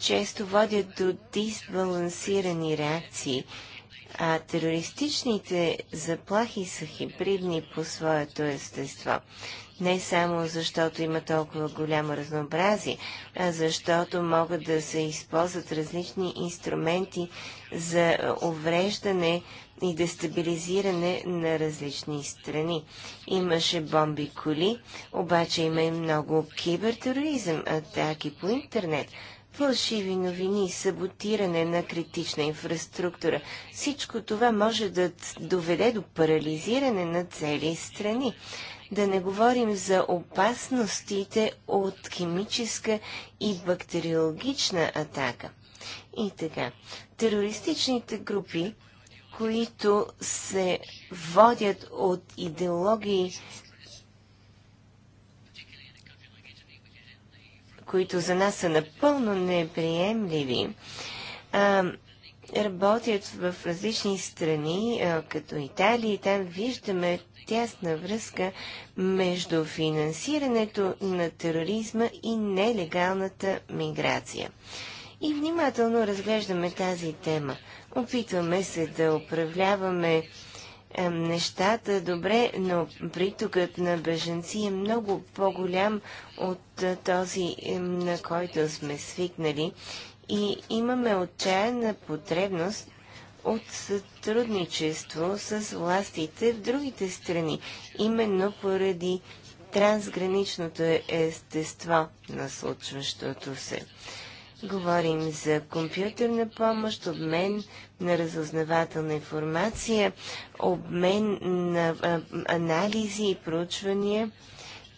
често водят до дисбалансирани реакции, а терористичните заплахи са хибридни по своето естество не само защото има толкова голямо разнообразие, а защото могат да се използват различни инструменти за увреждане и дестабилизиране на различни страни. Имаше бомби коли, обаче има и много кибертероризъм, атаки по интернет, фалшиви новини, саботиране на критична инфраструктура. Всичко това може да доведе до парализиране на цели страни. Да не говорим за опасностите от химическа и бактериологична атака. И така, терористичните групи, които се водят от идеологии, които за нас са напълно неприемливи, а, работят в различни страни, като Италия, и там виждаме тясна връзка между финансирането на тероризма и нелегалната миграция. И внимателно разглеждаме тази тема. Опитваме се да управляваме нещата добре, но притокът на беженци е много по-голям от този, на който сме свикнали и имаме отчаяна потребност от сътрудничество с властите в другите страни, именно поради трансграничното естество на случващото се. Говорим за компютърна помощ, обмен на разузнавателна информация, обмен на а, анализи и проучвания.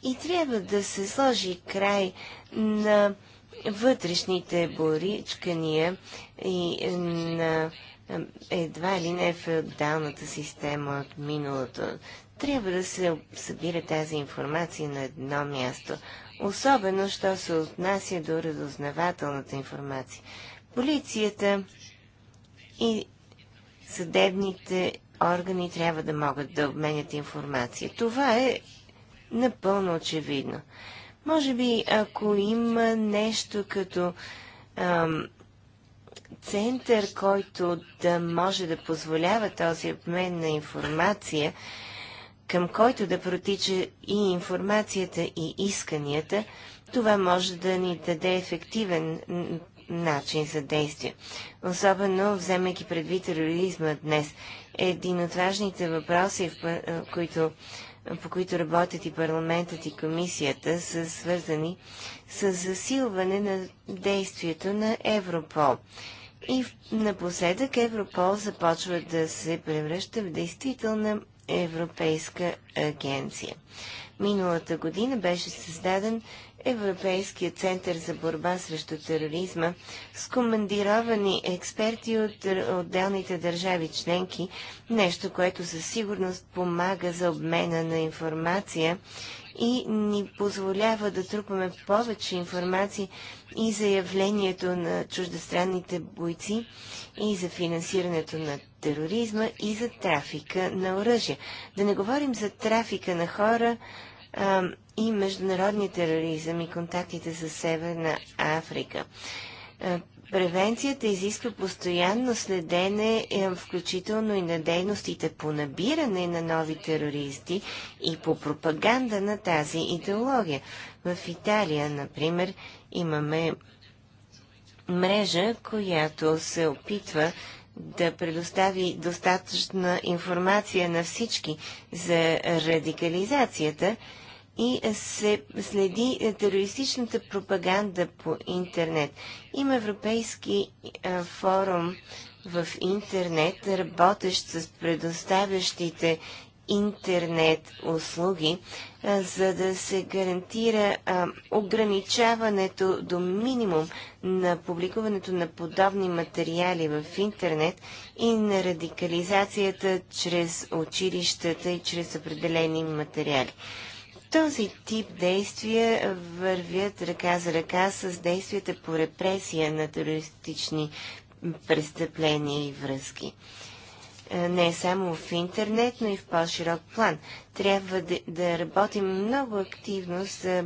И трябва да се сложи край на вътрешните боричкания и е, на е, едва ли не феодалната система от миналото. Трябва да се събира тази информация на едно място, особено, що се отнася до разузнавателната информация. Полицията и съдебните органи трябва да могат да обменят информация. Това е напълно очевидно. Може би, ако има нещо като ам, център, който да може да позволява този обмен на информация, към който да протича и информацията, и исканията, това може да ни даде ефективен начин за действие. Особено вземайки предвид тероризма днес. Един от важните въпроси, които по които работят и парламентът и комисията, са свързани с засилване на действието на Европол. И напоследък Европол започва да се превръща в действителна европейска агенция. Миналата година беше създаден Европейския център за борба срещу тероризма с командировани експерти от отделните държави членки, нещо, което със сигурност помага за обмена на информация и ни позволява да трупаме повече информации и за явлението на чуждестранните бойци и за финансирането на тероризма и за трафика на оръжия. Да не говорим за трафика на хора а, и международния тероризъм и контактите с Северна Африка. превенцията изисква постоянно следене, включително и на дейностите по набиране на нови терористи и по пропаганда на тази идеология. В Италия, например, имаме мрежа, която се опитва да предостави достатъчна информация на всички за радикализацията и се следи терористичната пропаганда по интернет. Има европейски форум в интернет, работещ с предоставящите интернет услуги, за да се гарантира ограничаването до минимум на публикуването на подобни материали в интернет и на радикализацията чрез училищата и чрез определени материали. Този тип действия вървят ръка за ръка с действията по репресия на терористични престъпления и връзки. Е, не само в интернет, но и в по-широк план. Трябва да, да работим много активно за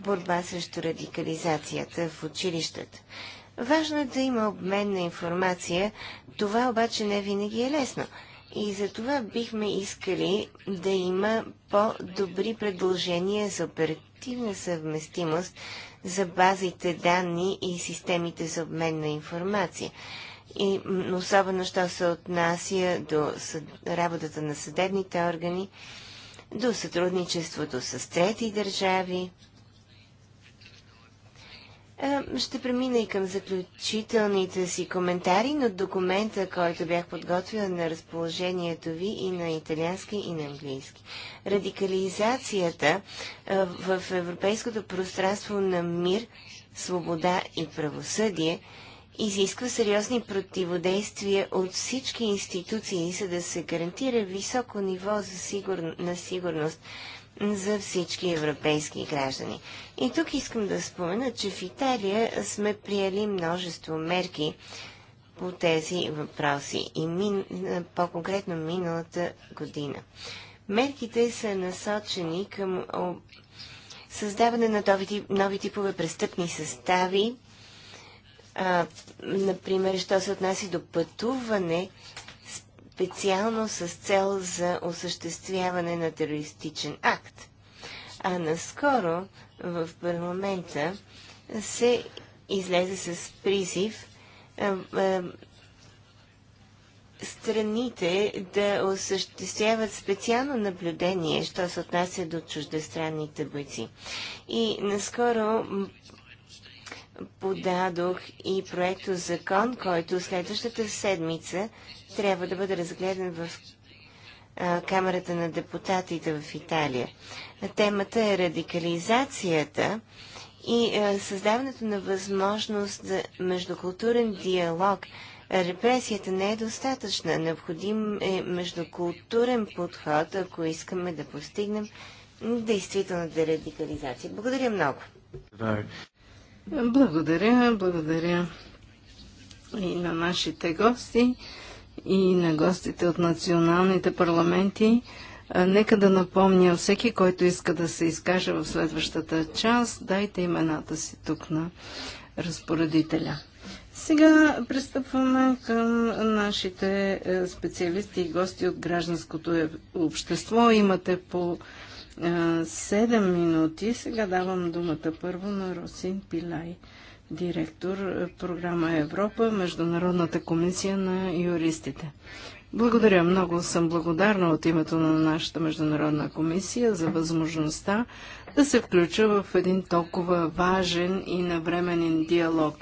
борба срещу радикализацията в училищата. Важно е да има обмен на информация, това обаче не винаги е лесно. И за това бихме искали да има по-добри предложения за оперативна съвместимост за базите данни и системите за обмен на информация и особено, що се отнася до работата на съдебните органи, до сътрудничеството с трети държави. Ще премина и към заключителните си коментари, но документа, който бях подготвила на разположението ви и на италиански, и на английски. Радикализацията в европейското пространство на мир, свобода и правосъдие – изисква сериозни противодействия от всички институции, за да се гарантира високо ниво за сигур... на сигурност за всички европейски граждани. И тук искам да спомена, че в Италия сме приели множество мерки по тези въпроси и мин... по-конкретно миналата година. Мерките са насочени към създаване на нови типове престъпни състави, а, например, що се отнася до пътуване, специално с цел за осъществяване на терористичен акт. А наскоро в парламента се излезе с призив а, а, страните да осъществяват специално наблюдение, що се отнася до чуждестранните бойци. И наскоро подадох и проекто закон, който следващата седмица трябва да бъде разгледан в Камерата на депутатите в Италия. Темата е радикализацията и създаването на възможност за междукултурен диалог. Репресията не е достатъчна. Необходим е междукултурен подход, ако искаме да постигнем действителната радикализация. Благодаря много. Благодаря, благодаря и на нашите гости, и на гостите от националните парламенти. Нека да напомня всеки, който иска да се изкаже в следващата част, дайте имената си тук на разпоредителя. Сега пристъпваме към нашите е, специалисти и гости от гражданското е, общество. Имате по Седем минути. Сега давам думата първо на Росин Пилай, директор е, програма Европа, Международната комисия на юристите. Благодаря. Много съм благодарна от името на нашата Международна комисия за възможността да се включа в един толкова важен и навременен диалог.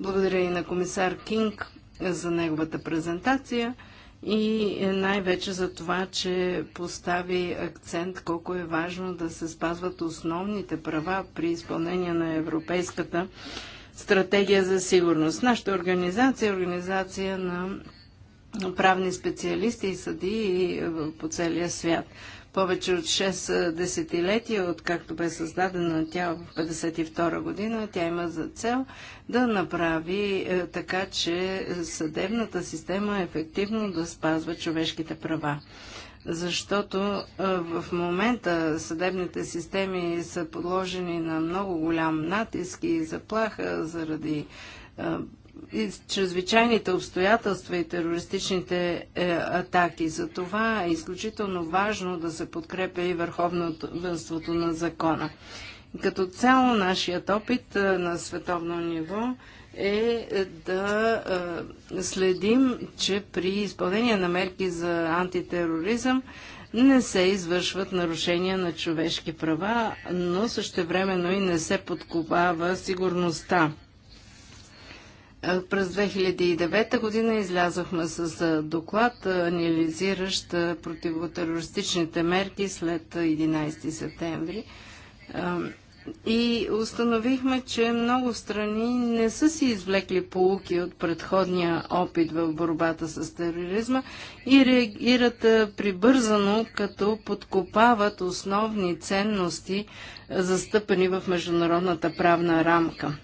Благодаря и на комисар Кинг за неговата презентация – и най-вече за това, че постави акцент колко е важно да се спазват основните права при изпълнение на европейската стратегия за сигурност. Нашата организация е организация на правни специалисти и съдии е, по целия свят повече от 6 десетилетия, откакто бе създадена тя в 1952 година, тя има за цел да направи е, така, че съдебната система ефективно да спазва човешките права. Защото е, в момента съдебните системи са подложени на много голям натиск и заплаха заради е, чрезвичайните обстоятелства и терористичните е, атаки. За това е изключително важно да се подкрепя и върховното вънството на закона. Като цяло нашият опит е, на световно ниво е, е да е, следим, че при изпълнение на мерки за антитероризъм не се извършват нарушения на човешки права, но същевременно и не се подкопава сигурността е, през 2009 година излязохме с е, доклад, е, анализиращ противотерористичните мерки след 11 септември. И установихме, че много страни не са си извлекли полуки от предходния опит в борбата с тероризма и реагират прибързано, като подкопават основни ценности, застъпени в международната правна рамка.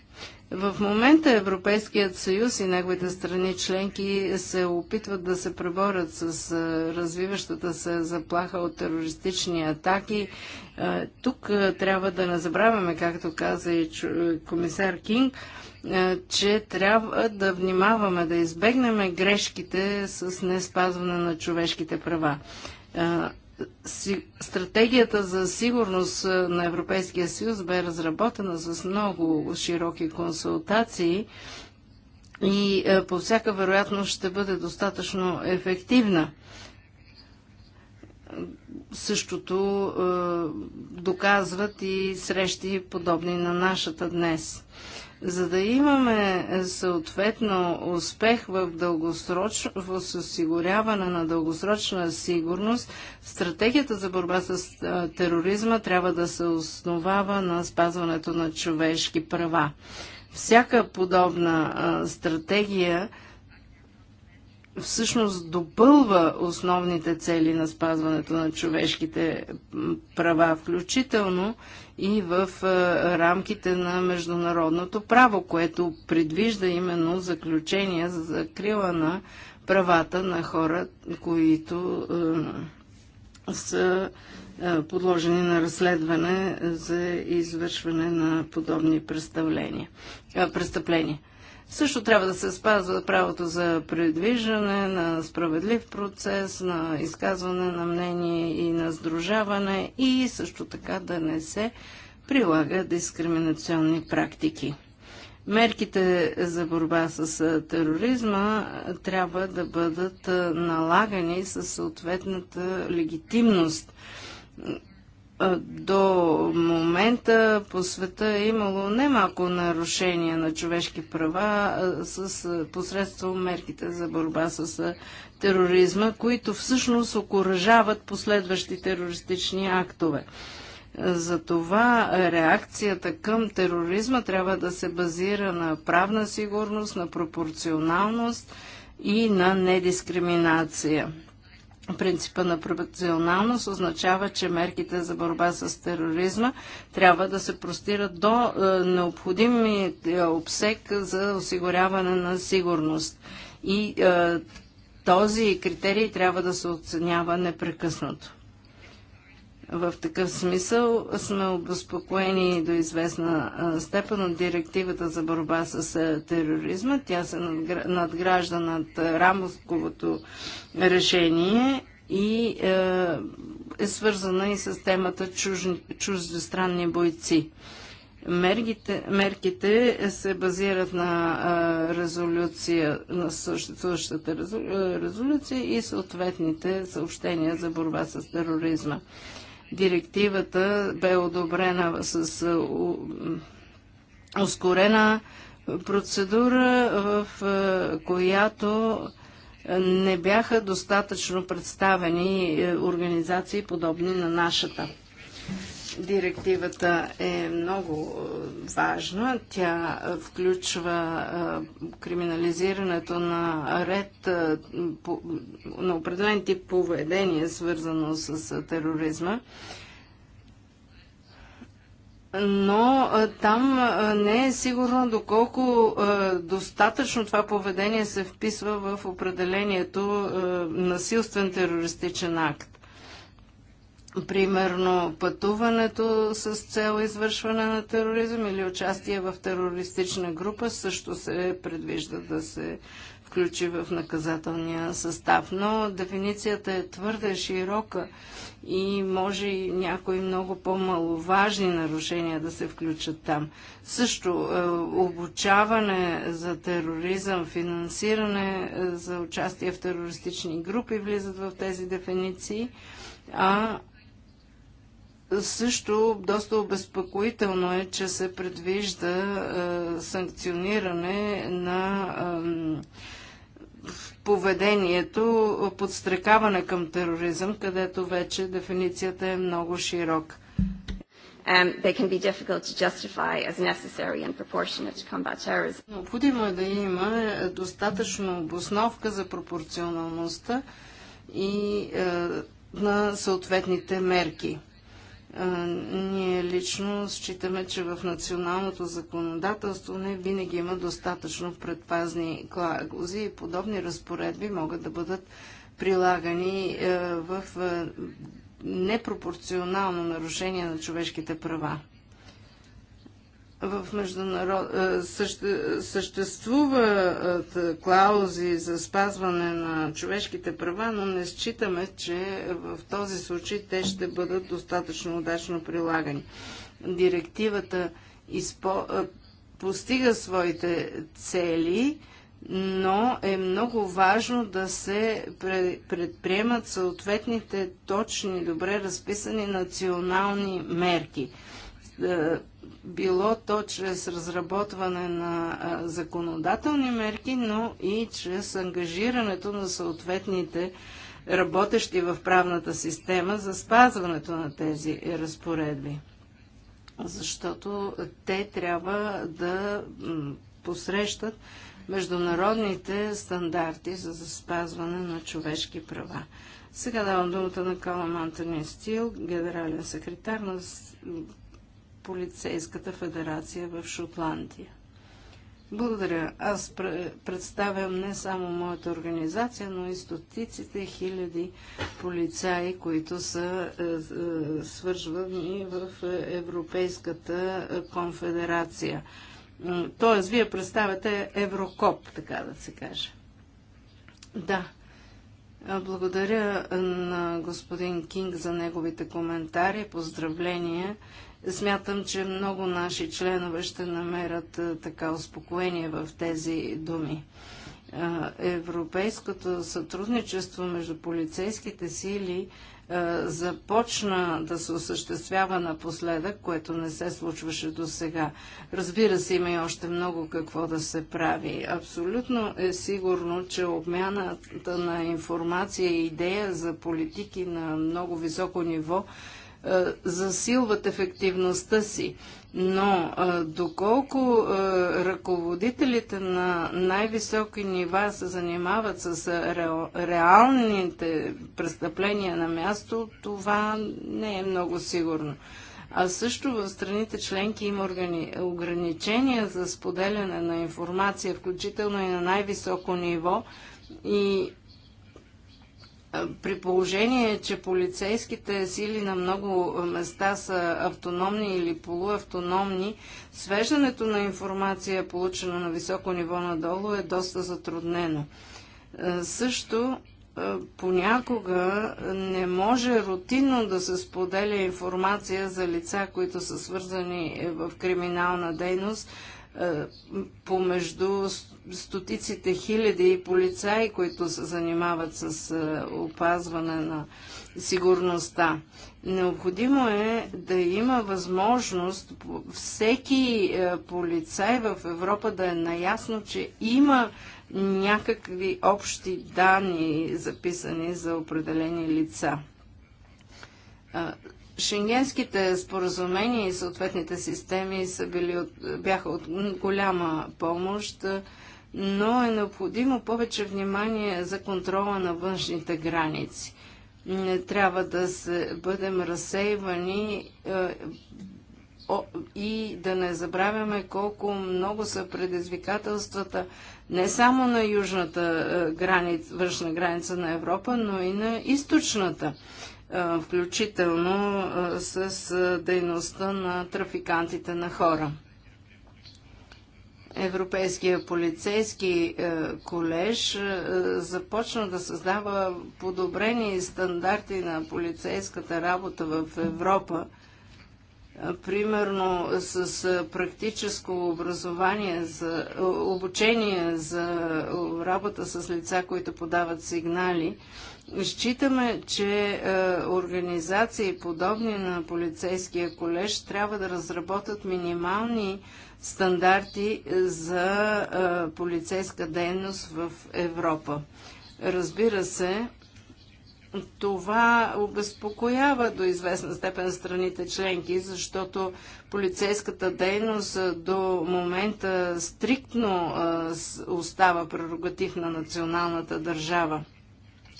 В момента Европейският съюз и неговите страни членки се опитват да се преборят с развиващата се заплаха от терористични атаки. Тук трябва да не забравяме, както каза и комисар Кинг, че трябва да внимаваме, да избегнем грешките с неспазване на човешките права. Стратегията за сигурност е, на Европейския съюз бе разработена с много широки консултации и е, по всяка вероятност ще бъде достатъчно ефективна. Същото е, доказват и срещи подобни на нашата днес. За да имаме е, съответно успех в, дългосроч... в осигуряване на дългосрочна сигурност, стратегията за борба с е, тероризма трябва да се основава на спазването на човешки права. Всяка подобна а, е, стратегия всъщност допълва основните цели на спазването на човешките права, включително и в рамките на международното право, което предвижда именно заключение за закрила на правата на хора, които са подложени на разследване за извършване на подобни престъпления. Също трябва да се спазва правото за предвиждане, на справедлив процес, на изказване на мнение и на сдружаване и също така да не се прилага дискриминационни практики. Мерките за борба с тероризма трябва да бъдат налагани със съответната легитимност до момента по света е имало немалко нарушения на човешки права с посредством мерките за борба с тероризма, които всъщност окоръжават последващи терористични актове. Затова реакцията към тероризма трябва да се базира на правна сигурност, на пропорционалност и на недискриминация. Принципа на пропорционалност означава, че мерките за борба с тероризма трябва да се простират до е, необходимия обсек за осигуряване на сигурност. И е, този критерий трябва да се оценява непрекъснато. В такъв смисъл сме обезпокоени до известна степен от директивата за борба с тероризма. Тя се надгражда над рамовковото решение и е свързана и с темата чуждестранни бойци. Мерките, мерките се базират на а, резолюция, на съществуващата резолюция и съответните съобщения за борба с тероризма. Директивата бе одобрена с е, ускорена процедура, в е, която не бяха достатъчно представени е, организации подобни на нашата. Директивата е много е, важна. Тя е, включва е, криминализирането на ред на определен тип поведение, свързано с тероризма. Но там не е сигурно доколко достатъчно това поведение се вписва в определението насилствен терористичен акт примерно пътуването с цел извършване на тероризъм или участие в терористична група също се предвижда да се включи в наказателния състав. Но дефиницията е твърде широка и може и някои много по-маловажни нарушения да се включат там. Също е, обучаване за тероризъм, финансиране е, за участие в терористични групи влизат в тези дефиниции, а също доста обезпокоително е, че се предвижда санкциониране на поведението, подстрекаване към тероризъм, където вече дефиницията е много широка. Um, Необходимо е да има достатъчно обосновка за пропорционалността и е, на съответните мерки. Ние лично считаме, че в националното законодателство не винаги има достатъчно предпазни клаузи и подобни разпоредби могат да бъдат прилагани е, в е, непропорционално нарушение на човешките права в международ... Е, Съще... съществуват е, клаузи за спазване на човешките права, но не считаме, че в този случай те ще бъдат достатъчно удачно прилагани. Директивата изпо... Е, постига своите цели, но е много важно да се предприемат съответните точни, добре разписани национални мерки било то чрез разработване на законодателни мерки, но и чрез ангажирането на съответните работещи в правната система за спазването на тези разпоредби. Защото те трябва да посрещат международните стандарти за спазване на човешки права. Сега давам думата на Калам Антони Стил, генерален секретар на полицейската федерация в Шотландия. Благодаря. Аз представям не само моята организация, но и стотиците хиляди полицаи, които са е, е, свързвани свържвани в Европейската конфедерация. Тоест, вие представяте Еврокоп, така да се каже. Да. Благодаря на господин Кинг за неговите коментари, поздравления Смятам, че много наши членове ще намерят така успокоение в тези думи. Европейското сътрудничество между полицейските сили започна да се осъществява напоследък, което не се случваше до сега. Разбира се, има и още много какво да се прави. Абсолютно е сигурно, че обмяната на информация и идея за политики на много високо ниво е, засилват ефективността си. Но е, доколко е, ръководителите на най-високи нива се занимават с реалните престъпления на място, това не е много сигурно. А също в страните членки има ограничения за споделяне на информация, включително и на най-високо ниво. И при положение, че полицейските сили на много места са автономни или полуавтономни, свеждането на информация, получена на високо ниво надолу, е доста затруднено. Е, също е, понякога не може рутинно да се споделя информация за лица, които са свързани е, в криминална дейност, помежду стотиците хиляди полицаи, които се занимават с е, опазване на сигурността. Необходимо е да има възможност всеки е, полицай в Европа да е наясно, че има някакви общи данни записани за определени лица. Е, Шенгенските споразумения и съответните системи са били от, бяха от голяма помощ но е необходимо повече внимание за контрола на външните граници. Не трябва да се бъдем разсейвани е, и да не забравяме колко много са предизвикателствата не само на южната е, граница, външна граница на Европа, но и на източната е, включително с дейността на трафикантите на хора. Европейския полицейски е, колеж е, започна да създава подобрени стандарти на полицейската работа в Европа, е, примерно с практическо образование за обучение за работа с лица, които подават сигнали Считаме, че е, организации подобни на полицейския колеж трябва да разработят минимални стандарти за е, полицейска дейност в Европа. Разбира се, това обезпокоява до известна степен страните членки, защото полицейската дейност е, до момента е, стриктно е, остава прерогатив на националната държава.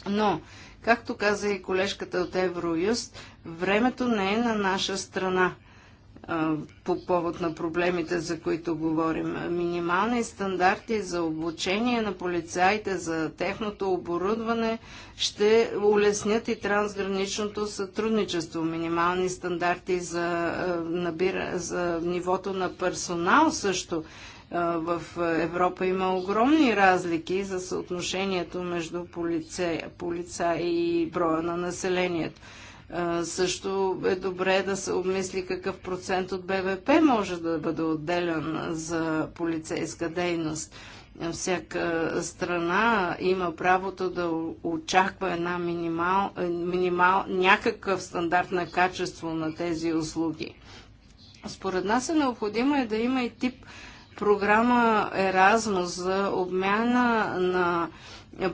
Но, както каза и колежката от Евроюст, времето не е на наша страна по повод на проблемите, за които говорим. Минимални стандарти за обучение на полицаите, за техното оборудване ще улеснят и трансграничното сътрудничество. Минимални стандарти за, набира, за нивото на персонал също в Европа има огромни разлики за съотношението между полице, полица и броя на населението. Също е добре да се обмисли какъв процент от БВП може да бъде отделен за полицейска дейност. Всяка страна има правото да очаква една минимал, е, минимал, някакъв стандарт на качество на тези услуги. Според нас е необходимо е да има и тип програма Еразмус за обмяна на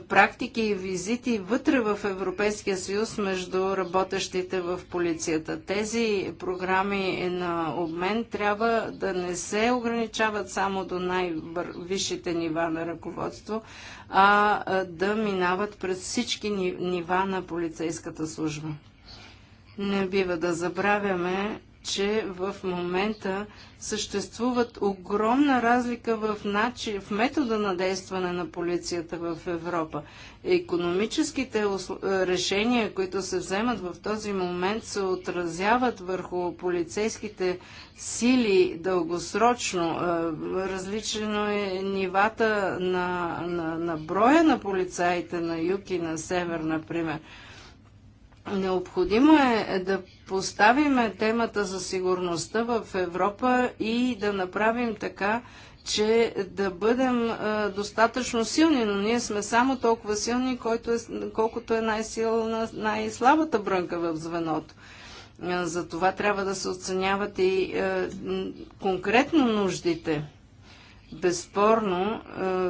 практики и визити вътре в Европейския съюз между работещите в полицията. Тези програми на обмен трябва да не се ограничават само до най-висшите нива на ръководство, а да минават през всички нива на полицейската служба. Не бива да забравяме, че в момента съществуват огромна разлика в, начин, в метода на действане на полицията в Европа. Економическите е, решения, които се вземат в този момент, се отразяват върху полицейските сили дългосрочно. Е, различно е нивата на, на, на броя на полицаите на юг и на север, например. Необходимо е да поставиме темата за сигурността в Европа и да направим така, че да бъдем достатъчно силни, но ние сме само толкова силни, който е, колкото е най-силна, най-слабата брънка в звеното. за това трябва да се оценяват и конкретно нуждите. Безспорно,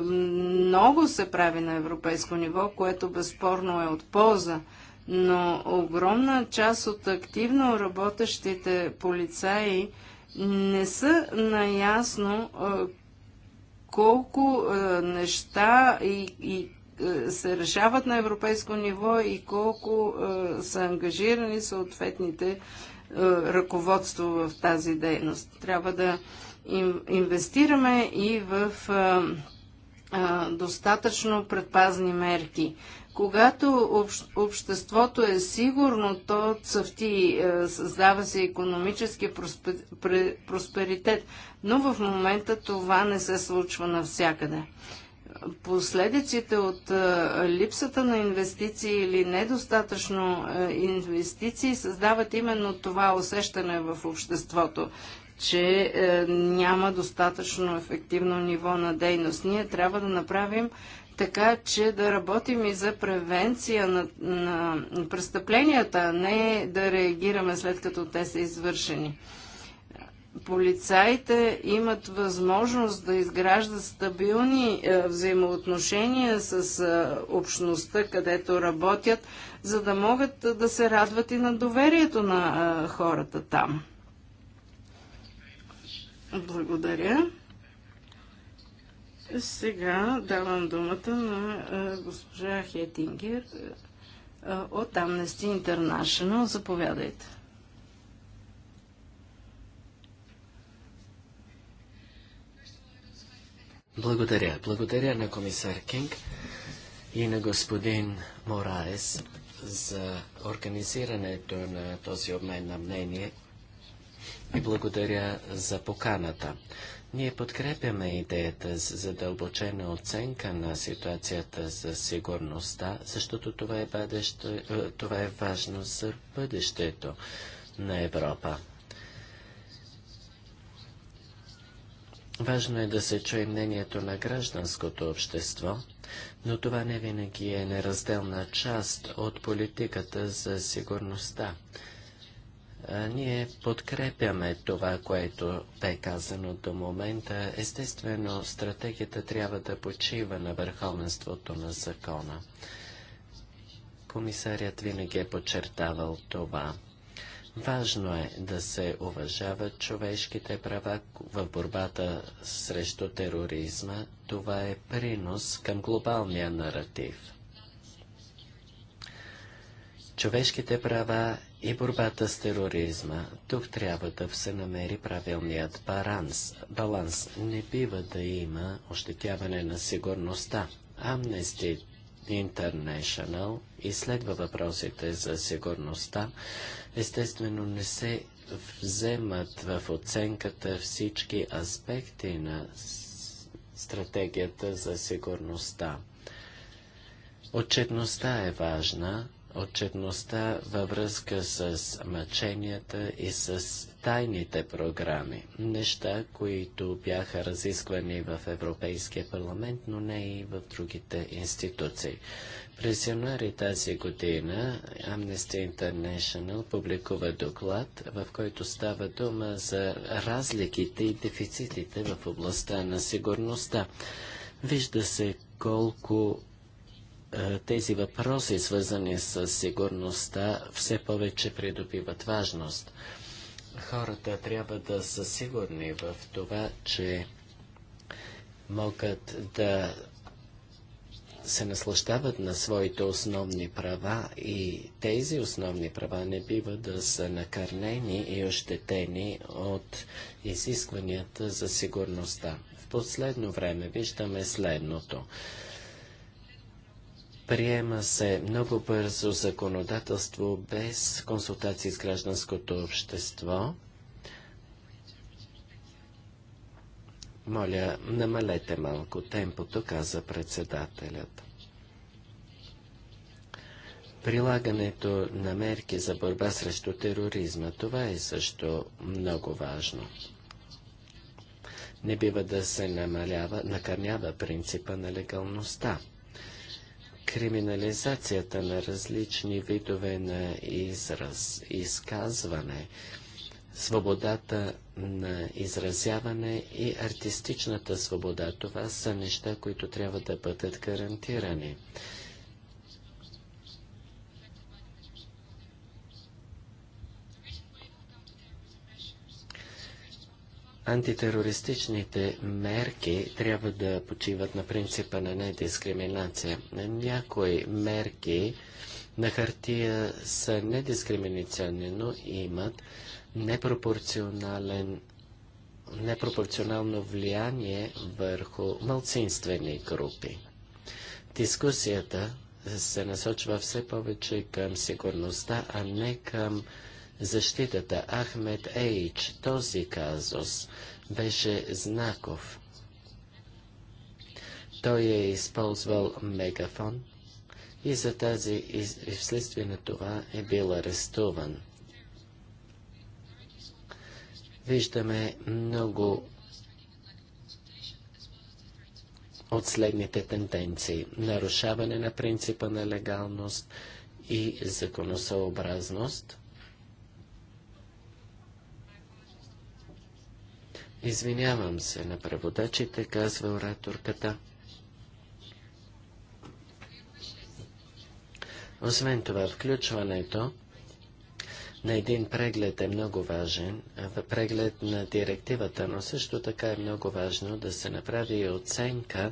много се прави на европейско ниво, което безспорно е от полза но огромна част от активно работещите полицаи не са наясно колко неща и, и се решават на европейско ниво и колко са ангажирани съответните ръководство в тази дейност. Трябва да инвестираме и в достатъчно предпазни мерки. Когато общ, обществото е сигурно, то цъфти, е, създава се економически просперитет, но в момента това не се случва навсякъде. Последиците от е, липсата на инвестиции или недостатъчно е, инвестиции създават именно това усещане в обществото, че няма достатъчно ефективно ниво на дейност. Ние трябва да направим така че да работим и за превенция на, на престъпленията, а не да реагираме след като те са извършени. Полицаите имат възможност да изграждат стабилни е, взаимоотношения с е, общността, където работят, за да могат да се радват и на доверието на е, хората там. Благодаря. Сега давам думата на е, госпожа Хетингер е, от Amnesty International. Заповядайте. Благодаря. Благодаря на комисар Кинг и на господин Мораес за организирането на този обмен на мнение и благодаря за поканата. Ние подкрепяме идеята за задълбочена оценка на ситуацията за сигурността, защото това е, бъдеще, е, това е важно за бъдещето на Европа. Важно е да се чуе мнението на гражданското общество, но това не винаги е неразделна част от политиката за сигурността. Ние подкрепяме това, което бе казано до момента. Естествено, стратегията трябва да почива на върховенството на закона. Комисарият винаги е подчертавал това. Важно е да се уважават човешките права в борбата срещу тероризма. Това е принос към глобалния наратив. Човешките права и борбата с тероризма. Тук трябва да се намери правилният баланс. баланс. Не бива да има ощетяване на сигурността. Amnesty International изследва въпросите за сигурността. Естествено не се вземат в оценката всички аспекти на стратегията за сигурността. Отчетността е важна, отчетността във връзка с мъченията и с тайните програми. Неща, които бяха разисквани в Европейския парламент, но не и в другите институции. През януари тази година Amnesty International публикува доклад, в който става дума за разликите и дефицитите в областта на сигурността. Вижда се колко е, тези въпроси, свързани с сигурността, все повече придобиват важност. Хората трябва да са сигурни в това, че могат да се наслащават на своите основни права и тези основни права не бива да са накърнени и ощетени от изискванията за сигурността. В последно време виждаме следното. Приема се много бързо законодателство без консултации с гражданското общество. Моля, намалете малко темпото, каза председателят. Прилагането на мерки за борба срещу тероризма, това е също много важно. Не бива да се намалява, накърнява принципа на легалността криминализацията на различни видове на израз, изказване, свободата на изразяване и артистичната свобода. Това са неща, които трябва да бъдат гарантирани. Антитерористичните мерки трябва да почиват на принципа на недискриминация. Някои мерки на хартия са недискриминационни, но имат непропорционален непропорционално влияние върху малцинствени групи. Дискусията се насочва все повече към сигурността, а не към защитата Ахмед Ейч, този казус беше знаков. Той е използвал мегафон и за тази и вследствие на това е бил арестуван. Виждаме много от следните тенденции. Нарушаване на принципа на легалност и законосъобразност, Извинявам се на преводачите, казва ораторката. Освен това, включването на един преглед е много важен, преглед на директивата, но също така е много важно да се направи и оценка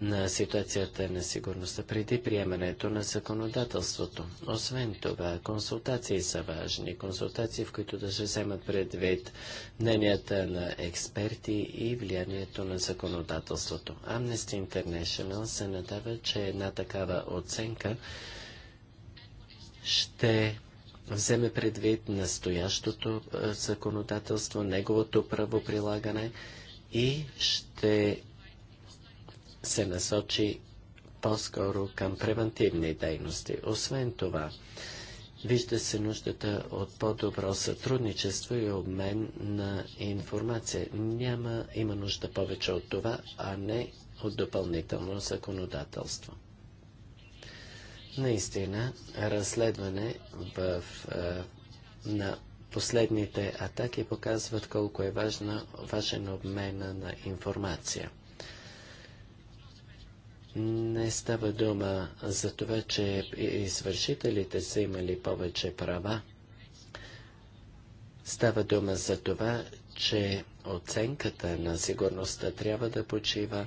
на ситуацията на сигурността преди приемането на законодателството. Освен това, консултации са важни. Консултации, в които да се вземат предвид мненията на експерти и влиянието на законодателството. Amnesty International се надава, че една такава оценка ще вземе предвид настоящото е, законодателство, неговото правоприлагане и ще се насочи по-скоро към превентивни дейности. Освен това, вижда се нуждата от по-добро сътрудничество и обмен на информация. Няма, има нужда повече от това, а не от допълнително законодателство. Наистина, разследване в, е, на последните атаки показват колко е важна, важен обмена на информация. Не става дума за това, че извършителите са имали повече права. Става дума за това, че оценката на сигурността трябва да почива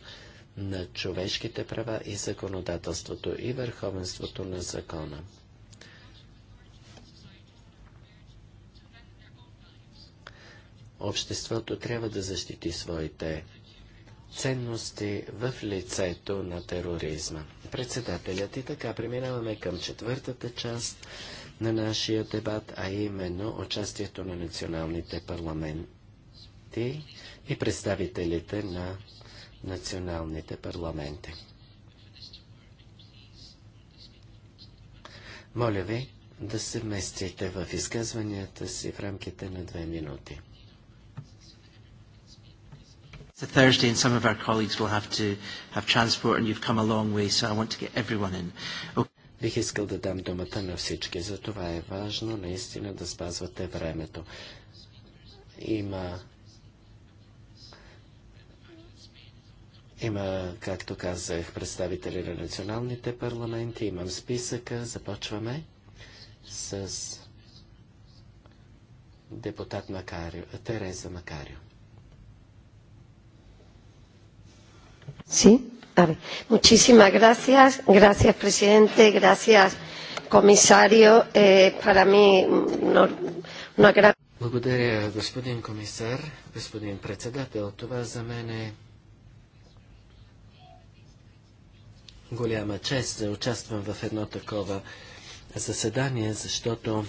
на човешките права и законодателството и върховенството на закона. Обществото трябва да защити своите ценности в лицето на тероризма. Председателят и така преминаваме към четвъртата част на нашия дебат, а именно участието на националните парламенти и представителите на националните парламенти. Моля ви да се вместите в изказванията си в рамките на две минути. It's a Thursday and some of our colleagues will have to have transport and you've come a long way, so I want to get everyone in. Okay. Бих искал да дам думата на всички, За това е важно наистина да спазвате времето. Има Има, както казах, представители на националните парламенти. Имам списъка. Започваме с депутат Макарио, Тереза Макарио. Sí, Muchísimas gracias. Gracias, presidente. Gracias, comisario. Eh, para mí, no, una gran... Благодаря, господин комисар, господин председател. Това за мен е голяма чест да участвам в едно такова заседание, защото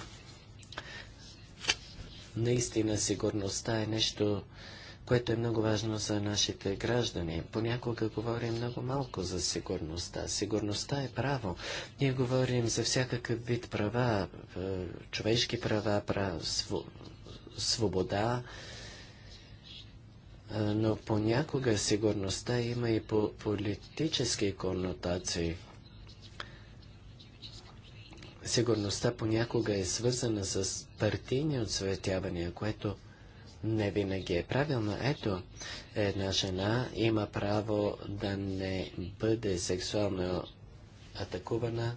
наистина сигурността е нещо, което е много важно за нашите граждани. Понякога говорим много малко за сигурността. Сигурността е право. Ние говорим за всякакъв вид права, е, човешки права, прав, свобода, е, но понякога сигурността има и по политически коннотации. Сигурността понякога е свързана с партийни отсветявания, което не винаги е правилно. Ето, една жена има право да не бъде сексуално атакувана.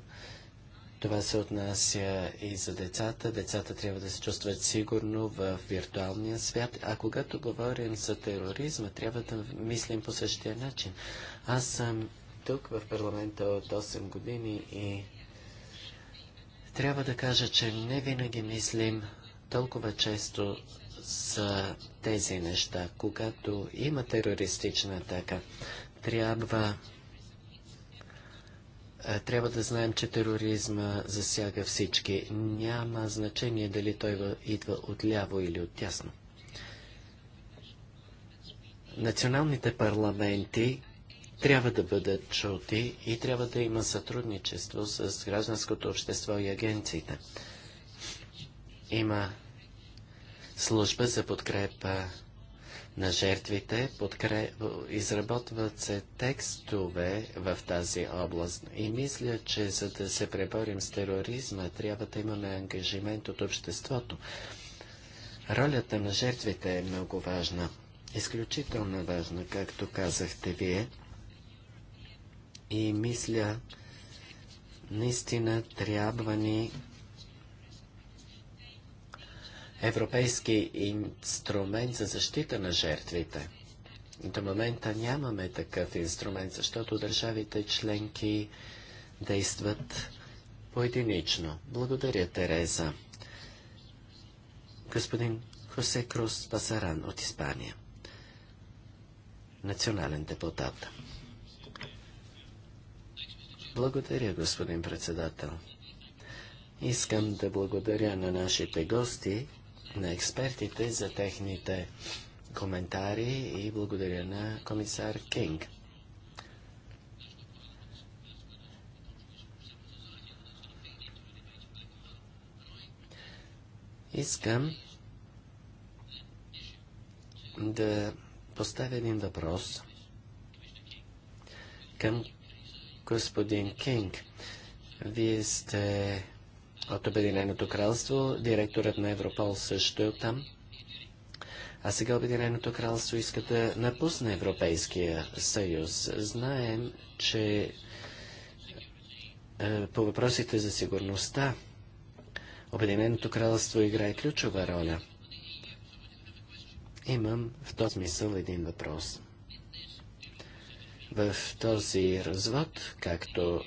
Това се отнася и за децата. Децата трябва да се чувстват сигурно в виртуалния свят. А когато говорим за тероризма, трябва да мислим по същия начин. Аз съм тук в парламента от 8 години и трябва да кажа, че не винаги мислим толкова често за тези неща. Когато има терористична атака, трябва трябва да знаем, че тероризма засяга всички. Няма значение дали той идва от ляво или от тясно. Националните парламенти трябва да бъдат чути и трябва да има сътрудничество с гражданското общество и агенциите. Има служба за подкрепа на жертвите. Подкреп... Изработват се текстове в тази област. И мисля, че за да се преборим с тероризма, трябва да имаме ангажимент от обществото. Ролята на жертвите е много важна. Изключително важна, както казахте вие. И мисля, наистина трябва ни европейски инструмент за защита на жертвите. До момента нямаме такъв инструмент, защото държавите членки действат поединично. Благодаря, Тереза. Господин Хосе Крус Пасаран от Испания. Национален депутат. Благодаря, господин председател. Искам да благодаря на нашите гости на експертите за техните коментари и благодаря на комисар Кинг. Искам да поставя един въпрос към господин Кинг. Вие сте от Обединеното кралство, директорът на Европол също е там. А сега Обединеното кралство иска да напусне Европейския съюз. Знаем, че е, по въпросите за сигурността Обединеното кралство играе ключова роля. Имам в този смисъл един въпрос. В този развод, както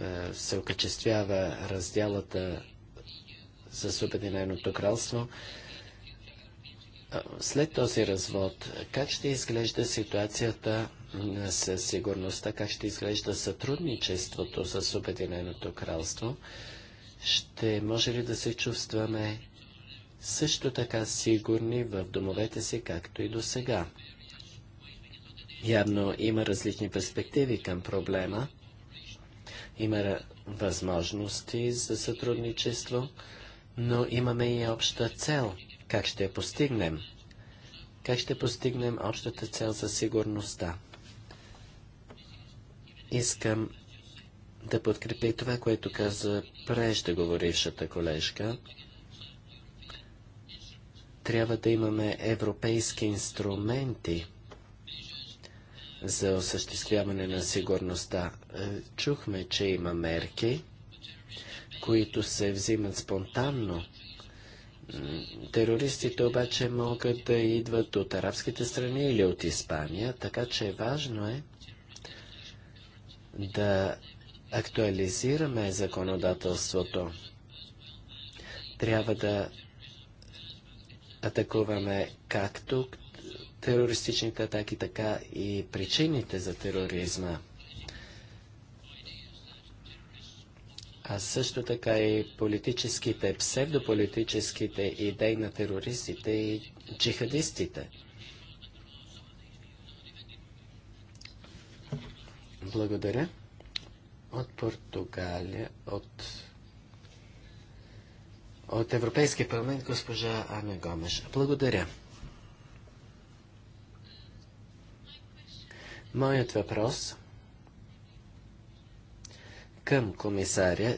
е, се окачествява разделата с Обединеното кралство. Е, след този развод, как ще изглежда ситуацията е, със сигурността, как ще изглежда сътрудничеството с Обединеното кралство? Ще може ли да се чувстваме също така сигурни в домовете си, както и до сега? Явно има различни перспективи към проблема. Има възможности за сътрудничество, но имаме и обща цел. Как ще я постигнем? Как ще постигнем общата цел за сигурността? Искам да подкрепя това, което каза преждеговорившата колежка. Трябва да имаме европейски инструменти – за осъществяване на сигурността. Е, чухме, че има мерки, които се взимат спонтанно. Терористите обаче могат да идват от арабските страни или от Испания, така че важно е да актуализираме законодателството. Трябва да атакуваме както терористичните атаки, така и причините за тероризма. а също така и политическите, псевдополитическите идеи на терористите и джихадистите. Благодаря. От Португалия, от, от Европейския парламент, госпожа Ана Гомеш. Благодаря. Моят въпрос към комисаря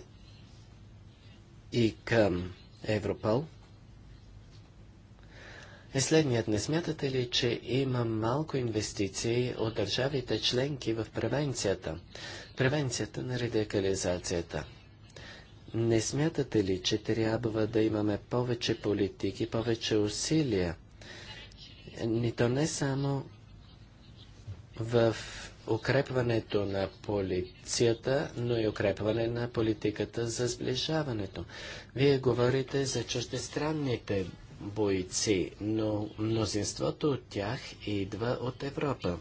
и към Европол е следният. Не смятате ли, че има малко инвестиции от държавите членки в превенцията? Превенцията на радикализацията. Не смятате ли, че трябва да имаме повече политики, повече усилия? Нито то не само в укрепването на полицията, но и укрепване на политиката за сближаването. Вие говорите за чуждестранните бойци, но мнозинството от тях идва от Европа.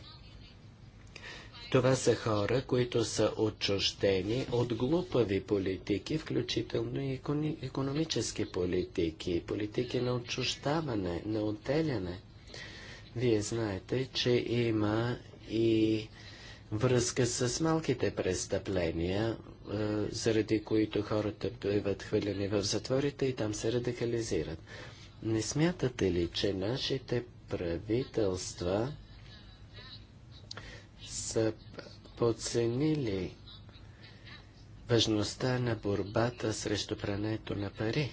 Това са хора, които са отчуждени от глупави политики, включително и економически политики, политики на отчуждаване, на отделяне. Вие знаете, че има и връзка с малките престъпления, е, заради които хората биват хвърлени в затворите и там се радикализират. Не смятате ли, че нашите правителства са подценили важността на борбата срещу прането на пари?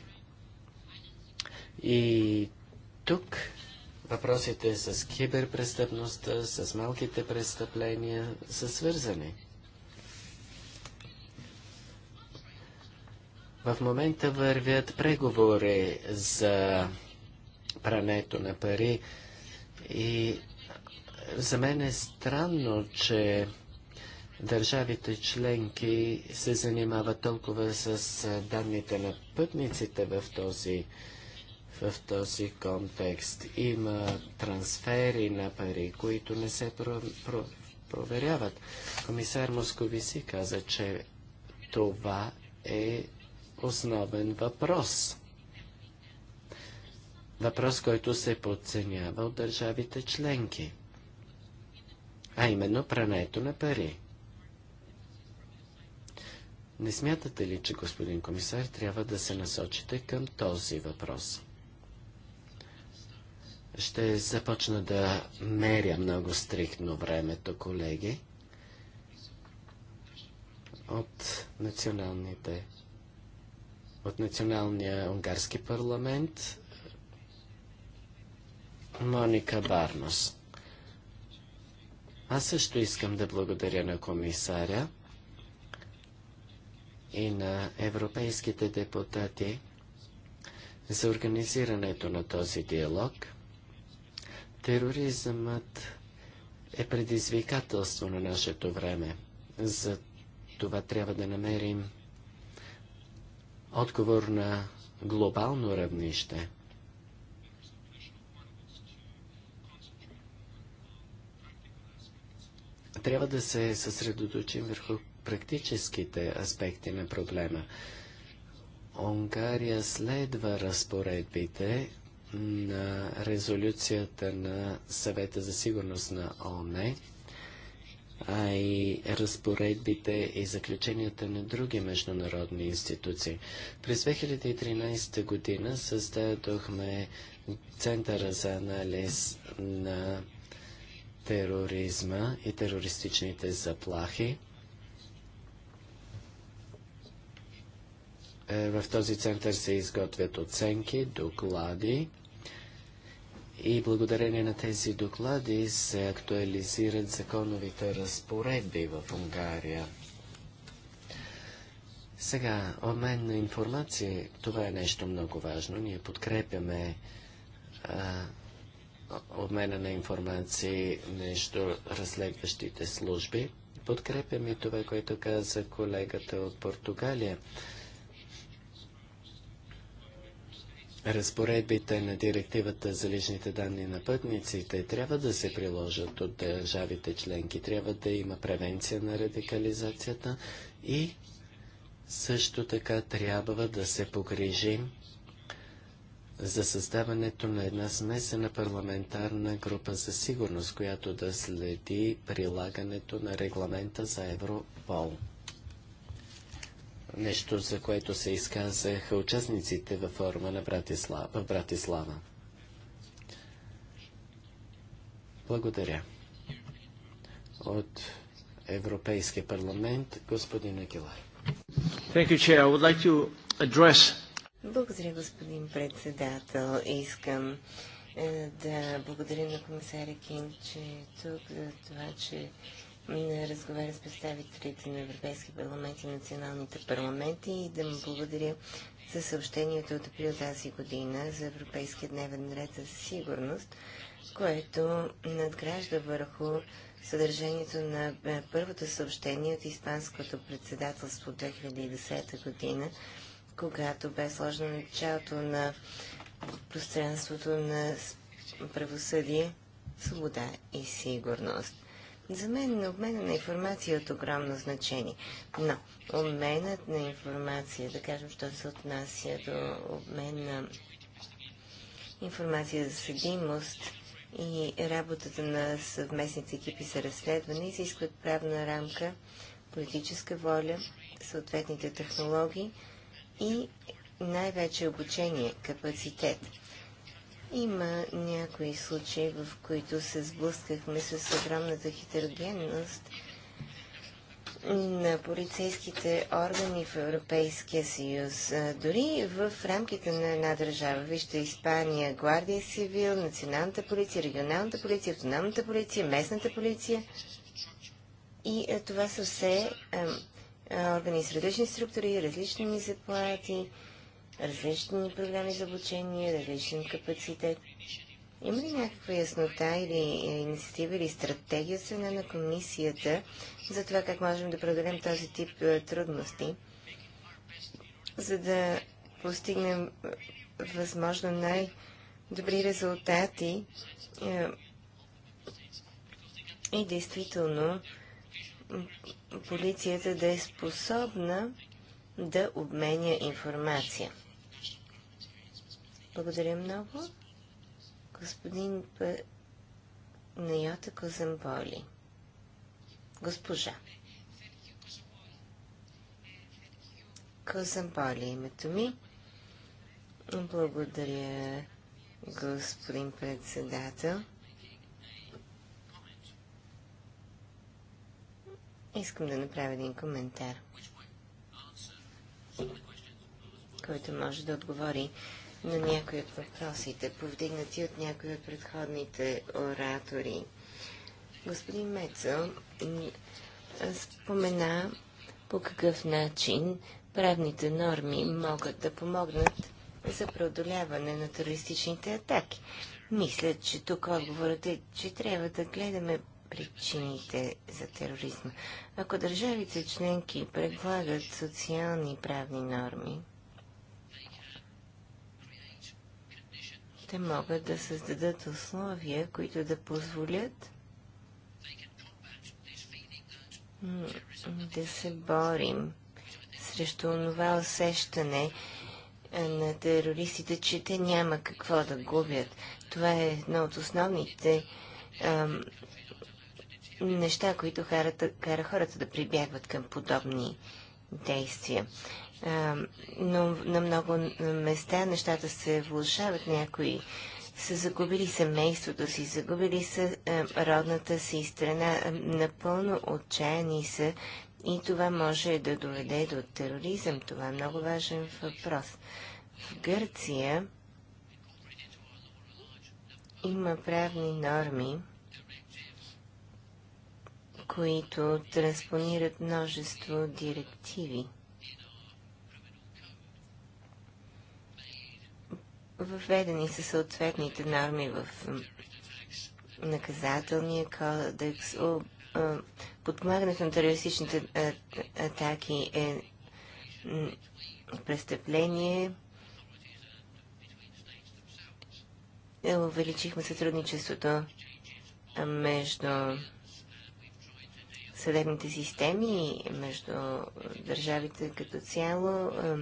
И тук въпросите с киберпрестъпността, с малките престъпления са свързани. В момента вървят преговори за прането на пари и за мен е странно, че държавите членки се занимават толкова с данните на пътниците в този в този контекст. Има трансфери на пари, които не се про, про, проверяват. Комисар Московиси каза, че това е основен въпрос. Въпрос, който се подценява от държавите членки. А именно прането на пари. Не смятате ли, че господин комисар трябва да се насочите към този въпрос? Ще започна да меря много стриктно времето, колеги, от националните от националния унгарски парламент Моника Барнос. Аз също искам да благодаря на комисаря и на европейските депутати за организирането на този диалог – Тероризмът е предизвикателство на нашето време. За това трябва да намерим отговор на глобално равнище. Трябва да се съсредоточим върху практическите аспекти на проблема. Унгария следва разпоредбите на резолюцията на съвета за сигурност на ООН, а и разпоредбите и заключенията на други международни институции. През 2013 година създадохме Центъра за анализ на тероризма и терористичните заплахи. Е, в този център се изготвят оценки, доклади и благодарение на тези доклади се актуализират законовите разпоредби в Унгария. Сега, обмен на информация, това е нещо много важно. Ние подкрепяме обмена на информации между разследващите служби. Подкрепяме това, което каза колегата от Португалия. разпоредбите на директивата за личните данни на пътниците трябва да се приложат от държавите членки. Трябва да има превенция на радикализацията и също така трябва да се погрижим за създаването на една смесена парламентарна група за сигурност, която да следи прилагането на регламента за Европол нещо, за което се изказаха участниците във форума на Братислава, в Братислава. Благодаря. От Европейския парламент, господин Агилар. Like address... Благодаря, господин председател. Искам е, да благодаря на комисаря Кин, че е тук за това, че разговаря с представителите на Европейски парламент и националните парламенти и да му благодаря за съобщението от април тази година за Европейския дневен ред за сигурност, което надгражда върху съдържанието на е, първото съобщение от Испанското председателство 2010 година, когато бе сложено началото на пространството на правосъдие, свобода и сигурност. За мен обменът обмена на информация е от огромно значение. Но обменът на информация, да кажем, що се отнася до обмен на информация за съдимост и работата на съвместните екипи за разследване, изискват правна рамка, политическа воля, съответните технологии и най-вече обучение, капацитет – има някои случаи, в които се сблъскахме с огромната хетерогенност на полицейските органи в Европейския съюз. Дори в рамките на една държава, вижте Испания, Гвардия Сивил, Националната полиция, Регионалната полиция, Автономната полиция, Местната полиция. И това са все органи с различни структури, различни заплати, различни програми за обучение, различен капацитет. Има ли някаква яснота или е, инициатива или стратегия страна на комисията за това как можем да преодолем този тип е, трудности, за да постигнем е, възможно най-добри резултати и действително полицията да е способна да обменя информация. Благодаря много. Господин П... Найота Козамболи. Госпожа. Козамболи името ми. Благодаря, господин председател. Искам да направя един коментар, който може да отговори на някои от въпросите, повдигнати от някои от предходните оратори. Господин Мецъл спомена по какъв начин правните норми могат да помогнат за преодоляване на терористичните атаки. Мисля, че тук отговорът е, че трябва да гледаме причините за тероризма. Ако държавите членки предлагат социални правни норми, те могат да създадат условия, които да позволят да се борим срещу това усещане на терористите, че те няма какво да губят. Това е едно от основните ам, неща, които кара хората да прибягват към подобни действия но на много места нещата се влушават. Някои са загубили семейството си, загубили са родната си страна, напълно отчаяни са и това може да доведе до тероризъм. Това е много важен въпрос. В Гърция има правни норми, които транспонират множество директиви. Въведени са съответните норми в наказателния кодекс. Подпомагането на терористичните атаки е престъпление. Е, увеличихме сътрудничеството между съдебните системи, между държавите като цяло. Е,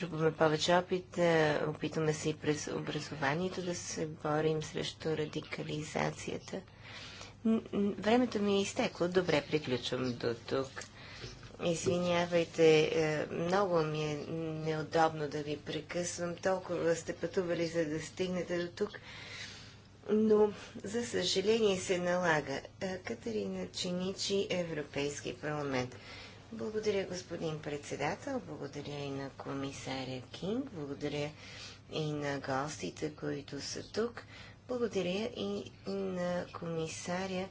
трупаме повече опит, е, опитваме се и през образованието да се борим срещу радикализацията. Времето ми е изтекло. Добре, приключвам до тук. Извинявайте, е, много ми е неудобно да ви прекъсвам. Толкова сте пътували, за да стигнете до тук. Но, за съжаление, се налага. Е, Катерина Чиничи, Европейски парламент. Благодаря, господин председател. Благодаря и на комисаря Кинг. Благодаря и на гостите, които са тук. Благодаря и на комисаря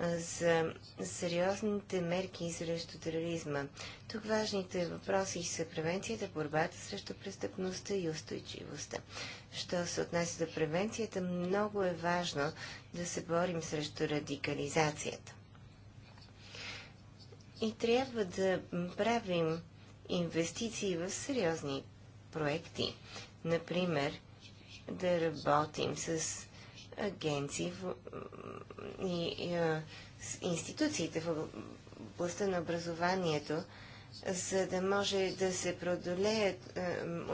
за сериозните мерки срещу тероризма. Тук важните въпроси са превенцията, борбата срещу престъпността и устойчивостта. Що се отнася до превенцията, много е важно да се борим срещу радикализацията и трябва да правим инвестиции в сериозни проекти. Например, да работим с агенции в, и, и а, с институциите в областта на образованието, за да може да се продолеят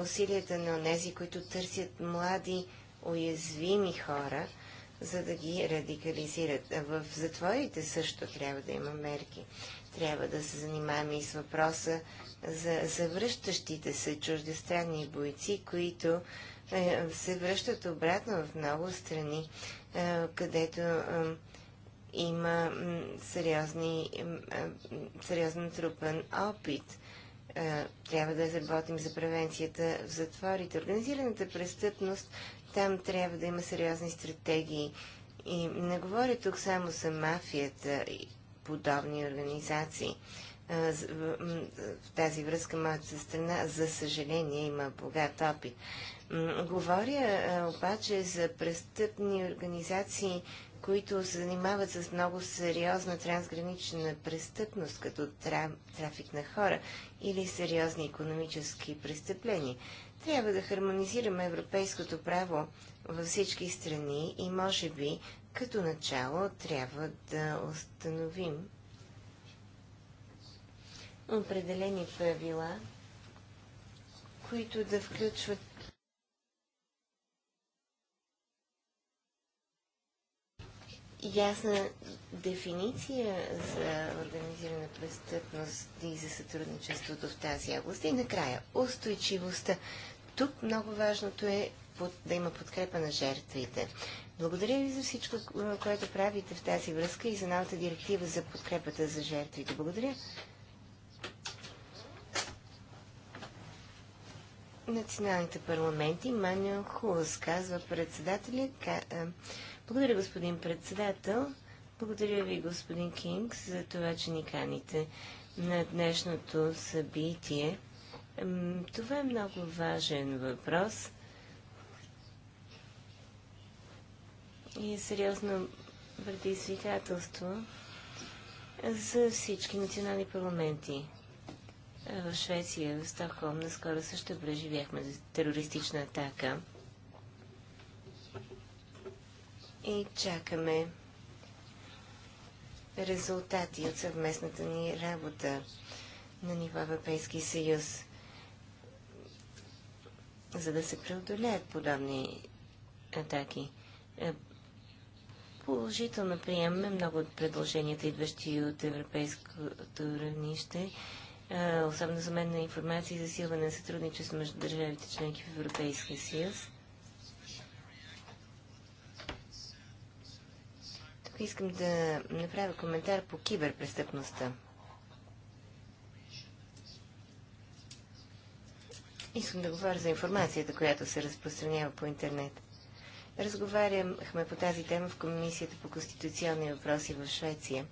усилията на тези, които търсят млади, уязвими хора, за да ги радикализират. в затворите също трябва да има мерки. Трябва да се занимаваме и с въпроса за завръщащите се чуждестранни бойци, които е, се връщат обратно в много страни, е, където е, има сериозни, е, сериозно трупан опит. Е, трябва да работим за превенцията в затворите. Организираната престъпност, там трябва да има сериозни стратегии. И не говоря тук само за мафията подобни организации. В тази връзка моята страна, за съжаление, има богат опит. Говоря обаче за престъпни организации, които се занимават с много сериозна трансгранична престъпност, като трафик на хора или сериозни економически престъпления. Трябва да хармонизираме европейското право във всички страни и може би като начало трябва да установим определени правила, които да включват ясна дефиниция за организирана престъпност и за сътрудничеството в тази област. И накрая, устойчивостта. Тук много важното е да има подкрепа на жертвите. Благодаря ви за всичко, което правите в тази връзка и за новата директива за подкрепата за жертвите. Благодаря. националните парламенти. Маню Хулс казва председателя. Благодаря, господин председател. Благодаря ви, господин Кинг, за това, че ни каните на днешното събитие. Това е много важен въпрос. и сериозно предизвикателство за всички национални парламенти. Е, в Швеция, в Стокхолм, наскоро също преживяхме терористична атака. И чакаме резултати от съвместната ни работа на ниво Европейски съюз, за да се преодолеят подобни атаки. Е, положително приемаме много от предложенията, идващи от европейското равнище, особено за мен на информация и засилване на сътрудничество между държавите членки в Европейския съюз. Тук искам да направя коментар по киберпрестъпността. Искам да говоря за информацията, която се разпространява по интернет. Разговаряхме по тази тема в Комисията по конституционни въпроси в Швеция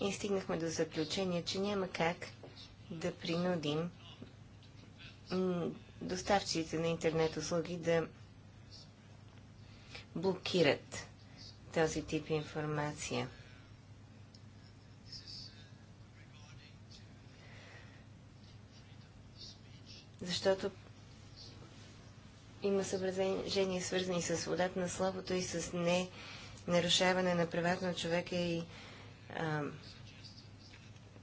и стигнахме до заключение, че няма как да принудим доставчиците на интернет услуги да блокират този тип информация. Защото има съображения, свързани с свободата на словото и с не нарушаване на правата на човека и а,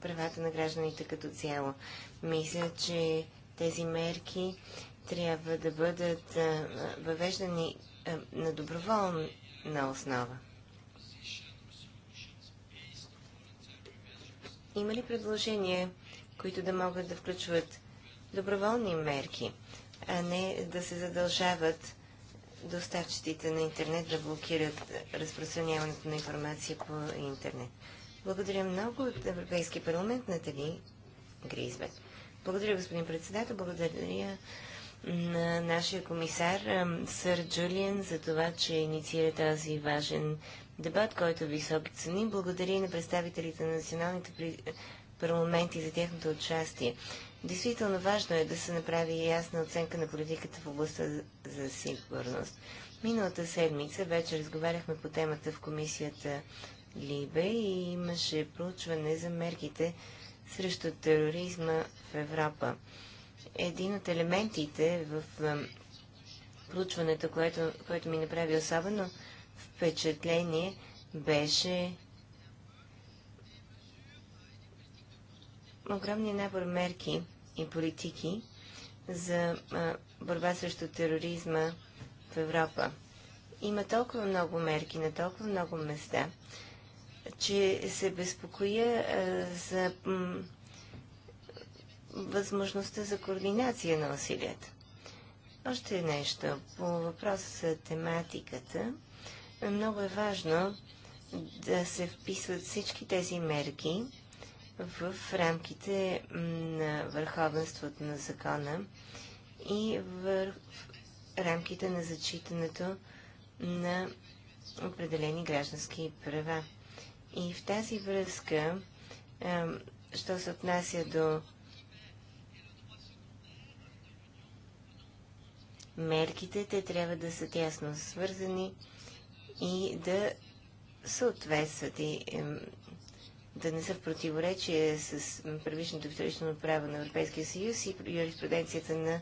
правата на гражданите като цяло. Мисля, че тези мерки трябва да бъдат а, въвеждани а, на доброволна основа. Има ли предложения, които да могат да включват доброволни мерки? а не да се задължават доставчиците на интернет да блокират разпространяването на информация по интернет. Благодаря много от Европейския парламент Натали Гризбе? Благодаря, господин председател. Благодаря на нашия комисар Сър Джулиан за това, че инициира този важен дебат, който високи цени. Благодаря и на представителите на националните парламенти за тяхното участие. Действително важно е да се направи ясна оценка на политиката в областта за сигурност. Миналата седмица вече разговаряхме по темата в комисията Либе и имаше проучване за мерките срещу тероризма в Европа. Един от елементите в проучването, което, което ми направи особено впечатление, беше огромния набор мерки, и политики за борба срещу тероризма в Европа. Има толкова много мерки на толкова много места, че се безпокоя за възможността за координация на усилията. Още нещо по въпроса за тематиката. Много е важно да се вписват всички тези мерки в рамките на върховенството на закона и в рамките на зачитането на определени граждански права. И в тази връзка, що се отнася до мерките, те трябва да са тясно свързани и да съответстват и да не са в противоречие с първичното вторично право на Европейския съюз и юриспруденцията на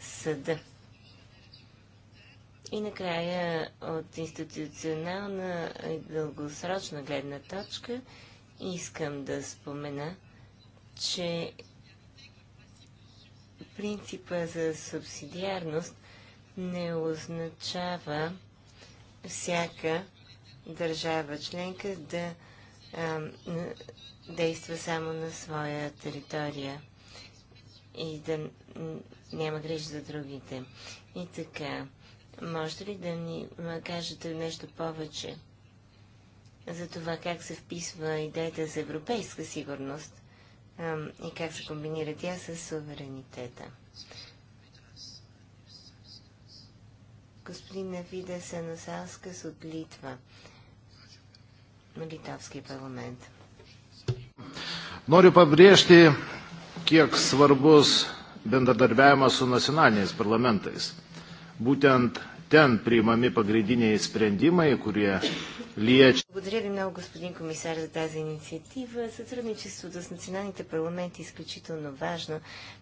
съда. И накрая от институционална и дългосрочна гледна точка искам да спомена, че принципа за субсидиарност не означава всяка държава членка да действа само на своя територия и да няма грижа за другите. И така, можете ли да ни кажете нещо повече за това как се вписва идеята за европейска сигурност и как се комбинира тя с суверенитета? Господин Навида Санасалскас от Литва на Литавския парламент. Noriu pabrėžti, kiek svarbus bendradarbiavimas su nacionaliniais parlamentais. Бутент тен приемами спрендима и курия лиеч. Благодаря ви много, господин комисар, за тази инициатива. Сътрудничеството с националните парламенти е изключително важно.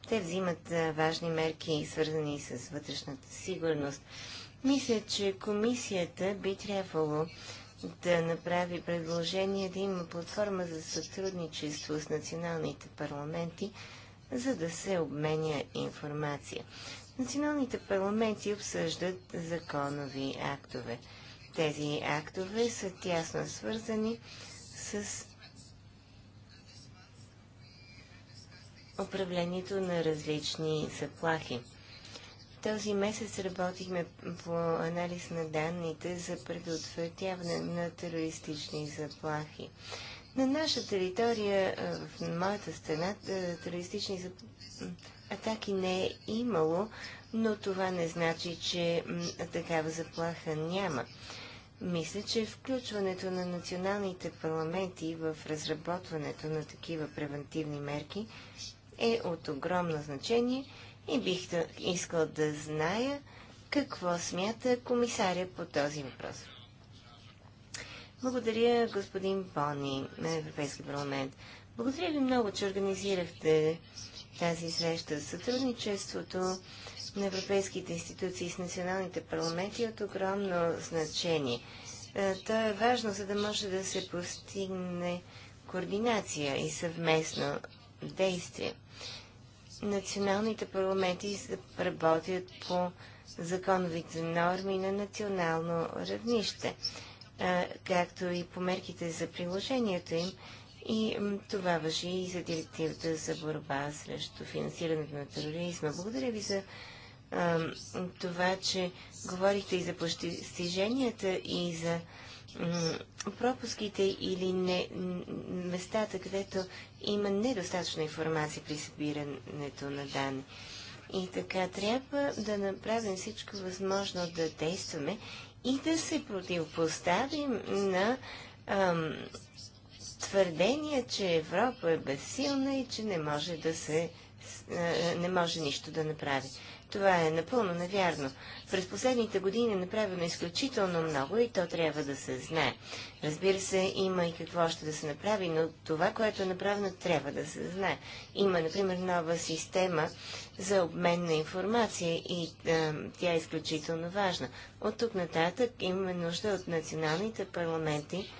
Те взимат важни мерки, свързани с вътрешната сигурност. Мисля, че комисията би трябвало да направи предложение да има платформа за сътрудничество с националните парламенти, за да се обменя информация. Националните парламенти обсъждат законови актове. Тези актове са тясно свързани с управлението на различни заплахи. Този месец работихме по анализ на данните за предотвратяване на терористични заплахи. На наша територия, в моята страна, терористични атаки не е имало, но това не значи, че такава заплаха няма. Мисля, че включването на националните парламенти в разработването на такива превентивни мерки е от огромно значение и бих искал да зная какво смята комисаря по този въпрос. Благодаря, господин Бони на Европейски парламент. Благодаря ви много, че организирахте тази среща. Сътрудничеството на европейските институции с националните парламенти е от огромно значение. Е, то е важно, за да може да се постигне координация и съвместно действие националните парламенти работят по законовите норми на национално равнище, както и по мерките за приложението им. И това въжи и за директивата за борба срещу финансирането на тероризма. Благодаря ви за това, че говорихте и за постиженията, и за пропуските или не, местата, където има недостатъчна информация при събирането на данни. И така трябва да направим всичко възможно да действаме и да се противопоставим на ам, твърдения, че Европа е безсилна и че не може да се е, не може нищо да направи. Това е напълно навярно. През последните години е направено изключително много и то трябва да се знае. Разбира се, има и какво още да се направи, но това, което е направено, трябва да се знае. Има, например, нова система за обмен на информация и е, тя е изключително важна. От тук нататък имаме нужда от националните парламенти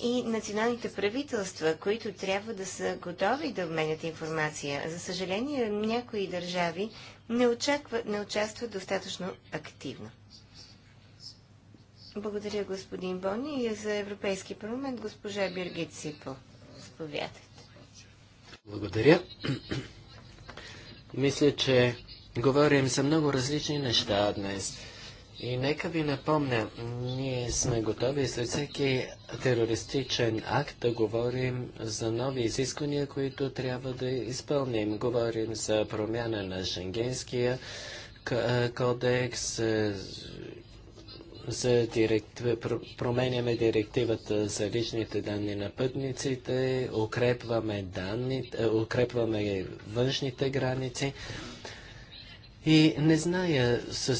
и националните правителства, които трябва да са готови да обменят информация. За съжаление, някои държави не, очаква, не участват достатъчно активно. Благодаря, господин Бони. И за Европейски парламент, госпожа Биргит Сипо. Сповядайте. Благодаря. Мисля, че говорим за много различни неща днес. И нека ви напомня, ние сме готови за всеки терористичен акт да говорим за нови изисквания, които трябва да изпълним. Говорим за промяна на Шенгенския кодекс, е, за директ... променяме директивата за личните данни на пътниците, укрепваме, данни, е, укрепваме външните граници. И не зная с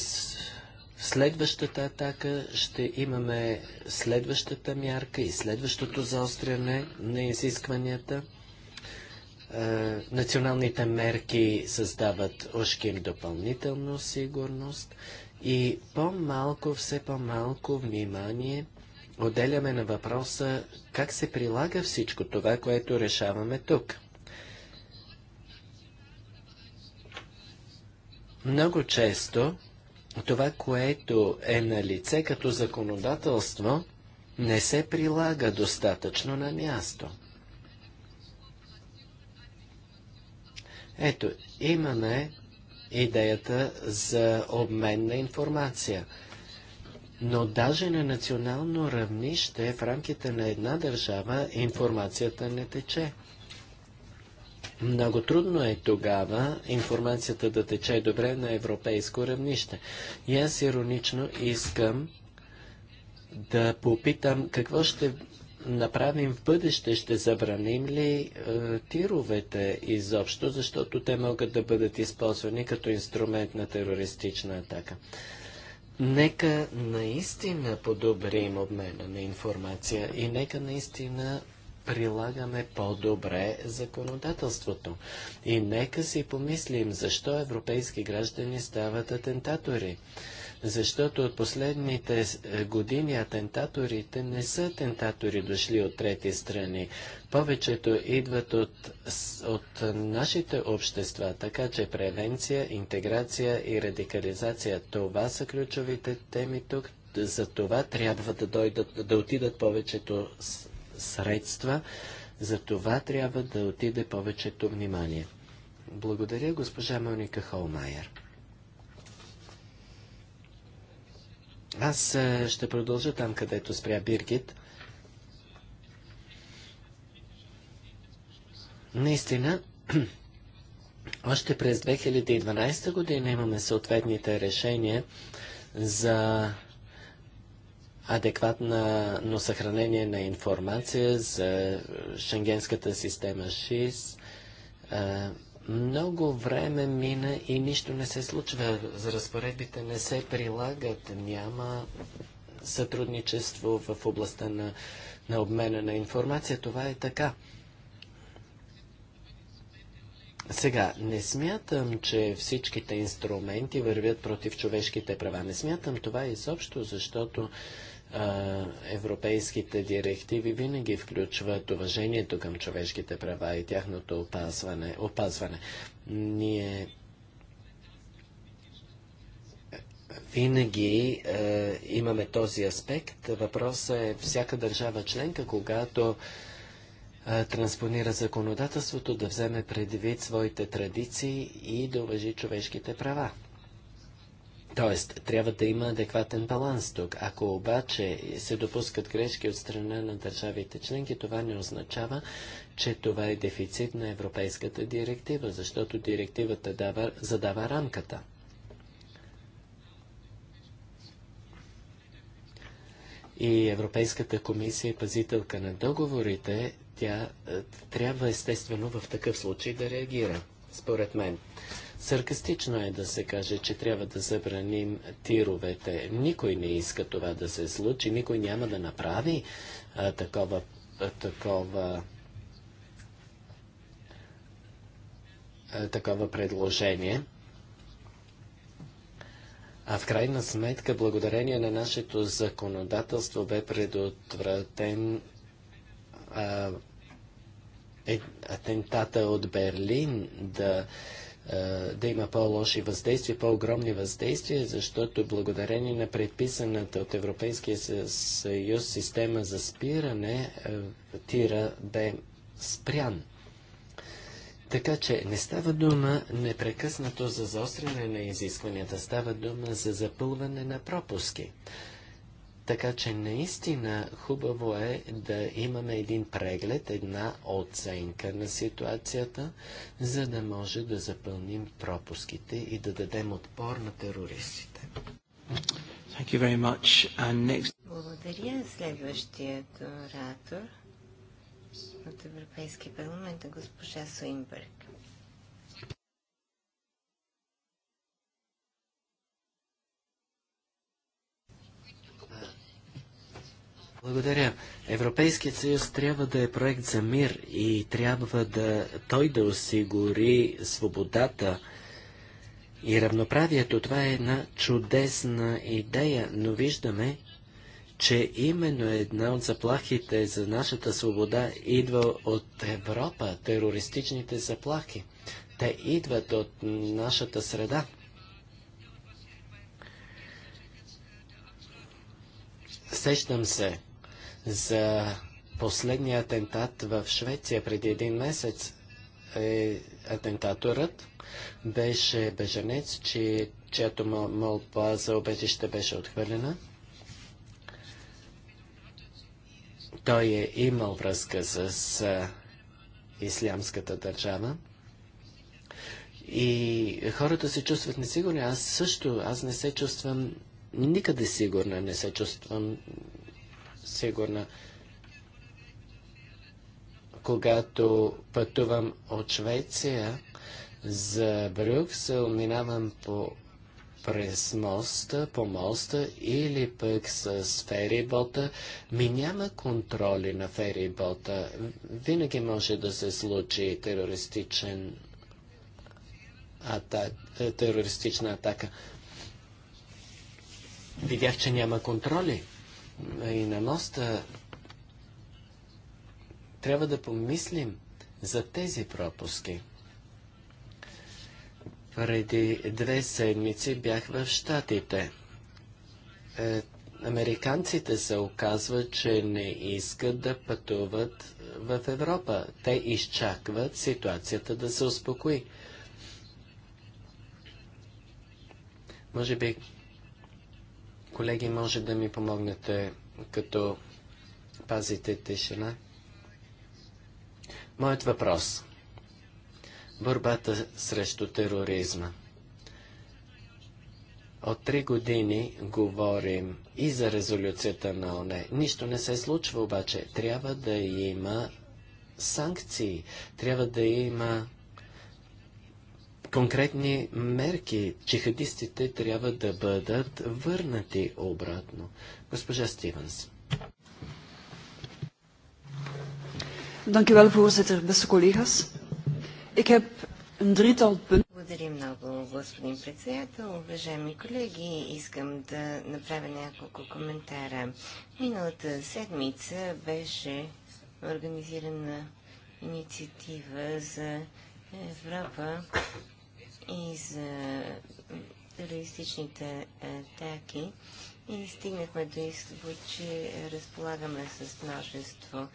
в следващата атака ще имаме следващата мярка и следващото заостряне на изискванията. Е, националните мерки създават ушким допълнително сигурност и по-малко, все по-малко внимание отделяме на въпроса как се прилага всичко това, което решаваме тук. Много често това, което е на лице като законодателство, не се прилага достатъчно на място. Ето, имаме идеята за обмен на информация. Но даже на национално равнище, в рамките на една държава, информацията не тече. Много трудно е тогава информацията да тече добре на европейско равнище. И аз иронично искам да попитам какво ще направим в бъдеще, ще забраним ли е, тировете изобщо, защото те могат да бъдат използвани като инструмент на терористична атака. Нека наистина подобрим обмена на информация и нека наистина прилагаме по-добре законодателството. И нека си помислим, защо европейски граждани стават атентатори. Защото от последните е, години атентаторите не са атентатори дошли от трети страни. Повечето идват от, от нашите общества, така че превенция, интеграция и радикализация, това са ключовите теми тук. За това трябва да, дойдат, да отидат повечето средства. За това трябва да отиде повечето внимание. Благодаря госпожа Моника Холмайер. Аз ще продължа там, където спря Биргит. Наистина, още през 2012 година имаме съответните решения за адекватно но съхранение на информация за шенгенската система ШИС. много време мина и нищо не се случва. За разпоредбите не се прилагат. Няма сътрудничество в областта на, на обмена на информация. Това е така. Сега, не смятам, че всичките инструменти вървят против човешките права. Не смятам това изобщо, защото европейските директиви винаги включват уважението към човешките права и тяхното опазване. опазване. Ние винаги е, имаме този аспект. Въпросът е всяка държава членка, когато е, транспонира законодателството, да вземе предвид своите традиции и да уважи човешките права. Тоест, трябва да има адекватен баланс тук. Ако обаче се допускат грешки от страна на държавите членки, това не означава, че това е дефицит на Европейската директива, защото директивата дава, задава рамката. И Европейската комисия е пазителка на договорите, тя е, трябва естествено в такъв случай да реагира, според мен. Саркастично е да се каже, че трябва да забраним тировете. Никой не иска това да се случи, никой няма да направи а, такова, а, такова, а, такова предложение. А в крайна сметка, благодарение на нашето законодателство бе предотвратен а, е, атентата от Берлин да е, да има по-лоши въздействия, по-огромни въздействия, защото благодарение на предписаната от Европейския съюз система за спиране, е, тира бе спрян. Така че не става дума непрекъснато за заостряне на изискванията, става дума за запълване на пропуски. Така че наистина хубаво е да имаме един преглед, една оценка на ситуацията, за да може да запълним пропуските и да дадем отпор на терористите. Thank you very much. And next... Благодаря. Следващият оратор от Европейския парламент е госпожа Суинберг. Благодаря. Европейският съюз трябва да е проект за мир и трябва да той да осигури свободата и равноправието. Това е една чудесна идея, но виждаме, че именно една от заплахите за нашата свобода идва от Европа, терористичните заплахи. Те идват от нашата среда. Сещам се за последния атентат в Швеция преди един месец. Е, атентаторът беше беженец, чи, чиято молба за обежище беше отхвърлена. Той е имал връзка с с ислямската държава. И хората се чувстват несигурни. Аз също, аз не се чувствам никъде сигурна, не се чувствам сигурна. Когато пътувам от Швеция за Брюксел, минавам по през моста, по моста или пък с ферибота, ми няма контроли на ферибота. Винаги може да се случи терористичен атак, терористична атака. Видях, че няма контроли и на моста, трябва да помислим за тези пропуски. Преди две седмици бях в Штатите. Е, американците се оказват, че не искат да пътуват в Европа. Те изчакват ситуацията да се успокои. Може би Колеги, може да ми помогнете, като пазите тишина? Моят въпрос. Борбата срещу тероризма. От три години говорим и за резолюцията на ОНЕ. Нищо не се случва обаче. Трябва да има санкции. Трябва да има конкретни мерки. Джихадистите трябва да бъдат върнати обратно. Госпожа Стивенс. voorzitter. Beste collega's. Ik heb een drietal punten. Благодаря много, господин председател. Уважаеми колеги, искам да направя няколко коментара. Миналата седмица беше организирана инициатива за Европа и за терористичните атаки и стигнахме до извод, че разполагаме с множество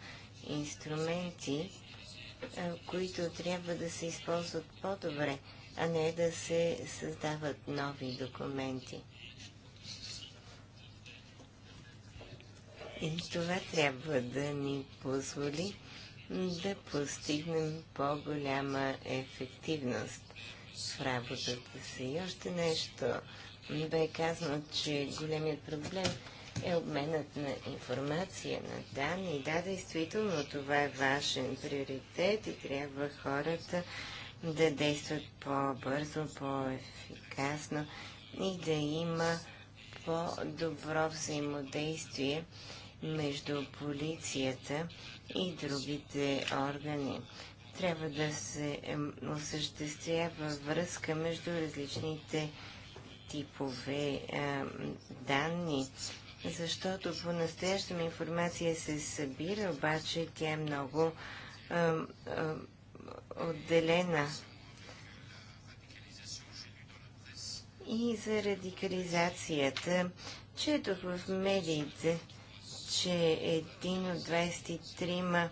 инструменти, които трябва да се използват по-добре, а не да се създават нови документи. И това трябва да ни позволи да постигнем по-голяма ефективност в работата си. И още нещо. Бе казано, че големият проблем е обменът на информация, на данни. Да, действително, това е важен приоритет и трябва хората да действат по-бързо, по-ефикасно и да има по-добро взаимодействие между полицията и другите органи трябва да се осъществява връзка между различните типове а, данни, защото по-настоящем информация се събира, обаче тя е много а, а, отделена. И за радикализацията четох в медиите, че един от 23-ма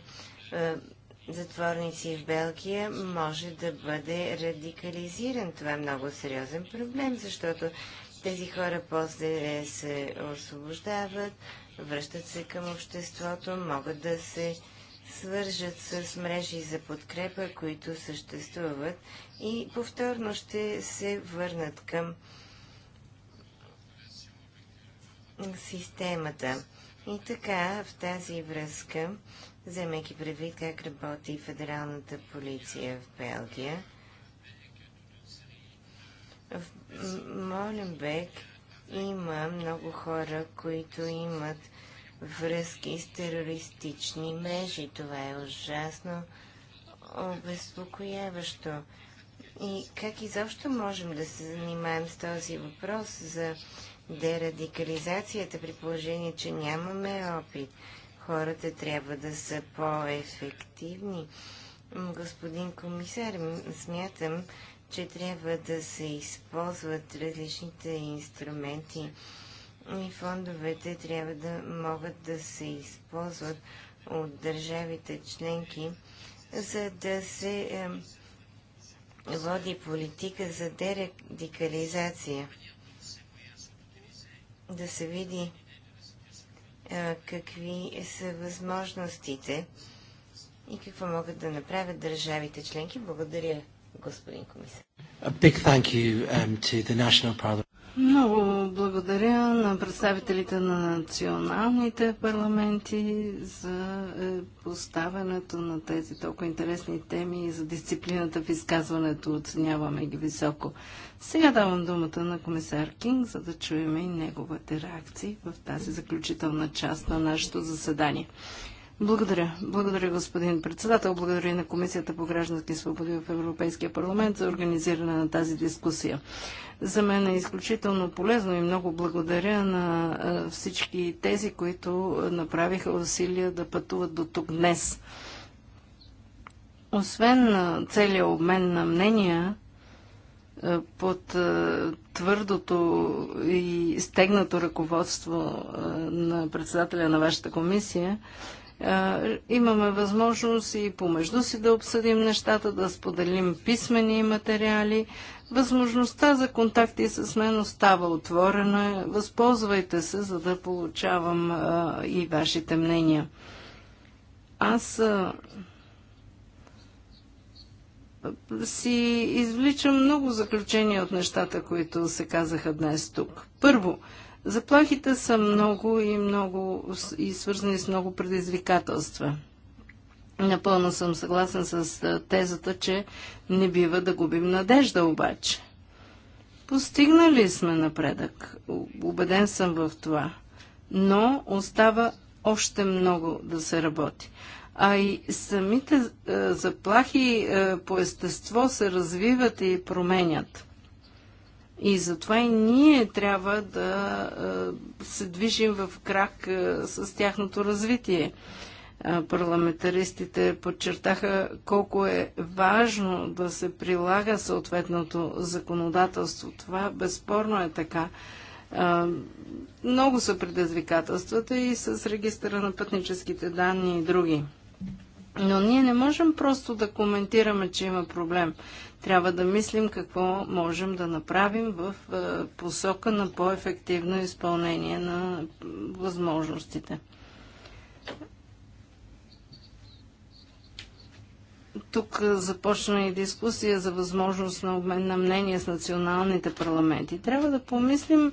затворници в Белгия може да бъде радикализиран. Това е много сериозен проблем, защото тези хора после се освобождават, връщат се към обществото, могат да се свържат с мрежи за подкрепа, които съществуват и повторно ще се върнат към системата. И така, в тази връзка, вземайки предвид как работи федералната полиция в Белгия. В Моленбек има много хора, които имат връзки с терористични мрежи. Това е ужасно обезпокояващо. И как изобщо можем да се занимаем с този въпрос за дерадикализацията при положение, че нямаме опит? хората трябва да са по-ефективни. Господин комисар, смятам, че трябва да се използват различните инструменти и фондовете трябва да могат да се използват от държавите членки, за да се е, води политика за дерадикализация. Да се види какви са възможностите и какво могат да направят държавите членки. Благодаря, господин комисар. A big thank you um, to the National Parliament. Много благодаря на представителите на националните парламенти за е, поставянето на тези толкова интересни теми и за дисциплината в изказването. Оценяваме ги високо. Сега давам думата на комисар Кинг, за да чуем и неговите реакции в тази заключителна част на нашето заседание. Благодаря. Благодаря, господин председател. Благодаря и на Комисията по граждански свободи в Европейския парламент за организиране на тази дискусия. За мен е изключително полезно и много благодаря на всички тези, които направиха усилия да пътуват до тук днес. Освен целият обмен на мнения, под твърдото и стегнато ръководство на председателя на вашата комисия, Имаме възможност и помежду си да обсъдим нещата, да споделим писмени материали. Възможността за контакти с мен остава отворена. Възползвайте се, за да получавам а, и вашите мнения. Аз а, си извличам много заключения от нещата, които се казаха днес тук. Първо, Заплахите са много и, много и свързани с много предизвикателства. Напълно съм съгласен с тезата, че не бива да губим надежда обаче. Постигнали сме напредък, убеден съм в това, но остава още много да се работи. А и самите заплахи по естество се развиват и променят. И затова и ние трябва да се движим в крак с тяхното развитие. Парламентаристите подчертаха колко е важно да се прилага съответното законодателство. Това безспорно е така. Много са предизвикателствата и с регистъра на пътническите данни и други. Но ние не можем просто да коментираме, че има проблем. Трябва да мислим какво можем да направим в е, посока на по-ефективно изпълнение на възможностите. Тук е, започна и дискусия за възможност на обмен на мнение с националните парламенти. Трябва да помислим е,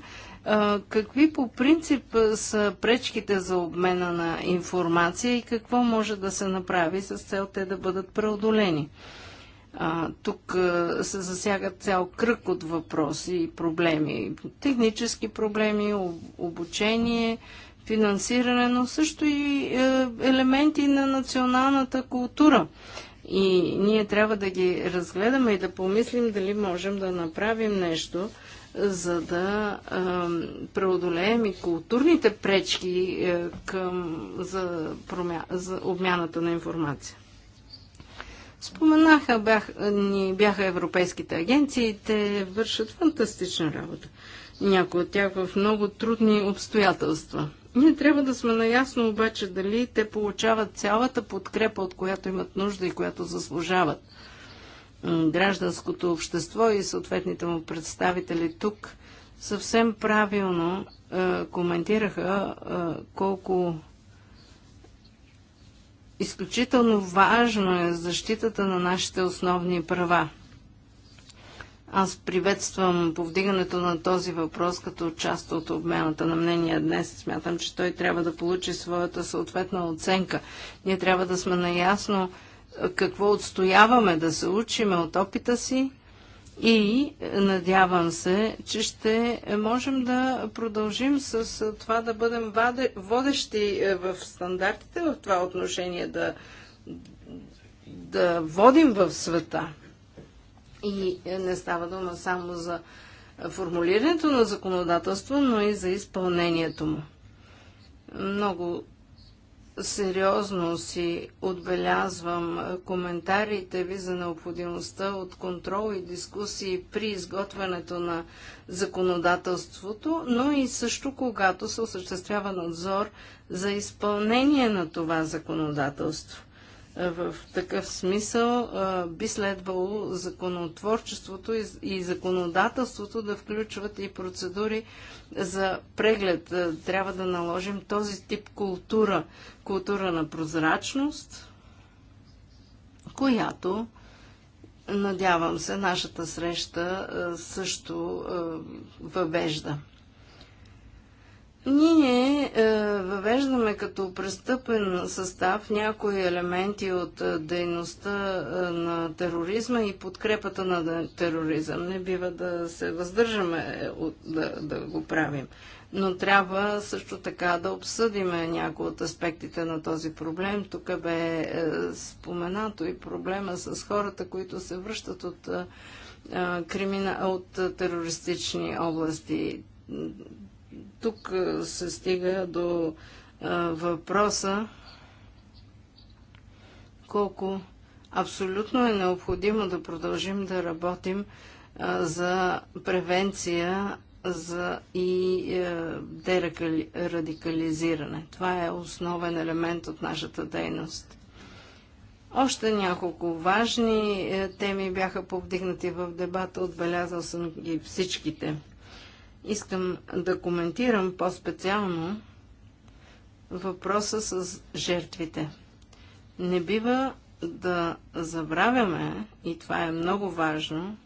какви по принцип са пречките за обмена на информация и какво може да се направи с цел те да бъдат преодолени. А, тук а, се засяга цял кръг от въпроси и проблеми. Технически проблеми, обучение, финансиране, но също и е, елементи на националната култура. И ние трябва да ги разгледаме и да помислим дали можем да направим нещо, за да е, преодолеем и културните пречки е, към, за, промя... за обмяната на информация. Споменаха, бях, ни бяха европейските агенции, те вършат фантастична работа. Някои от тях в много трудни обстоятелства. Ние трябва да сме наясно обаче дали те получават цялата подкрепа, от която имат нужда и която заслужават. Гражданското общество и съответните му представители тук съвсем правилно е, коментираха е, колко изключително важно е защитата на нашите основни права. Аз приветствам повдигането на този въпрос като част от обмената на мнения днес. Смятам, че той трябва да получи своята съответна оценка. Ние трябва да сме наясно какво отстояваме, да се учиме от опита си и е, надявам се, че ще можем да продължим с е, това да бъдем водещи е, в стандартите в това отношение, да, да водим в света. И не става дума само за формулирането на законодателство, но и за изпълнението му. Много сериозно си отбелязвам коментарите ви за необходимостта от контрол и дискусии при изготвянето на законодателството, но и също когато се осъществява надзор за изпълнение на това законодателство. В такъв смисъл би следвало законотворчеството и законодателството да включват и процедури за преглед. Трябва да наложим този тип култура. Култура на прозрачност, която, надявам се, нашата среща също въвежда. Ние е, въвеждаме като престъпен състав някои елементи от е, дейността е, на тероризма и подкрепата на тероризъм. Не бива да се въздържаме е, от, да, да го правим. Но трябва също така да обсъдиме някои от аспектите на този проблем. Тук бе е, споменато и проблема с хората, които се връщат от, е, е кримина... от е, терористични области тук се стига до а, въпроса колко абсолютно е необходимо да продължим да работим а, за превенция за и а, дерадикализиране. Това е основен елемент от нашата дейност. Още няколко важни е, теми бяха повдигнати в дебата, отбелязал съм ги всичките. Искам да коментирам по-специално въпроса с жертвите. Не бива да забравяме, и това е много важно,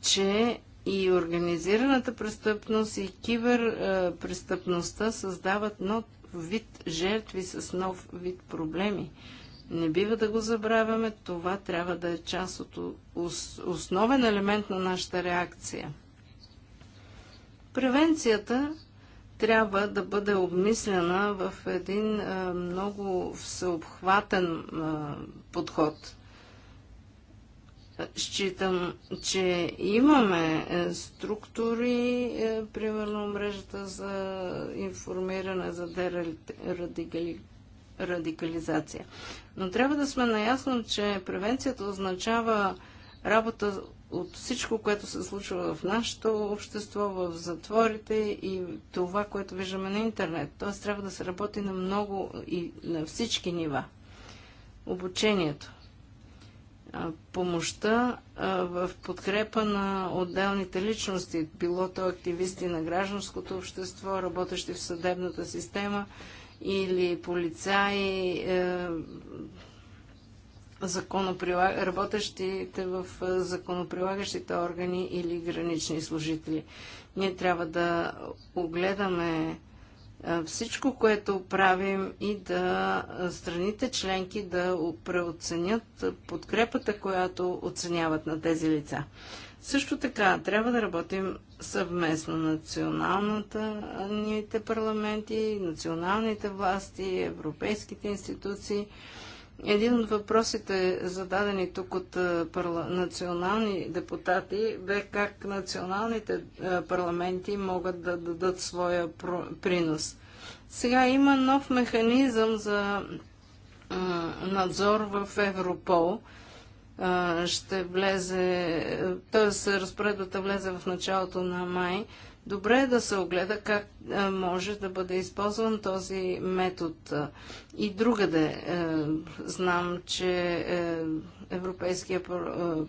че и организираната престъпност и киберпрестъпността е, създават нов вид жертви с нов вид проблеми. Не бива да го забравяме, това трябва да е част от основен елемент на нашата реакция. Превенцията трябва да бъде обмислена в един много всеобхватен подход. Считам, че имаме е, структури, е, примерно мрежата за информиране за дерадикализация радикализация. Но трябва да сме наясно, че превенцията означава работа от всичко, което се случва в нашето общество, в затворите и това, което виждаме на интернет. Тоест трябва да се работи на много и на всички нива. Обучението помощта в подкрепа на отделните личности, било то активисти на гражданското общество, работещи в съдебната система, или полицаи, е, работещите в е, законоприлагащите органи или гранични служители. Ние трябва да огледаме е, всичко, което правим и да страните членки да преоценят подкрепата, която оценяват на тези лица. Също така, трябва да работим съвместно националната ните парламенти, националните власти, европейските институции. Един от въпросите, зададени тук от парла... национални депутати, бе как националните парламенти могат да дадат своя принос. Сега има нов механизъм за надзор в Европол – ще влезе, т.е. разпоредбата влезе в началото на май. Добре е да се огледа как може да бъде използван този метод и другаде. Знам, че Европейския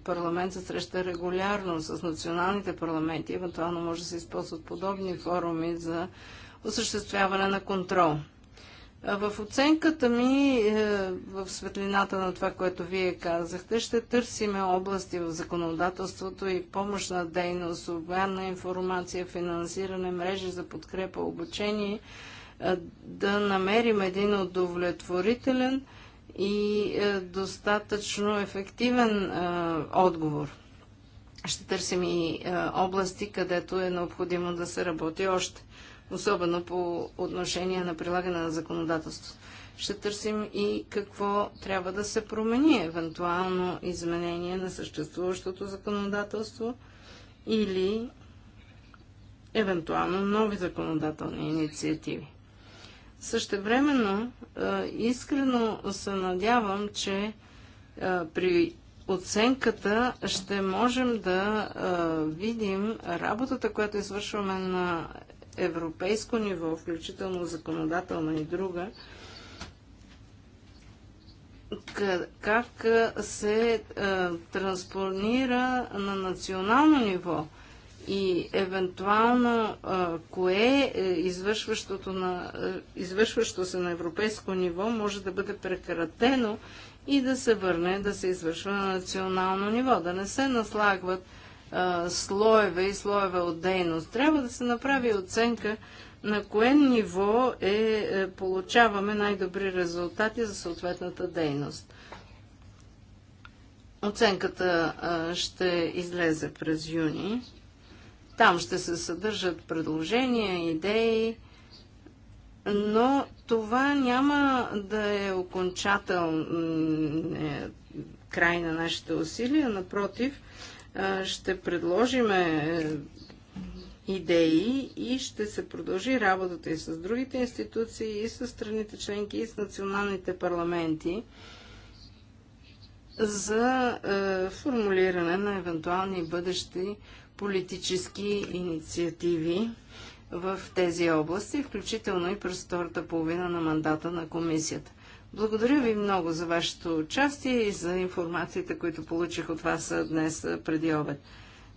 парламент се среща регулярно с националните парламенти, евентуално може да се използват подобни форуми за осъществяване на контрол. В оценката ми, е, в светлината на това, което вие казахте, ще търсиме области в законодателството и помощна дейност, обмяна информация, финансиране, мрежи за подкрепа, обучение, е, да намерим един удовлетворителен и е, достатъчно ефективен отговор. Ще търсим и области, където е необходимо да се работи още особено по отношение на прилагане на законодателство, Ще търсим и какво трябва да се промени, евентуално изменение на съществуващото законодателство или евентуално нови законодателни инициативи. Същевременно, искрено се надявам, че при оценката ще можем да видим работата, която извършваме на европейско ниво, включително законодателна и друга, как се транспонира на национално ниво и евентуално кое е, извършващото, на, извършващо се на европейско ниво може да бъде прекратено и да се върне да се извършва на национално ниво, да не се наслагват слоеве и слоеве от дейност. Трябва да се направи оценка на кое ниво е, е получаваме най-добри резултати за съответната дейност. Оценката ще излезе през юни. Там ще се съдържат предложения, идеи, но това няма да е окончател край на нашите усилия. Напротив, ще предложиме е, идеи и ще се продължи работата и с другите институции, и с страните членки, и с националните парламенти за е, формулиране на евентуални бъдещи политически инициативи в тези области, включително и през втората половина на мандата на комисията. Благодаря ви много за вашето участие и за информацията, които получих от вас днес преди обед.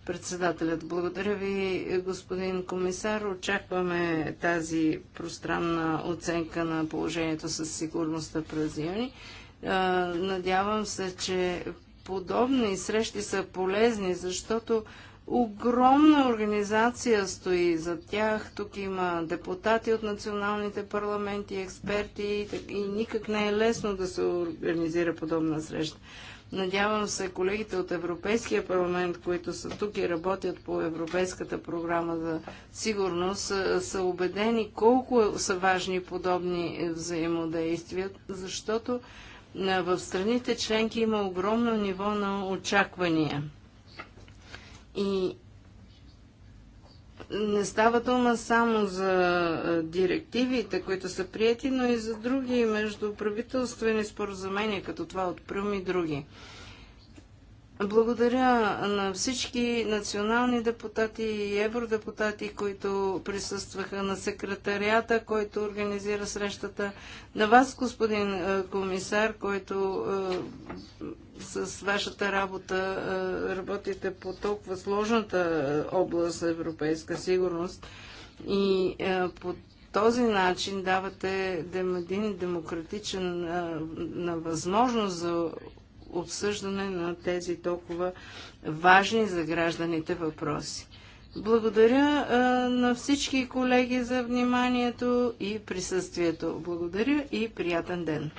Председателят, благодаря ви, господин комисар. Очакваме тази пространна оценка на положението с сигурността през юни. Надявам се, че подобни срещи са полезни, защото огромна организация стои за тях. Тук има депутати от националните парламенти, експерти и никак не е лесно да се организира подобна среща. Надявам се колегите от Европейския парламент, които са тук и работят по Европейската програма за сигурност, са, са убедени колко е- са важни подобни взаимодействия, защото в страните членки има огромно ниво на очаквания. И не става дума само за директивите, които са прияти, но и за други междуправителствени споразумения, като това от Прюм и други. Благодаря на всички национални депутати и евродепутати, които присъстваха на секретарията, който организира срещата, на вас, господин комисар, който с вашата работа работите по толкова сложната област европейска сигурност и по този начин давате един демократичен на възможност за обсъждане на тези толкова важни за гражданите въпроси. Благодаря на всички колеги за вниманието и присъствието. Благодаря и приятен ден!